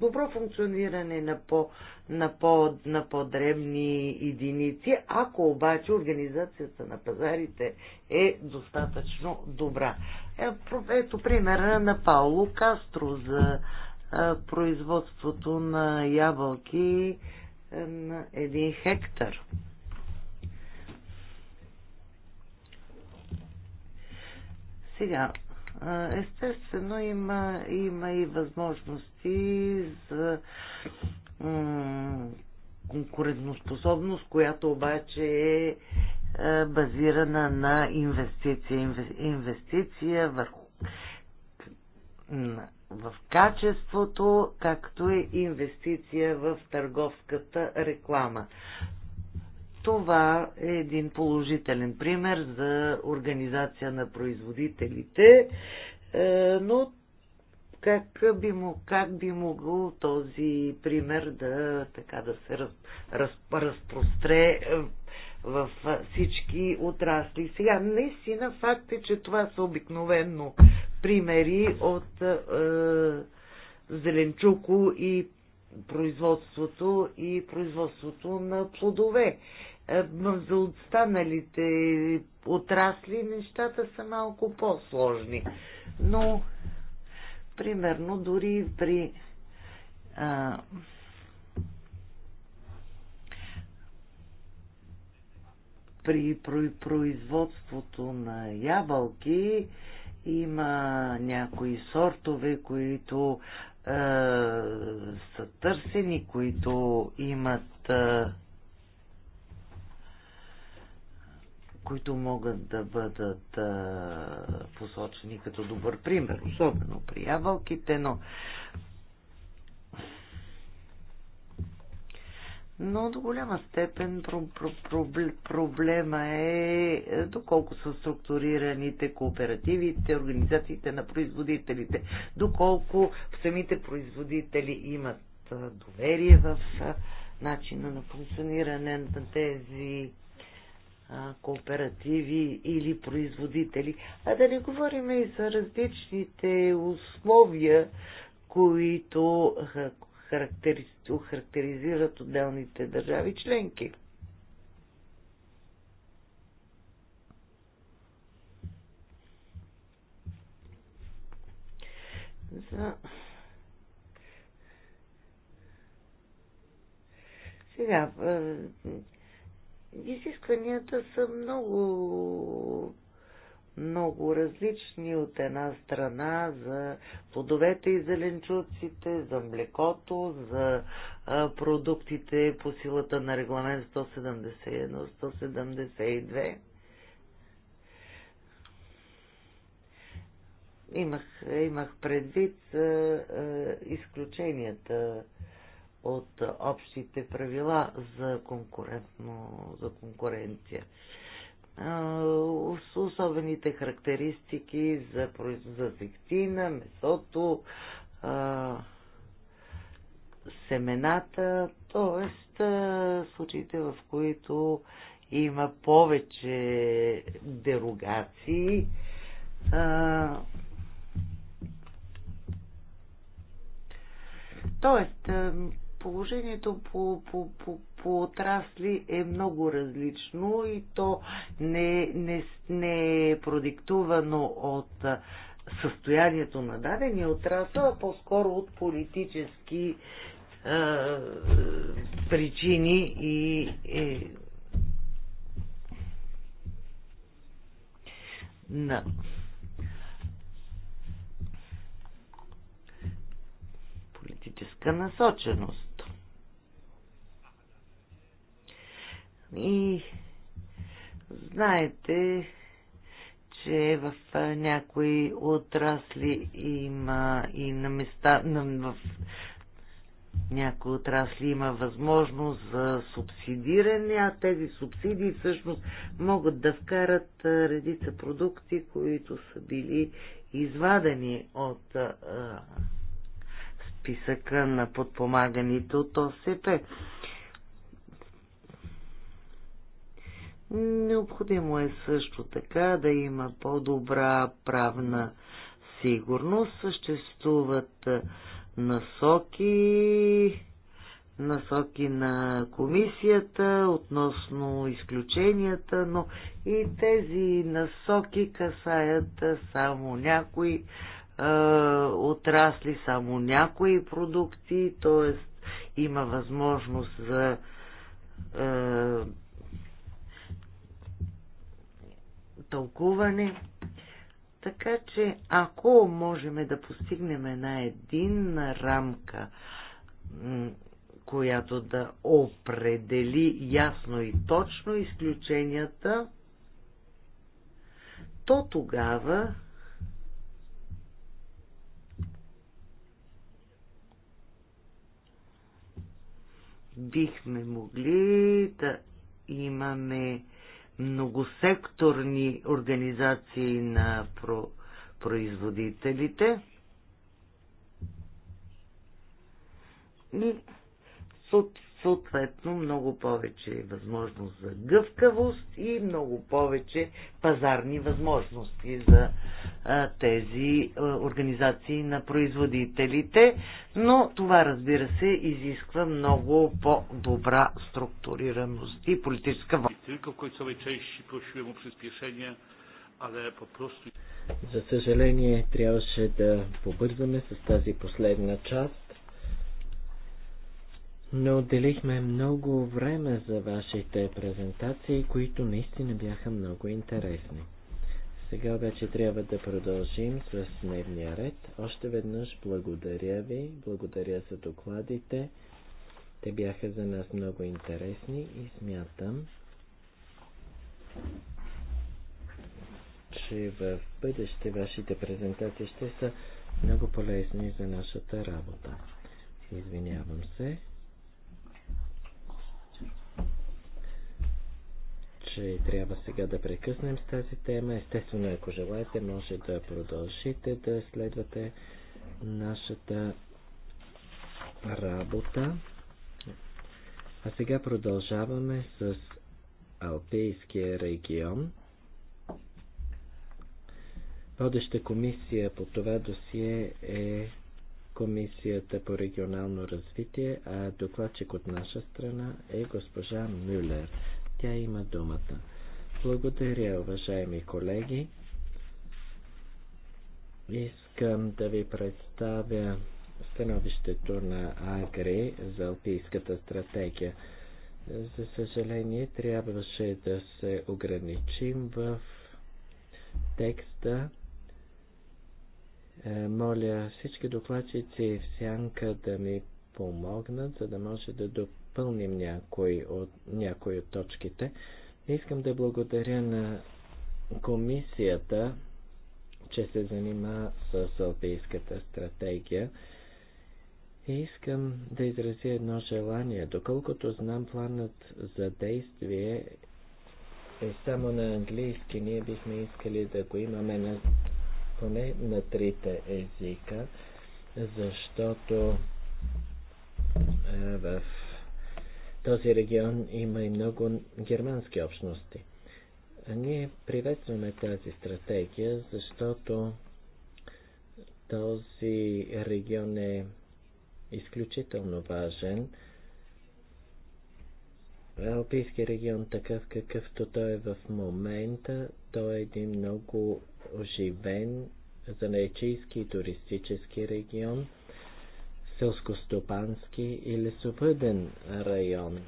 добро функциониране на, по, на, по, на по-дребни единици, ако обаче организацията на пазарите е достатъчно добра. Е, ето примера на Пауло Кастро за производството на ябълки на един хектар. Сега, естествено има, има и възможности за конкурентоспособност, която обаче е базирана на инвестиция. Инвестиция върху в качеството, както е инвестиция в търговската реклама. Това е един положителен пример за организация на производителите, е, но как би, му, как би могъл този пример да, така, да се раз, раз, разпростре е, в всички отрасли. Сега, наистина факт е, че това са обикновено примери от е, зеленчуко и производството и производството на плодове. Е, За останалите отрасли нещата са малко по-сложни. Но, примерно, дори при а, при производството на ябълки, има някои сортове, които е, са търсени, които имат. Е, които могат да бъдат е, посочени като добър пример, особено при ябълките, но но до голяма степен про- про- про- проблема е, е доколко са структурираните кооперативите, организациите на производителите, доколко самите производители имат е, доверие в е, начина на функциониране на тези кооперативи или производители, а да не говорим и за различните условия, които охарактеризират отделните държави членки. За... Сега, е, изискванията са много много различни от една страна за плодовете и зеленчуците, за млекото, за продуктите по силата на регламент 171-172. Имах, имах предвид е, изключенията от общите правила за, конкурентно, за конкуренция особените характеристики за, за зехтина, месото, а, семената, т.е. случаите, в които има повече дерогации. А, Тоест, положението по, по, по, по отрасли е много различно и то не, не, не е продиктувано от състоянието на дадения отрасъл, а по-скоро от политически е, причини и е, на политическа насоченост. И знаете, че в някои отрасли има и на места, в някои отрасли има възможност за субсидиране, а тези субсидии всъщност могат да вкарат редица продукти, които са били извадени от а, списъка на подпомаганите от ОСП. Необходимо е също така да има по-добра правна сигурност. Съществуват насоки, насоки на комисията относно изключенията, но и тези насоки касаят само някои е, отрасли, само някои продукти, т.е. има възможност за е, тълкуване. Така че, ако можем да постигнем една единна рамка, която да определи ясно и точно изключенията, то тогава бихме могли да имаме многосекторни организации на про, производителите. И съответно много повече възможност за гъвкавост и много повече пазарни възможности за а, тези а, организации на производителите, но това разбира се изисква много по-добра структурираност и политическа воля. За съжаление трябваше да побързаме с тази последна част но отделихме много време за вашите презентации, които наистина бяха много интересни. Сега вече трябва да продължим с дневния ред. Още веднъж благодаря ви, благодаря за докладите. Те бяха за нас много интересни и смятам, че в бъдеще вашите презентации ще са много полезни за нашата работа. Извинявам се. че трябва сега да прекъснем с тази тема. Естествено, ако желаете, може да продължите да следвате нашата работа. А сега продължаваме с Алпийския регион. Водеща комисия по това досие е Комисията по регионално развитие, а докладчик от наша страна е госпожа Мюлер. Тя има думата. Благодаря, уважаеми колеги. Искам да ви представя становището на Агри за Алпийската стратегия. За съжаление, трябваше да се ограничим в текста. Е, моля всички докладчици в сянка да ми помогнат, за да може да допълнят допълним някои от, някои от точките. Искам да благодаря на комисията, че се занима с Алпийската стратегия. И искам да изразя едно желание. Доколкото знам, планът за действие е само на английски. Ние бихме искали да го имаме на, поне на трите езика, защото е, в този регион има и много германски общности. А ние приветстваме тази стратегия, защото този регион е изключително важен. Алпийски регион, такъв какъвто той е в момента, той е един много оживен занайчийски туристически регион – селскостопански или сувъден район.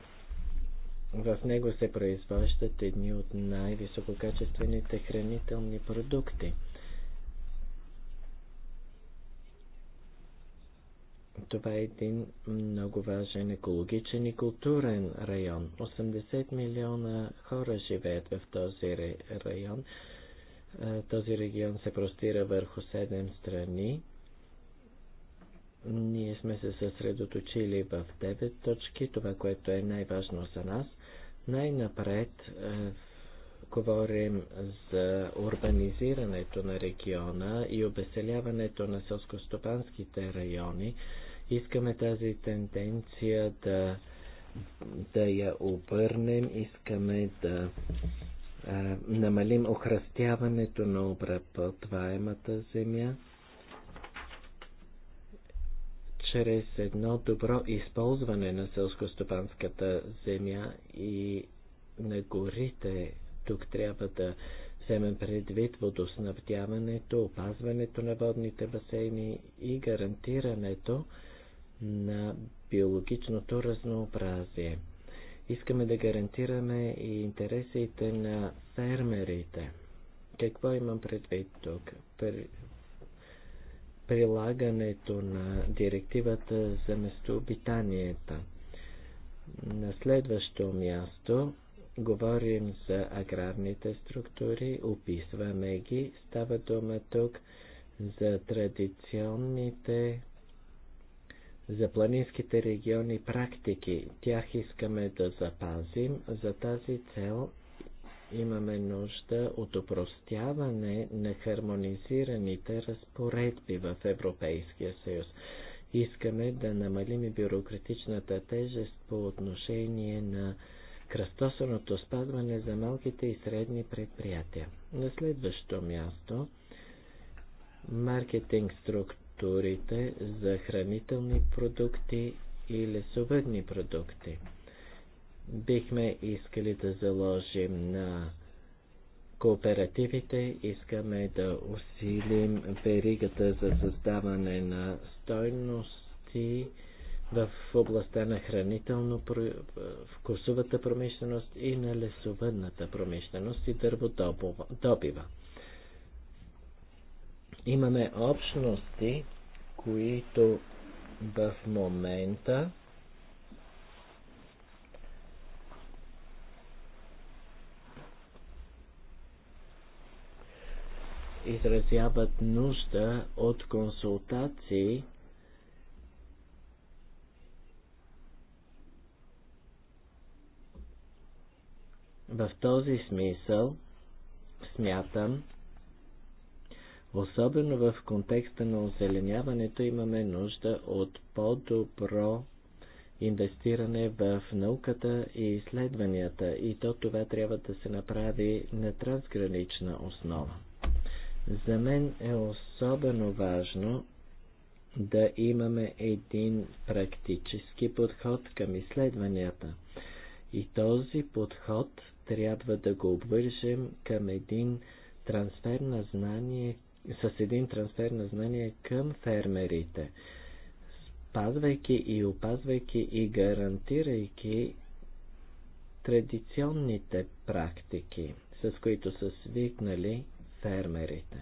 В него се произвеждат едни от най-висококачествените хранителни продукти. Това е един много важен екологичен и културен район. 80 милиона хора живеят в този район. Е, този регион се простира върху 7 страни. Ние сме се съсредоточили в 9 точки, това, което е най-важно за нас. Най-напред е, говорим за урбанизирането на региона и обеселяването на селскостопанските райони. Искаме тази тенденция да, да я обърнем, искаме да е, намалим охрастяването на обработваемата земя чрез едно добро използване на селскостопанската земя и на горите. Тук трябва да вземем предвид водоснабдяването, опазването на водните басейни и гарантирането на биологичното разнообразие. Искаме да гарантираме и интересите на фермерите. Какво имам предвид тук? прилагането на директивата за местообитанията. На следващо място говорим за аграрните структури, описваме ги. Става дума тук за традиционните, за планинските региони практики. Тях искаме да запазим. За тази цел имаме нужда от упростяване на хармонизираните разпоредби в Европейския съюз. Искаме да намалим бюрократичната тежест по отношение на кръстосаното спазване за малките и средни предприятия. На следващо място маркетинг структурите за хранителни продукти и лесовъдни продукти бихме искали да заложим на кооперативите, искаме да усилим веригата за създаване на стойности в областта на хранително вкусовата промишленост и на лесовъдната промишленост и дърводобива. Имаме общности, които в момента изразяват нужда от консултации В този смисъл смятам, особено в контекста на озеленяването имаме нужда от по-добро инвестиране в науката и изследванията и то това трябва да се направи на трансгранична основа. За мен е особено важно да имаме един практически подход към изследванията. И този подход трябва да го обвържем към един трансфер на знание, с един трансфер на знание към фермерите, спазвайки и опазвайки и гарантирайки традиционните практики, с които са свикнали фермерите.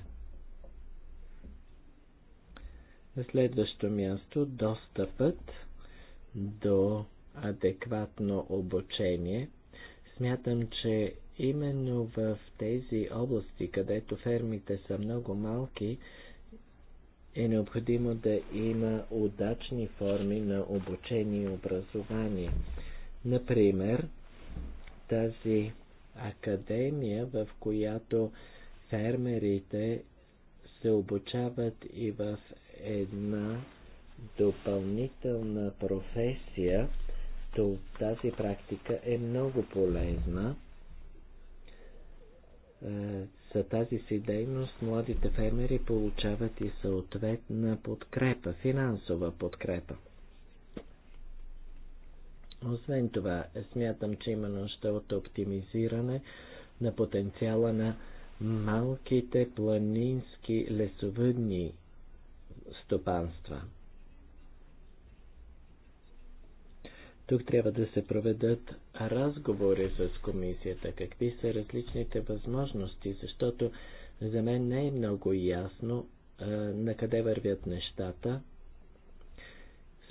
На следващо място достъпът до адекватно обучение. Смятам, че именно в тези области, където фермите са много малки, е необходимо да има удачни форми на обучение и образование. Например, тази академия, в която фермерите се обучават и в една допълнителна професия. Тази практика е много полезна. Е, за тази си дейност младите фермери получават и съответна подкрепа, финансова подкрепа. Освен това, смятам, че има нужда от оптимизиране на потенциала на малките планински лесовъдни стопанства. Тук трябва да се проведат разговори с комисията, какви са различните възможности, защото за мен не е много ясно е, на къде вървят нещата.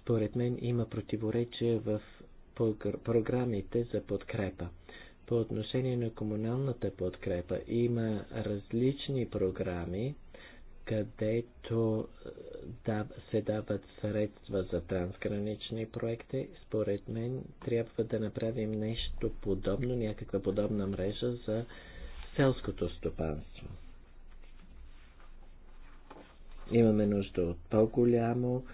Според мен има противоречие в програмите за подкрепа по отношение на комуналната подкрепа има различни програми, където е, да, се дават средства за трансгранични проекти. Според мен трябва да направим нещо подобно, някаква подобна мрежа за селското стопанство. Имаме нужда от по-голямо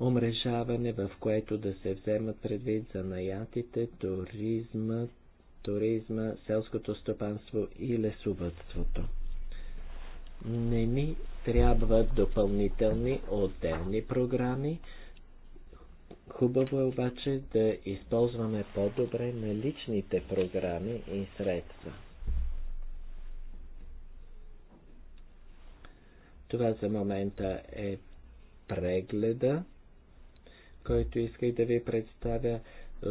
омрежаване, в което да се вземат предвид за наятите, туризмът, туризма, селското стопанство и лесовътството. Не ни трябват допълнителни отделни програми. Хубаво е обаче да използваме по-добре наличните програми и средства. Това за момента е прегледа, който исках да ви представя.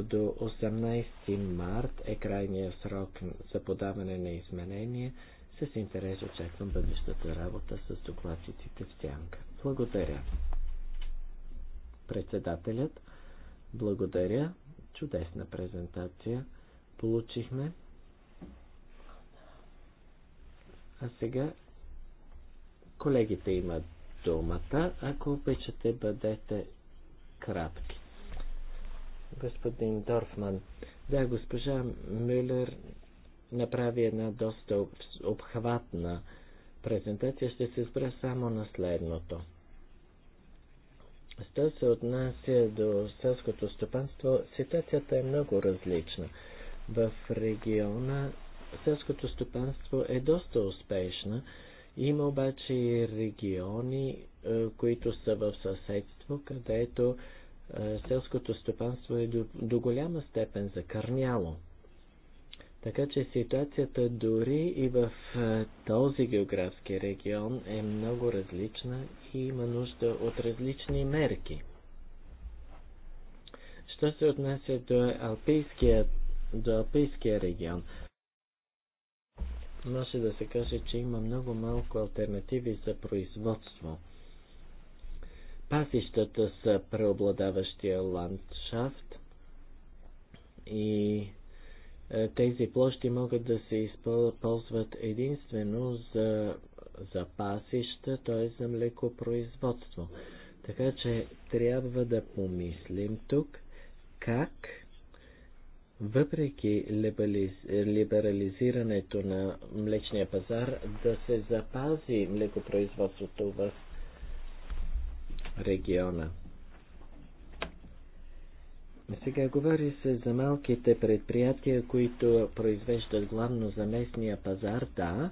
До 18 март е крайния срок за подаване на изменения. С интерес очаквам бъдещата работа с докладчиците в сянка. Благодаря. Председателят, благодаря. Чудесна презентация получихме. А сега колегите имат думата. Ако обичате, бъдете кратки господин Дорфман. Да, госпожа Мюллер направи една доста обхватна презентация. Ще се спра само на следното. Що се отнася до селското стопанство, ситуацията е много различна. В региона селското стопанство е доста успешна. Има обаче и региони, е, които са в съседство, където селското стопанство е до, до голяма степен закърняло. Така че ситуацията дори и в този географски регион е много различна и има нужда от различни мерки. Що се отнася до Алпийския, до Алпийския регион? Може да се каже, че има много малко альтернативи за производство – Пасищата са преобладаващия ландшафт и е, тези площи могат да се използват единствено за, за пасища, т.е. за млекопроизводство. Така че трябва да помислим тук как, въпреки либерализирането на млечния пазар, да се запази млекопроизводството в региона. Сега говори се за малките предприятия, които произвеждат главно за местния пазар. Да,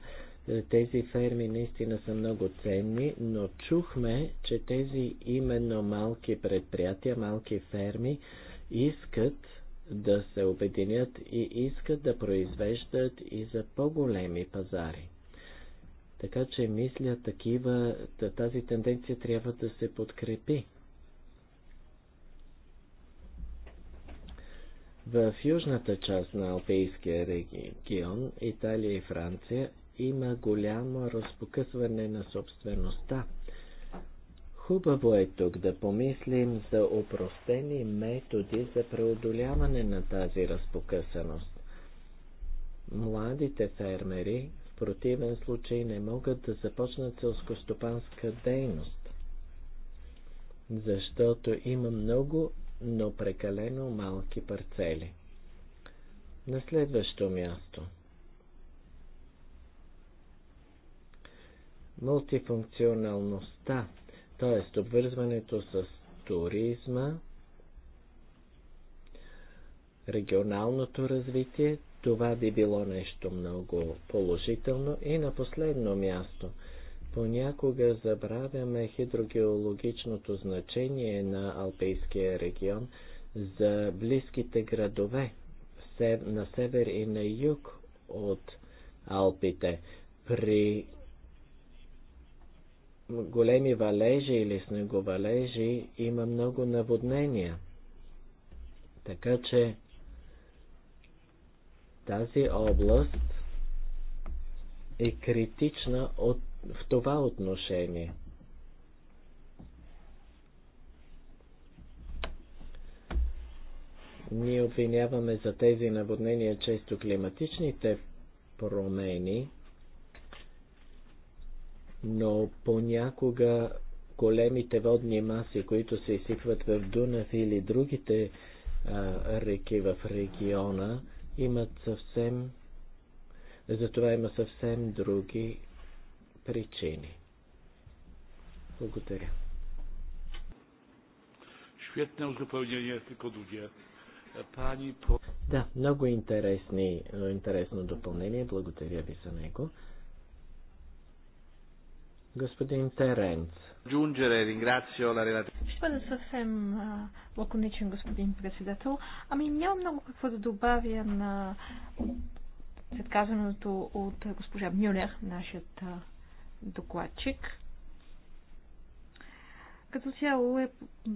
тези ферми наистина са много ценни, но чухме, че тези именно малки предприятия, малки ферми искат да се обединят и искат да произвеждат и за по-големи пазари. Така че мисля такива, тази тенденция трябва да се подкрепи. В южната част на Алпийския регион, Италия и Франция, има голямо разпокъсване на собствеността. Хубаво е тук да помислим за упростени методи за преодоляване на тази разпокъсаност. Младите фермери противен случай не могат да започнат селскостопанска дейност, защото има много, но прекалено малки парцели. На следващо място. Мултифункционалността, т.е. обвързването с туризма, регионалното развитие, това би било нещо много положително. И на последно място, понякога забравяме хидрогеологичното значение на Алпийския регион за близките градове на север и на юг от Алпите. При големи валежи или снеговалежи има много наводнения. Така че тази област е критична от, в това отношение. Ние обвиняваме за тези наводнения често климатичните промени, но понякога големите водни маси, които се изсипват в Дунав или другите а, реки в региона, имат съвсем, за това има съвсем други причини. Благодаря. Świetne uzupełnienie, tylko другия. Да, много интересни, интересно допълнение. Благодаря ви за него. Господин Теренц. Джунджере, ringrazio la relatrice. Ще бъда съвсем лаконичен, господин председател. Ами няма много какво да добавя на след от госпожа Мюлер, нашият докладчик. Като цяло е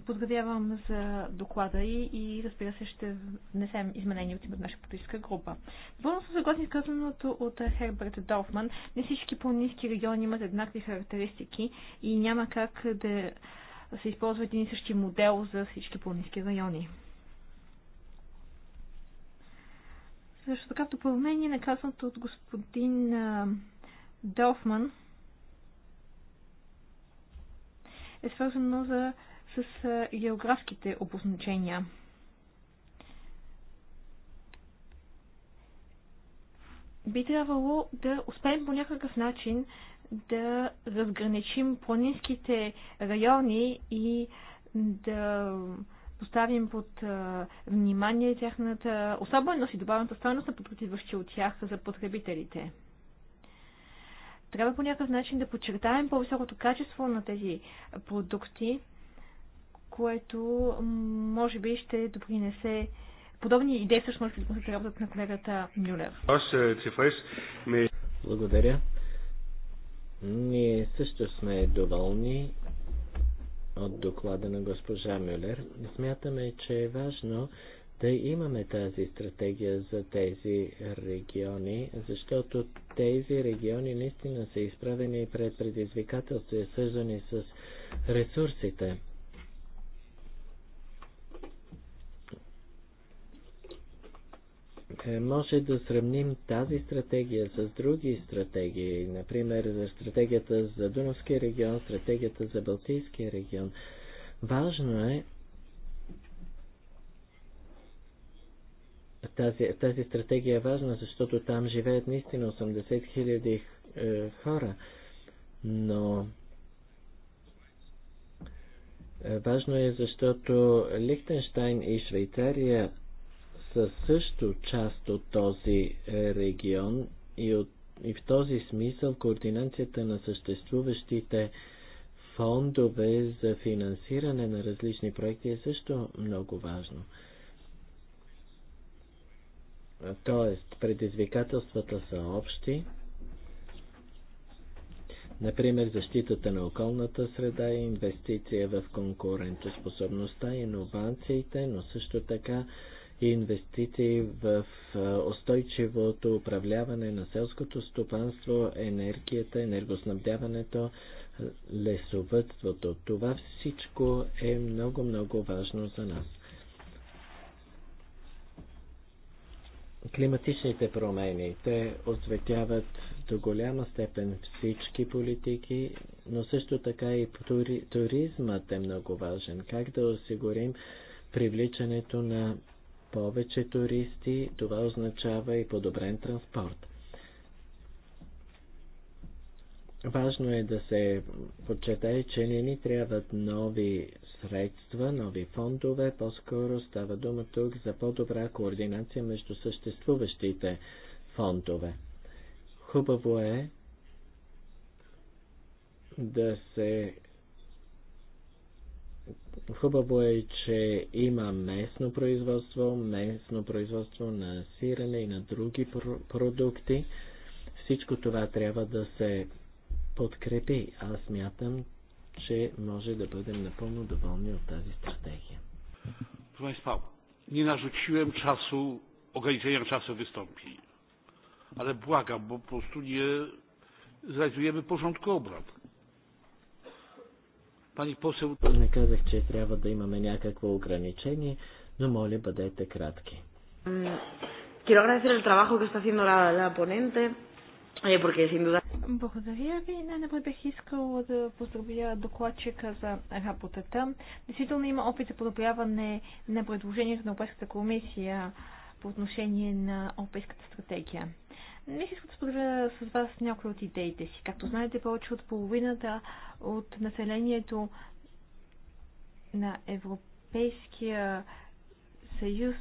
подгадявам за доклада и, и разбира се ще внесем изменения от името наша политическа група. Вълно съм съгласен с казаното от Херберт Долфман. Не всички планински региони имат еднакви характеристики и няма как да се използва един и същи модел за всички планински райони. Защото така в допълнение на казаното от господин Долфман, е свързано за, с географските обозначения. Би трябвало да успеем по някакъв начин да разграничим планинските райони и да поставим под а, внимание тяхната особеност и добавената стойност на потребителите от тях за потребителите. Трябва по някакъв начин да подчертаем по-високото качество на тези продукти, което може би ще допринесе подобни идеи всъщност за работата на колегата Мюлер. Благодаря. Ние също сме доволни от доклада на госпожа Мюлер. Смятаме, че е важно да имаме тази стратегия за тези региони, защото тези региони наистина са изправени пред предизвикателства и свързани с ресурсите. Е, може да сравним тази стратегия с други стратегии, например за стратегията за Дуновския регион, стратегията за Балтийския регион. Важно е Тази, тази стратегия е важна, защото там живеят наистина 80 хиляди е, хора. Но е, Важно е, защото Лихтенштайн и Швейцария са също част от този е, регион и, от, и в този смисъл координацията на съществуващите фондове за финансиране на различни проекти е също много важно. Тоест, предизвикателствата са общи. Например, защитата на околната среда и инвестиция в конкурентоспособността, иновациите, но също така и инвестиции в устойчивото управляване на селското стопанство, енергията, енергоснабдяването, лесовътството. Това всичко е много-много важно за нас. климатичните промени. Те осветяват до голяма степен всички политики, но също така и тури, туризмът е много важен. Как да осигурим привличането на повече туристи, това означава и подобрен транспорт. Важно е да се подчертае, че не ни трябват нови средства, нови фондове. По-скоро става дума тук за по-добра координация между съществуващите фондове. Хубаво е да се. Хубаво е, че има местно производство, местно производство на сирене и на други продукти. Всичко това трябва да се подкрепи. Аз мятам, че може да бъдем напълно доволни от тази стратегия. Proszę Państwa, nie narzuciłem часу, ograniczenia czasu wystąpień, ale błagam, bo po prostu nie zrealizujemy porządku obrad. Pani poseł... Не казах, че трябва да имаме някакво ограничение, но моля бъдете кратки. Quiero agradecer el trabajo que está haciendo la, la ponente. Е, porque sin duda... Благодаря ви. Най-напред бих искала да поздравя докладчика за работата. Действително има опит за подобряване на предложението на Европейската комисия по отношение на Европейската стратегия. Не искам да споделя с вас някои от идеите си. Както знаете, повече от половината от населението на Европейския съюз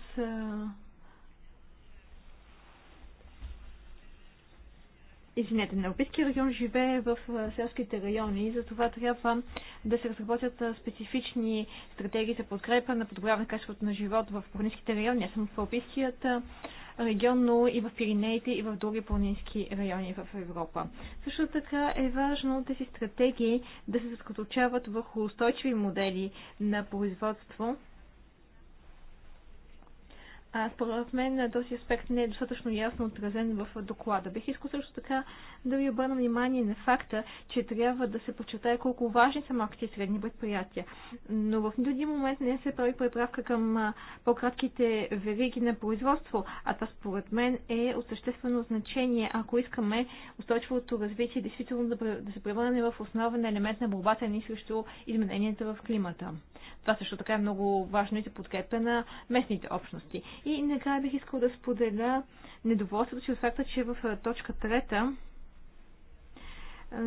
извинете, на Европейския регион живее в селските райони и затова трябва да се разработят специфични стратегии за подкрепа на подобряване качеството на живот в планинските райони, не само в Европейският регион, но и в Пиринеите и в други планински райони в Европа. Също така е важно тези стратегии да се съсредоточават върху устойчиви модели на производство, а според мен този аспект не е достатъчно ясно отразен в доклада. Бих искал също така да ви обърна внимание на факта, че трябва да се подчертае колко важни са малките и средни предприятия. Но в нито един момент не се прави преправка към по-кратките вериги на производство, а това според мен е от съществено значение, ако искаме устойчивото развитие действително да, да се превърне в основен елемент на борбата ни срещу измененията в климата. Това също така е много важно и за подкрепа на местните общности. И накрая бих искал да споделя недоволството си от факта, че в точка трета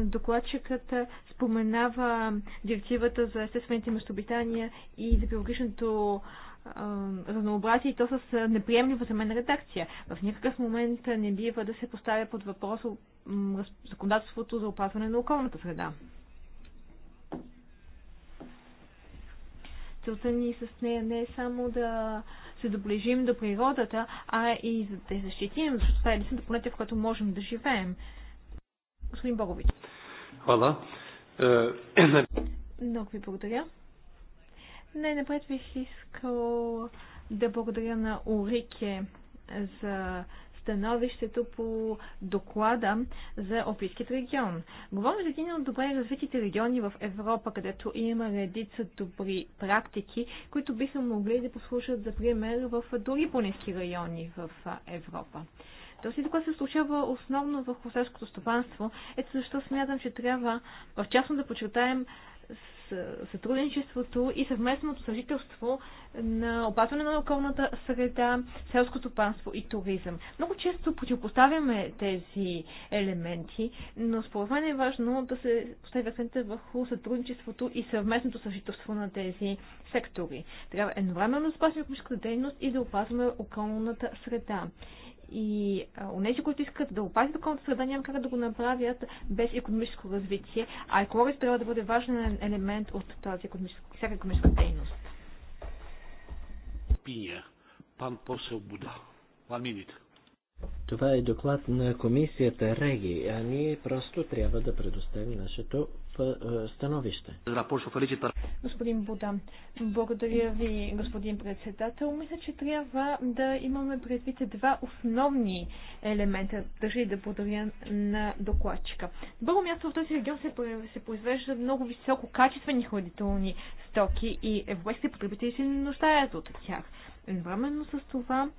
докладчикът споменава директивата за естествените местообитания и за биологичното разнообразие и то с неприемлива за мен редакция. В никакъв момент не бива да се поставя под въпрос законодателството за опазване на околната среда. Целта ни с нея не е само да се доближим до природата, а и да я защитим, защото това е единствената планета, в която можем да живеем. Господин Богович. Хвала. Е, *clears throat* Много ви благодаря. най напред бих искал да благодаря на Урике за становището по доклада за Опийският регион. Говорим за един от добре развитите региони в Европа, където има редица добри практики, които биха могли да послушат за пример в други низки райони в Европа. Този доклад се случава основно в селското стопанство. Ето защо смятам, че трябва в частно да почертаем сътрудничеството и съвместното съжителство на опазване на околната среда, селското панство и туризъм. Много често противопоставяме тези елементи, но според мен е важно да се постави акцента върху сътрудничеството и съвместното съжителство на тези сектори. Трябва едновременно да спазваме дейност и да опазваме околната среда. И онези, които искат да опазят околната среда, няма как да го направят без економическо развитие, а екологията трябва да бъде важен елемент от тази економическа, всяка економическа дейност. Пиня, пан посел Буда. ламините. Това е доклад на комисията Реги, а ние просто трябва да предоставим нашето е, становище. Господин Будан, благодаря ви, господин председател. Мисля, че трябва да имаме предвид два основни елемента. Държи да благодаря на докладчика. Първо място в този регион се, се произвежда много високо качествени хладителни стоки и европейските потребители се нуждаят от тях. Едновременно с това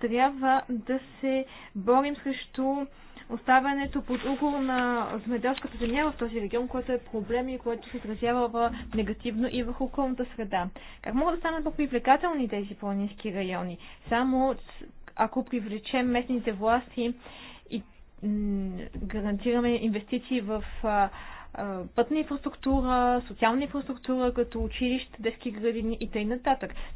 трябва да се борим срещу оставянето под угол на земеделската земя в този регион, което е проблем и което се отразява негативно и върху околната среда. Как могат да станат по-привлекателни тези планински райони? Само ако привлечем местните власти и гарантираме инвестиции в пътна инфраструктура, социална инфраструктура, като училище, детски градини и т.н.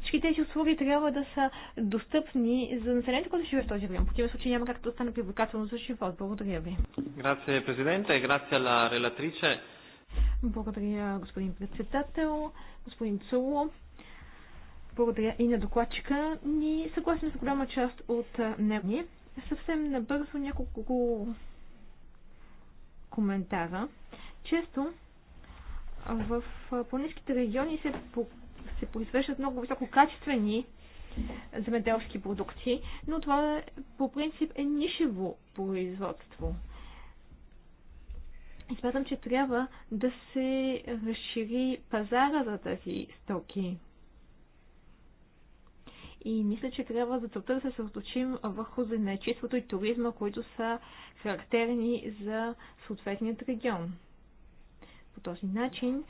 Всички тези услуги трябва да са достъпни за населението, което живее в този район. В противен случай няма как да стане привлекателно за живот. Благодаря ви. Грация, президента, грация на релатриче. Благодаря, господин председател, господин Цуло. Благодаря и на докладчика. Ни съгласим с голяма част от него. Съвсем набързо няколко коментара. Често в планинските региони се, се произвеждат много висококачествени земеделски продукти, но това по принцип е нишево производство. И смятам, че трябва да се разшири пазара за тези стоки. И мисля, че трябва за целта да се съсредоточим върху зеленечеството и туризма, които са характерни за съответният регион. По този начин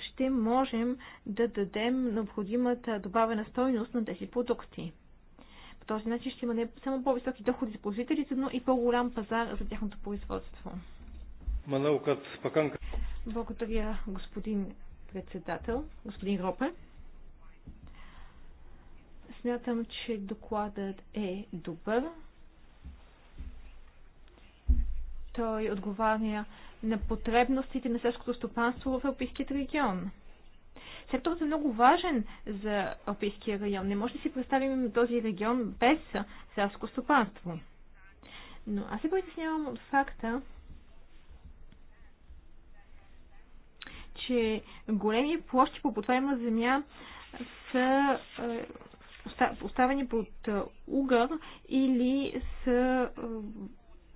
ще можем да дадем необходимата добавена стойност на тези продукти. По този начин ще има не само по-високи доходи за производителите, но и по-голям пазар за тяхното производство. Благодаря, господин председател, господин Ропе. Смятам, че докладът е добър. Той отговаря на потребностите на селското стопанство в Алпийският регион. Секторът е много важен за Алпийския район. Не може да си представим този регион без селско стопанство. Но аз се притеснявам от факта, че големи площи по потваема земя са е, оставени под е, угър или са е,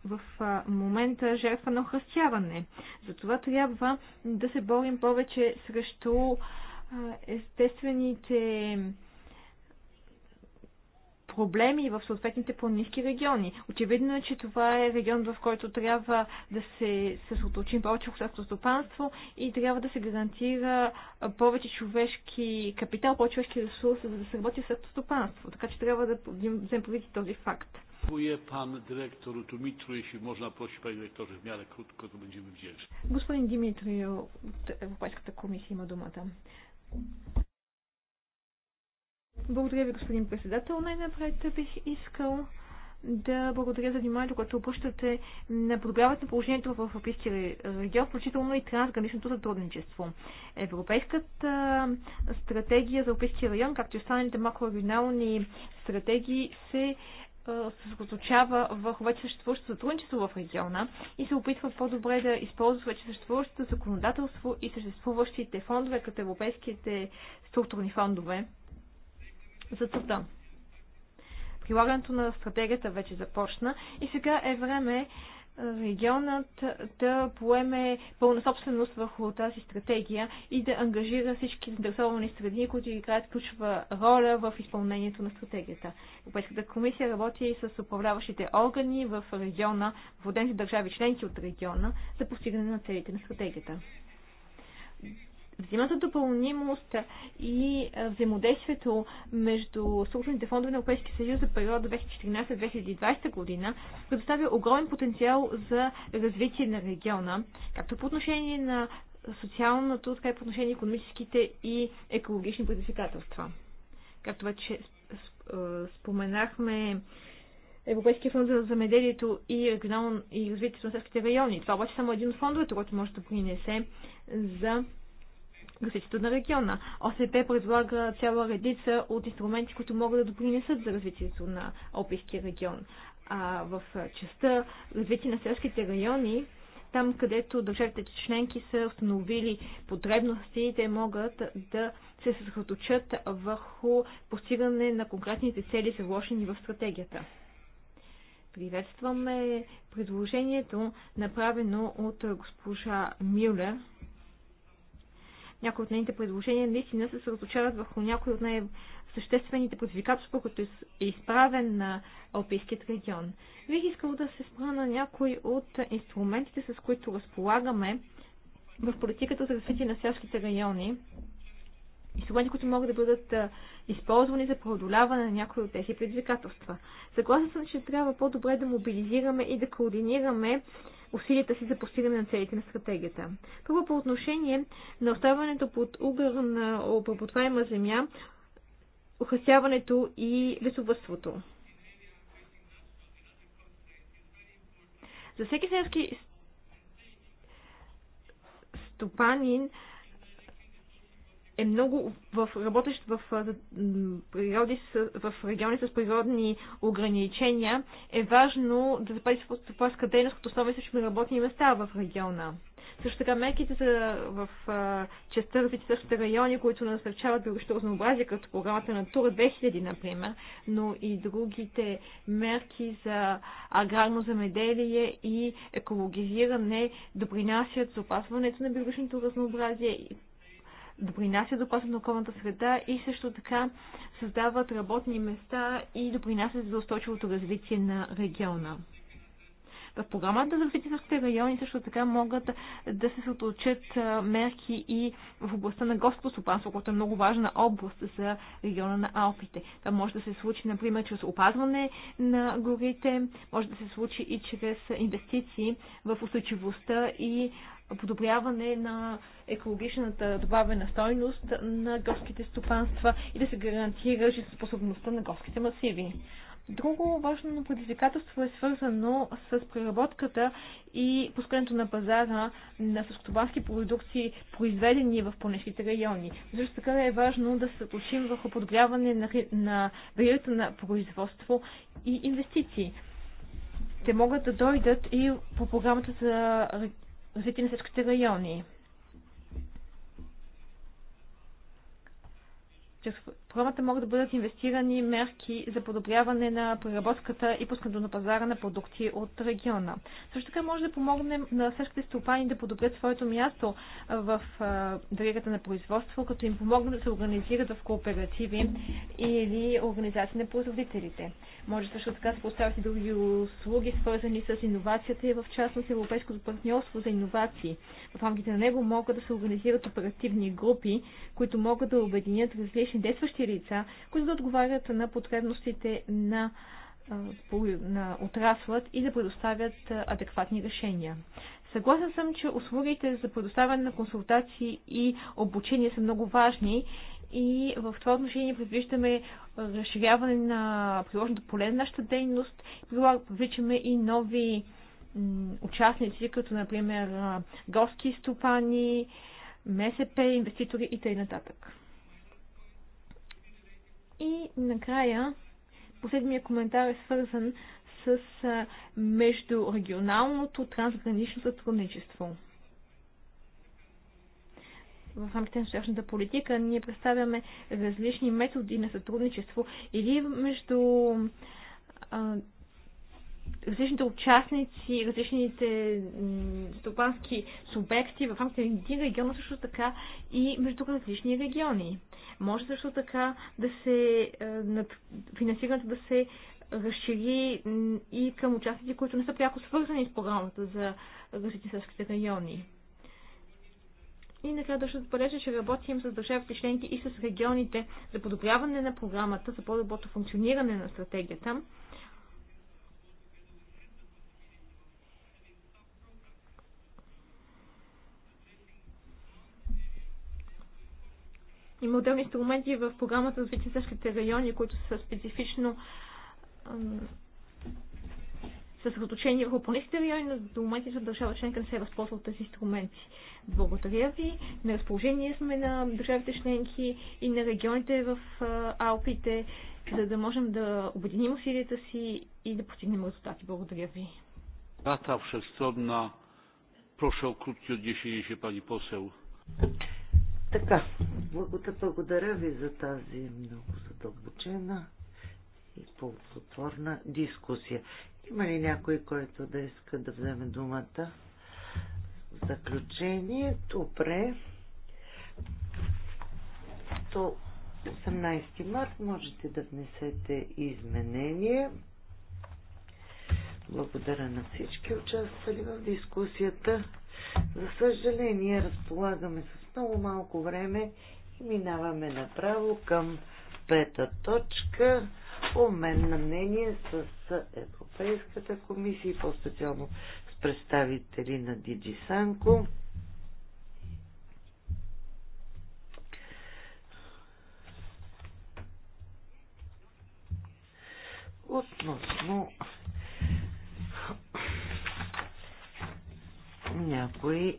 в момента жертва на охръстяване. Затова трябва да се борим повече срещу естествените проблеми в съответните планински региони. Очевидно е, че това е регион, в който трябва да се съсредоточим повече в стопанство и трябва да се гарантира повече човешки капитал, повече човешки ресурси, за да се работи в стопанство. Така че трябва да вземем този факт. Господин Димитрио от Европейската комисия има думата. Благодаря ви, господин председател. Най-напред бих искал да благодаря за вниманието, което обръщате на подобряването на положението в Европейския регион, включително и трансграничното сътрудничество. Европейската стратегия за Европейския район, както и останалите макрорегионални стратегии, се се съсредоточава върху вече съществуващото сътрудничество в региона и се опитва по-добре да използва вече съществуващото законодателство и съществуващите фондове, като европейските структурни фондове за целта. Прилагането на стратегията вече започна и сега е време регионът да поеме пълна собственост върху тази стратегия и да ангажира всички заинтересовани страни, които играят ключова роля в изпълнението на стратегията. Европейската комисия работи и с управляващите органи в региона, в държави членки от региона, за постигане на целите на стратегията взаимната допълнимост и взаимодействието между служените фондове на Европейския съюз за периода 2014-2020 година предоставя огромен потенциал за развитие на региона, както по отношение на социалното, така и по отношение на економическите и екологични предизвикателства. Както вече споменахме, Европейския фонд за замеделието и регионално и развитието на селските райони. Това обаче е само един от фондовете, който може да принесе за развитието на региона. ОСП предлага цяла редица от инструменти, които могат да допринесат за развитието на Опийския регион. А в частта развитие на селските райони, там където държавите членки са установили потребности, те могат да се съсредоточат върху постигане на конкретните цели, заложени в стратегията. Приветстваме предложението, направено от госпожа Мюлер, някои от нейните предложения наистина се съсредоточават върху някои от най-съществените предизвикателства, които е, е изправен на Алпийският регион. Бих искала да се спра на някои от инструментите, с които разполагаме в политиката за развитие на селските райони, инструменти, които могат да бъдат използвани за преодоляване на някои от тези предизвикателства. Съгласна съм, че трябва по-добре да мобилизираме и да координираме усилията си за постигане на целите на стратегията. Първо по отношение на оставането под угър на обработваема земя, ухасяването и лесовътството. За всеки селски стопанин е много в, работещ в, природи, в региони с природни ограничения, е важно да запази стопанска дейност като основа на е работни места в региона. Също така мерките са в частта развити същите райони, които насърчават биологичното разнообразие, като програмата на Тура 2000, например, но и другите мерки за аграрно замеделие и екологизиране допринасят за опасването на биологичното разнообразие и допринася до опазване на околната среда и също така създават работни места и допринасят за устойчивото развитие на региона. В програмата за развитие на райони също така могат да се съоточат мерки и в областта на горското стопанство, което е много важна област за региона на Алпите. Това може да се случи, например, чрез опазване на горите, може да се случи и чрез инвестиции в устойчивостта и подобряване на екологичната добавена стойност на горските стопанства и да се гарантира жизнеспособността на горските масиви. Друго важно предизвикателство е свързано с преработката и пускането на пазара на съскотобански продукции, произведени в планинските райони. Също така е важно да се учим върху подобряване на, на на производство и инвестиции. Те могат да дойдат и по програмата за развитие на селските райони програмата могат да бъдат инвестирани мерки за подобряване на преработката и пускането на пазара на продукти от региона. Също така може да помогнем на сърските стопани да подобрят своето място в веригата на производство, като им помогнат да се организират в кооперативи или организации на производителите. Може също така се поставят и други услуги, свързани с иновацията и в частност Европейското партньорство за иновации. В рамките на него могат да се организират оперативни групи, които могат да обединят различни действащи трети лица, които да отговарят на потребностите на на отраслът и да предоставят адекватни решения. Съгласен съм, че услугите за предоставяне на консултации и обучение са много важни и в това отношение предвиждаме разширяване на приложното поле на нашата дейност, привличаме и нови участници, като например горски стопани, МСП, е инвеститори и т.н. И накрая, последният коментар е свързан с междурегионалното трансгранично сътрудничество. В рамките на сегашната политика ние представяме различни методи на сътрудничество или между различните участници, различните стопански субекти в рамките на един регион, но също така и между различни региони. Може също така да се е, финансирането да се разшири и към участници, които не са пряко свързани с програмата за развитие селските райони. И накрая да ще отбележа, че работим с държавите членки и с регионите за подобряване на програмата, за по-доброто функциониране на стратегията. Има отделни инструменти в програмата за развитие райони, които са специфично съсредоточени върху планистите райони, но до момента за държава членка не се е възползва от тези инструменти. Благодаря ви. На разположение сме на държавите членки и на регионите в Алпите, за да можем да обединим усилията си и да постигнем резултати. Благодаря ви. Дата всестранна. Прошу кратко от 10 пани посел. Така, благодаря ви за тази много задълбочена и ползотворна дискусия. Има ли някой, който да иска да вземе думата? Заключение, добре. До 18 март можете да внесете изменение. Благодаря на всички участвали в дискусията. За съжаление, разполагаме с много малко време и минаваме направо към пета точка обмен на мнение с Европейската комисия и по-специално с представители на Диджи Санко. Относно някои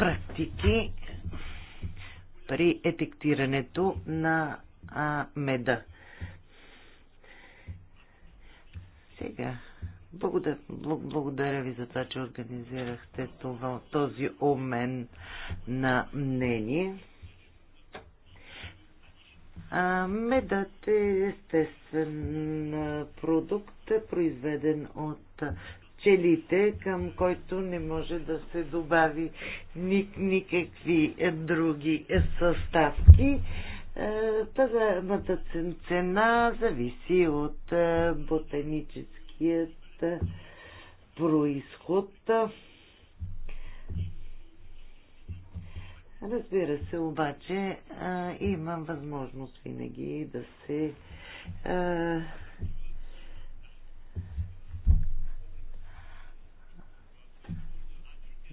практики при етиктирането на а, меда. Сега, благодаря, благодаря ви за това, че организирахте това, този обмен на мнение. А, медът е естествен продукт, произведен от пчелите, към който не може да се добави ник- никакви е, други е, съставки. Е, пазарната цена зависи от ботаническият происход. Разбира се, обаче а, има възможност винаги да се а,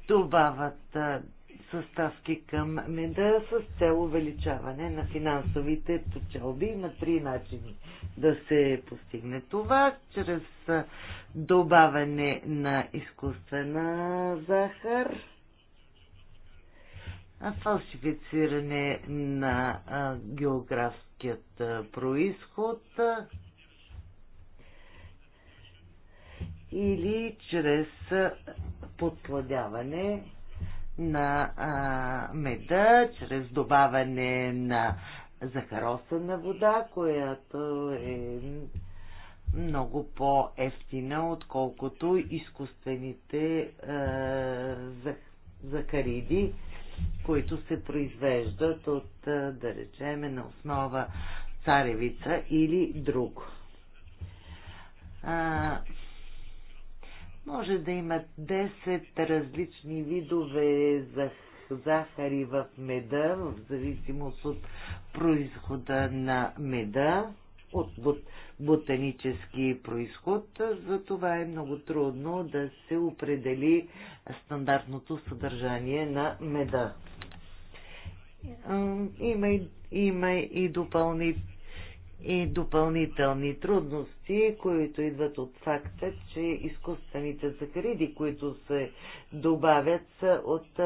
добавят съставки към меда с цел увеличаване на финансовите печалби. Има три начини да се постигне това. Чрез добавяне на изкуствена захар, фалшифициране на географският происход или чрез подплодяване на а, меда чрез добавяне на захаросана вода, която е много по-ефтина, отколкото изкуствените зах, захариди, които се произвеждат от, да речеме, на основа царевица или друг. А, може да има 10 различни видове за захари в меда, в зависимост от происхода на меда, от ботанически происход. Затова е много трудно да се определи стандартното съдържание на меда. Има и, има и допълнително и допълнителни трудности, които идват от факта, че изкуствените закриди, които се добавят, са от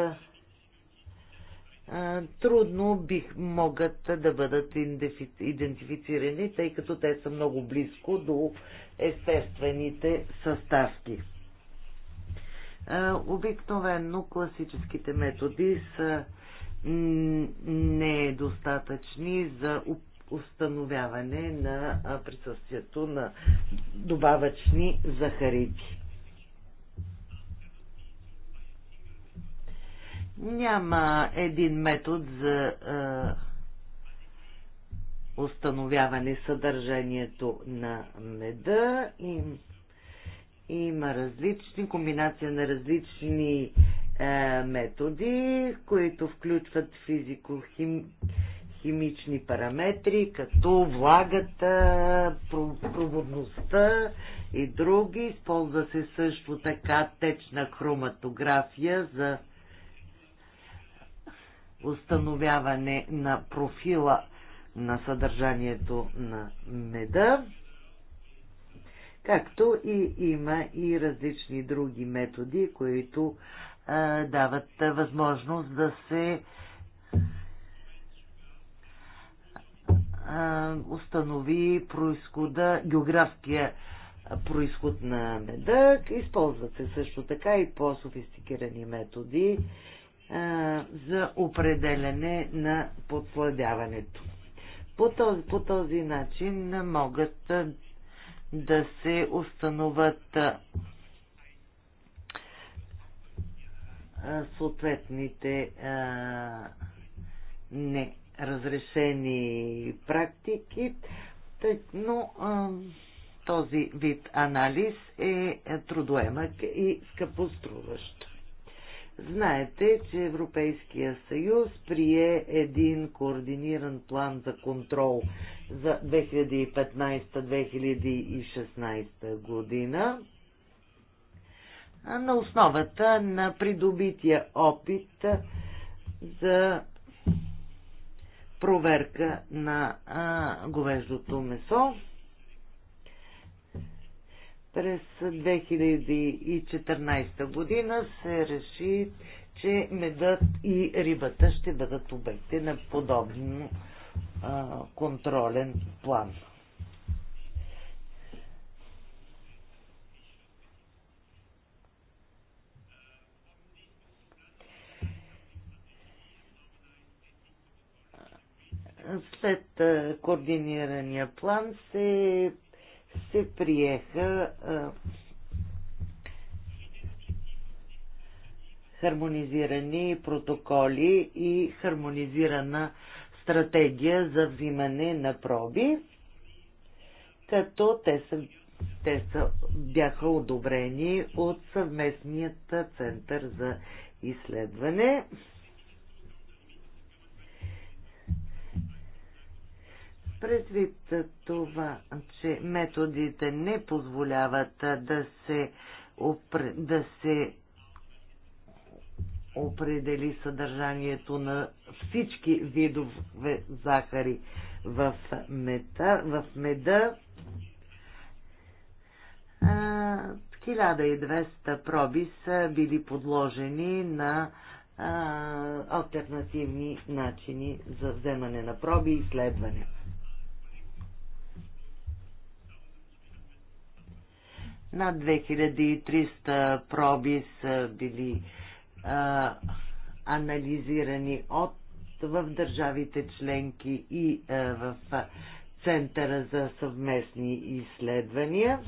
а, трудно бих, могат да бъдат идентифицирани, тъй като те са много близко до естествените съставки. Обикновенно класическите методи са недостатъчни за установяване на присъствието на добавъчни захарити. Няма един метод за установяване съдържанието на меда. И, има различни комбинация на различни е, методи, които включват физико-химически химични параметри, като влагата, проводността и други. Използва се също така течна хроматография за установяване на профила на съдържанието на меда. Както и има и различни други методи, които а, дават възможност да се установи происхода, географския происход на меда. Използват се също така и по-софистикирани методи а, за определене на подсладяването. По този, по този начин могат да се установят съответните а, не разрешени практики, но този вид анализ е трудоемък и скъпоструващ. Знаете, че Европейския съюз прие един координиран план за контрол за 2015-2016 година на основата на придобития опит за проверка на а, говеждото месо. През 2014 година се реши, че медът и рибата ще бъдат обекти на подобно а, контролен план. след координирания план се, се приеха а, хармонизирани протоколи и хармонизирана стратегия за взимане на проби, като те, са, те са, бяха одобрени от съвместният център за изследване. Предвид това, че методите не позволяват да се, да се определи съдържанието на всички видове захари в, мета, в меда, 1200 проби са били подложени на а, альтернативни начини за вземане на проби и изследване. Над 2300 проби са били а, анализирани от в държавите членки и а, в Центъра за съвместни изследвания.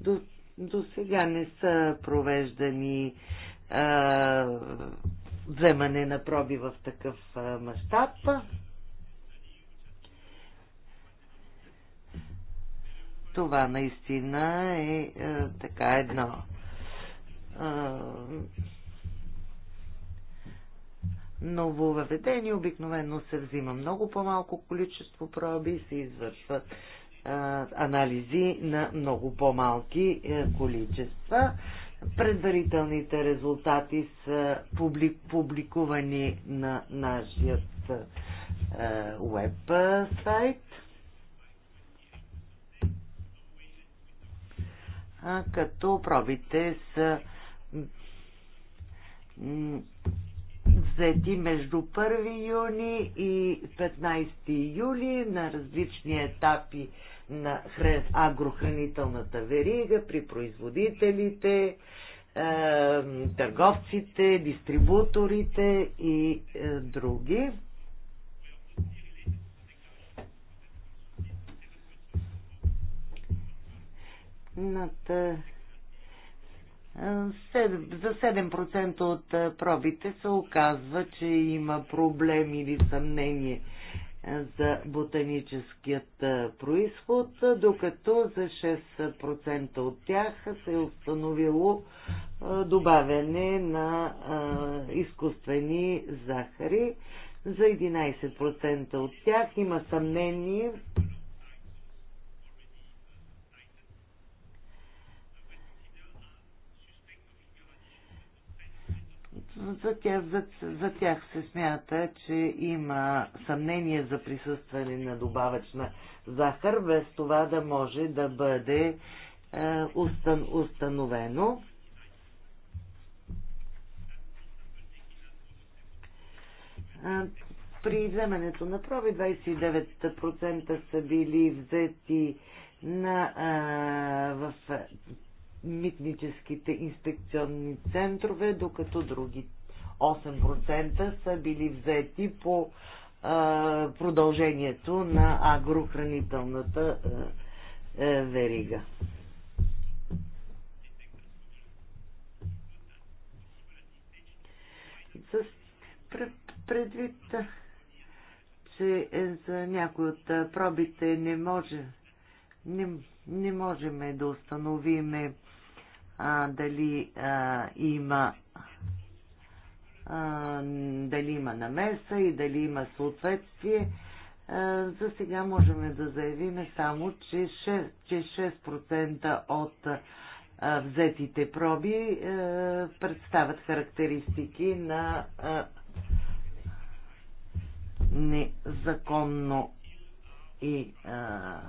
До, до сега не са провеждани а, вземане на проби в такъв мащаб. Това наистина е, е така едно. Е, нововъведение обикновено се взима много по-малко количество проби и се извършват е, анализи на много по-малки е, количества. Предварителните резултати са публи, публикувани на нашия е, веб сайт. като пробите са взети между 1 юни и 15 юли на различни етапи на агрохранителната верига при производителите, е, търговците, дистрибуторите и е, други. над за 7% от пробите се оказва, че има проблем или съмнение за ботаническият происход, докато за 6% от тях се е установило добавяне на изкуствени захари. За 11% от тях има съмнение за тях, за, за тях се смята, че има съмнение за присъстване на добавъчна захар, без това да може да бъде е, устан, установено. При вземането на проби 29% са били взети на, а, в митническите инспекционни центрове, докато други 8% са били взети по а, продължението на агрохранителната а, а, верига. С предвид, че е за някои от пробите не може не, не можем да установиме а, дали а, има а, дали има намеса и дали има съответствие. А, за сега можем да заявим само, че 6%, че 6% от а, взетите проби а, представят характеристики на а, незаконно и а,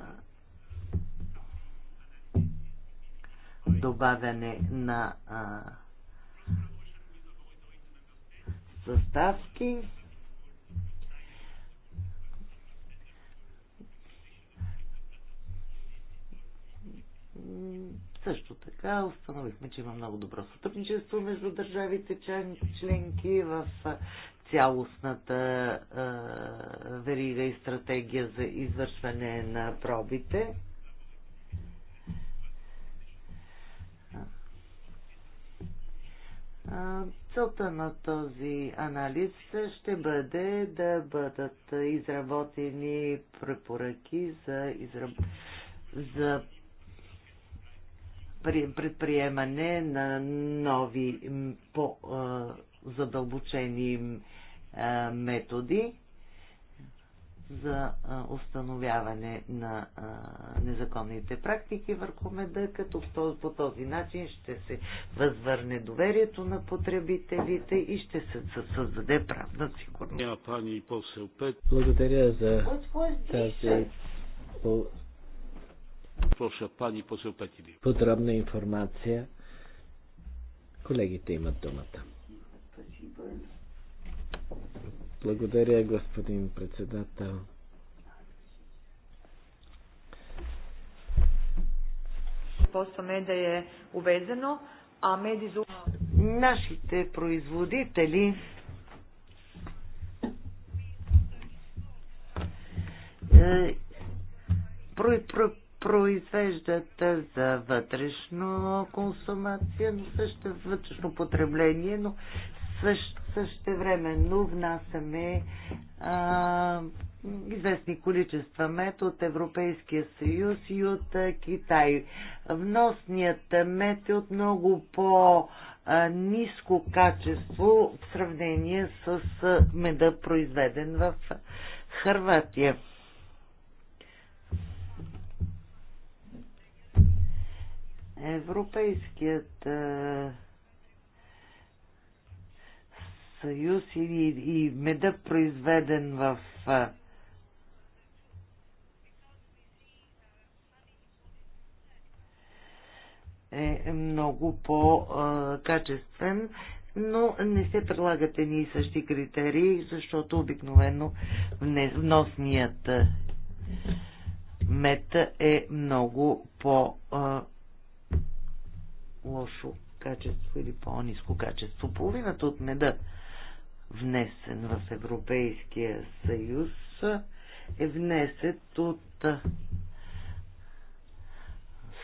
добавяне на а, съставки. Също така установихме, че има много добро сътрудничество между държавите членки в цялостната а, верига и стратегия за извършване на пробите. Целта на този анализ ще бъде да бъдат изработени препоръки за, израб... за предприемане на нови по-задълбочени методи за установяване на незаконните практики върху меда, като по този начин ще се възвърне доверието на потребителите и ще се създаде правна сигурност. Благодаря за тази подробна информация. Колегите имат думата. Благодаря, господин председател. Posto meda е увезено, а меди за... Нашите производители е, произвеждат за вътрешно консумация, но също вътрешно потребление, но Същ, но внасяме а, известни количества мед от Европейския съюз и от Китай. Вносният мед е от много по-низко качество в сравнение с меда, произведен в Харватия. Европейският съюз и, и, и меда произведен в а, е много по-качествен, но не се прилагат едни и същи критерии, защото обикновено вносният мед е много по-лошо качество или по-низко качество. Половината от меда внесен в Европейския съюз, е внесен от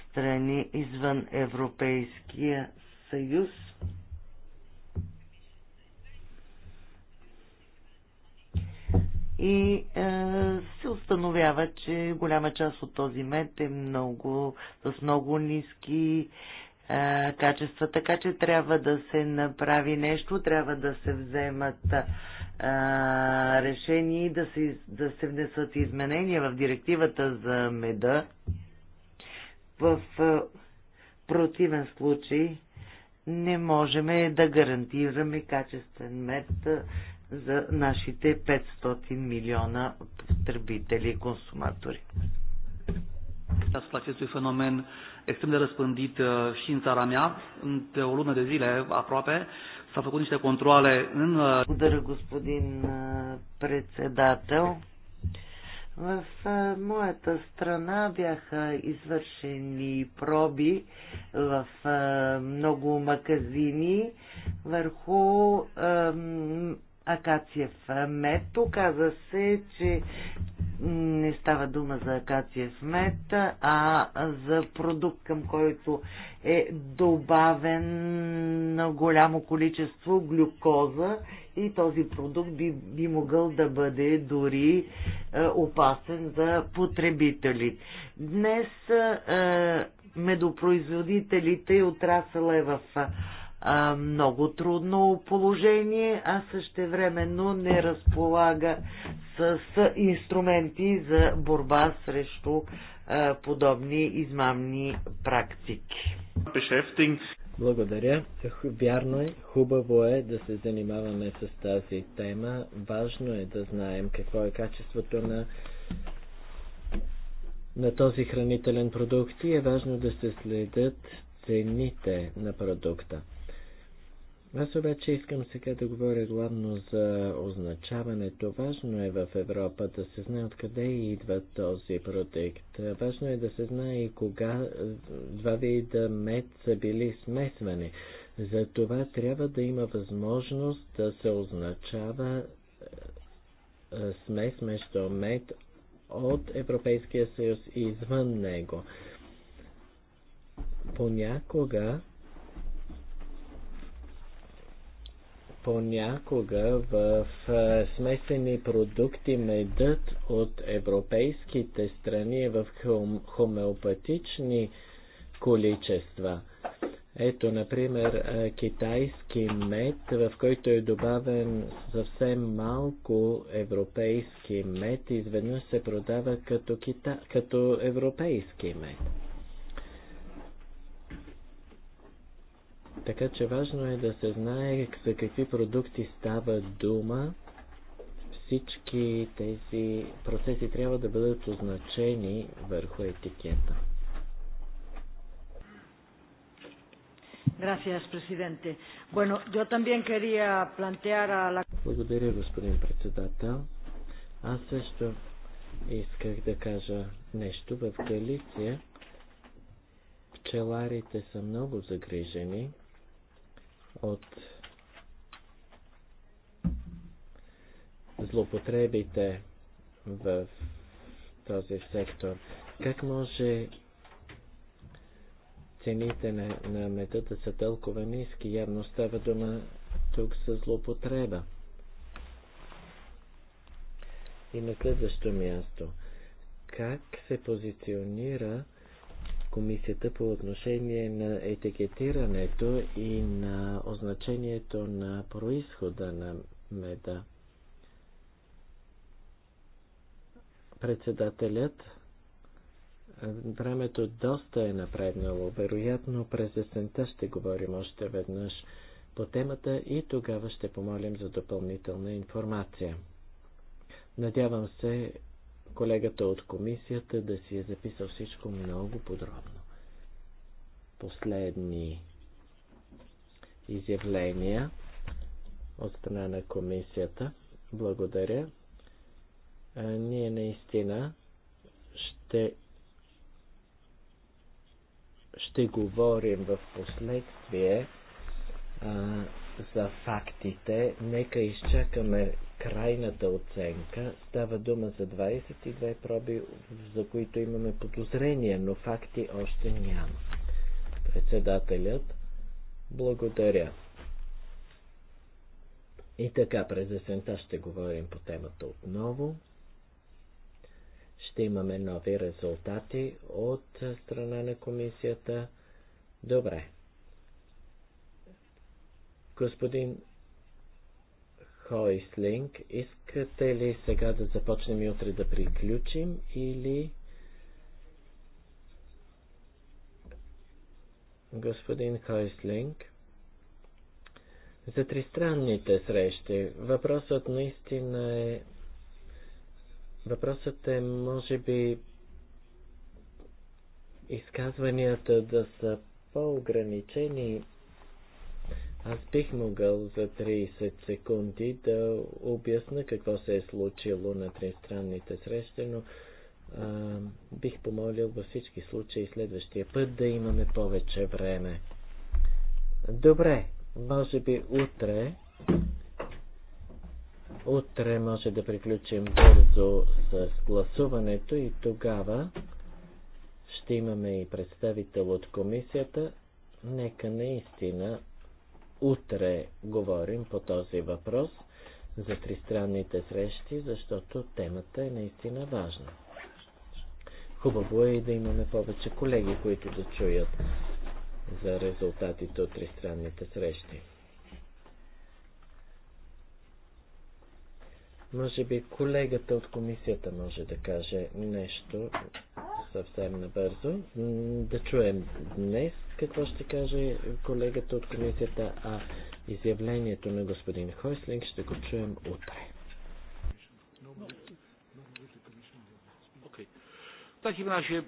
страни извън Европейския съюз. И е, се установява, че голяма част от този мед е много, с много ниски качества. Така че трябва да се направи нещо, трябва да се вземат решения и да се, да се внесат изменения в директивата за меда. В противен случай не можем да гарантираме качествен мед за нашите 500 милиона потребители и консуматори. Аз феномен extrem de răspândit uh, și în țara mea. De o lună de zile aproape s-au făcut niște controle în... Uh, Благодаря, господин uh, председател. В моята страна бяха извършени проби в много магазини върху акациев мед. Оказа се, че не става дума за акация в мед, а за продукт, към който е добавен на голямо количество глюкоза и този продукт би, би могъл да бъде дори е, опасен за потребители. Днес е, медопроизводителите и отрасъла е в е, а, много трудно положение, а също времено не разполага с, с инструменти за борба срещу а, подобни измамни практики. Благодаря. Вярно е, хубаво е да се занимаваме с тази тема. Важно е да знаем какво е качеството на на този хранителен продукт и е важно да се следят цените на продукта. Аз обаче искам сега да говоря главно за означаването. Важно е в Европа да се знае откъде идва този продукт. Важно е да се знае и кога два вида мед са били смесвани. За това трябва да има възможност да се означава е, смес между мед от Европейския съюз и извън него. Понякога понякога в смесени продукти медът от европейските страни е в хом, хомеопатични количества. Ето, например, китайски мед, в който е добавен съвсем малко европейски мед, изведнъж се продава като, кита... като европейски мед. Така че важно е да се знае за какви продукти става дума. Всички тези процеси трябва да бъдат означени върху етикета. Gracias, presidente. Bueno, yo también quería plantear a la... Благодаря, господин председател. Аз също исках да кажа нещо. В Галиция пчеларите са много загрижени от злоупотребите в този сектор. Как може цените на, на меда да са толкова ниски? Явно става дума тук са злоупотреба. И на следващо място. Как се позиционира комисията по отношение на етикетирането и на означението на происхода на меда. Председателят Времето доста е напреднало. Вероятно през есента ще говорим още веднъж по темата и тогава ще помолим за допълнителна информация. Надявам се колегата от комисията да си е записал всичко много подробно. Последни изявления от страна на комисията. Благодаря. А, ние наистина ще ще говорим в последствие а, са фактите. Нека изчакаме крайната оценка. Става дума за 22 проби, за които имаме подозрения, но факти още няма. Председателят, благодаря. И така, през есента ще говорим по темата отново. Ще имаме нови резултати от страна на комисията. Добре. Господин Хойслинг, искате ли сега да започнем и утре да приключим или господин Хойслинг? За тристранните срещи въпросът наистина е Въпросът е, може би, изказванията да са по-ограничени аз бих могъл за 30 секунди да обясна какво се е случило на тристранните срещи, но а, бих помолил във всички случаи следващия път да имаме повече време. Добре, може би утре. Утре може да приключим бързо с гласуването и тогава ще имаме и представител от комисията. Нека наистина утре говорим по този въпрос за тристранните срещи, защото темата е наистина важна. Хубаво е и да имаме повече колеги, които да чуят за резултатите от тристранните срещи. Може би колегата от комисията може да каже нещо съвсем набързо. Да чуем днес какво ще каже колегата от комисията, а изявлението на господин Хойслинг ще го чуем утре. W takim razie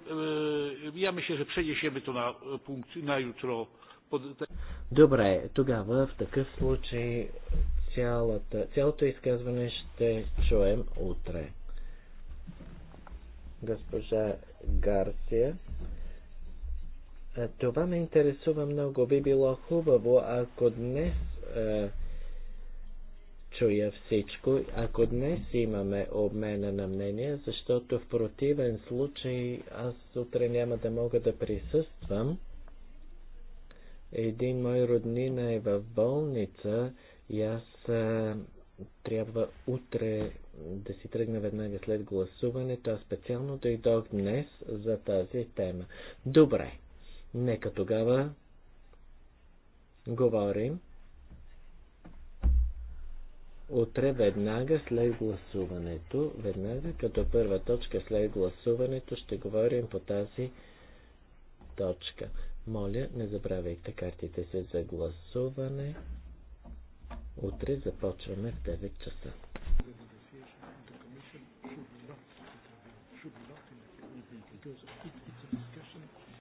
e, ja myślę, że przeniesiemy to na, punkt, na jutro. Pod... Dobra, to w takim razie Цялата, цялото изказване ще чуем утре. Госпожа Гарсия. Това ме интересува много. Би било хубаво, ако днес е, чуя всичко, ако днес имаме обмена на мнения, защото в противен случай аз утре няма да мога да присъствам. Един мой роднина е в болница и аз а, трябва утре да си тръгна веднага след гласуването, а специално да идох днес за тази тема. Добре, нека тогава говорим утре веднага след гласуването, веднага като първа точка след гласуването ще говорим по тази точка. Моля, не забравяйте картите се за гласуване. Утре започваме в 9 часа. Because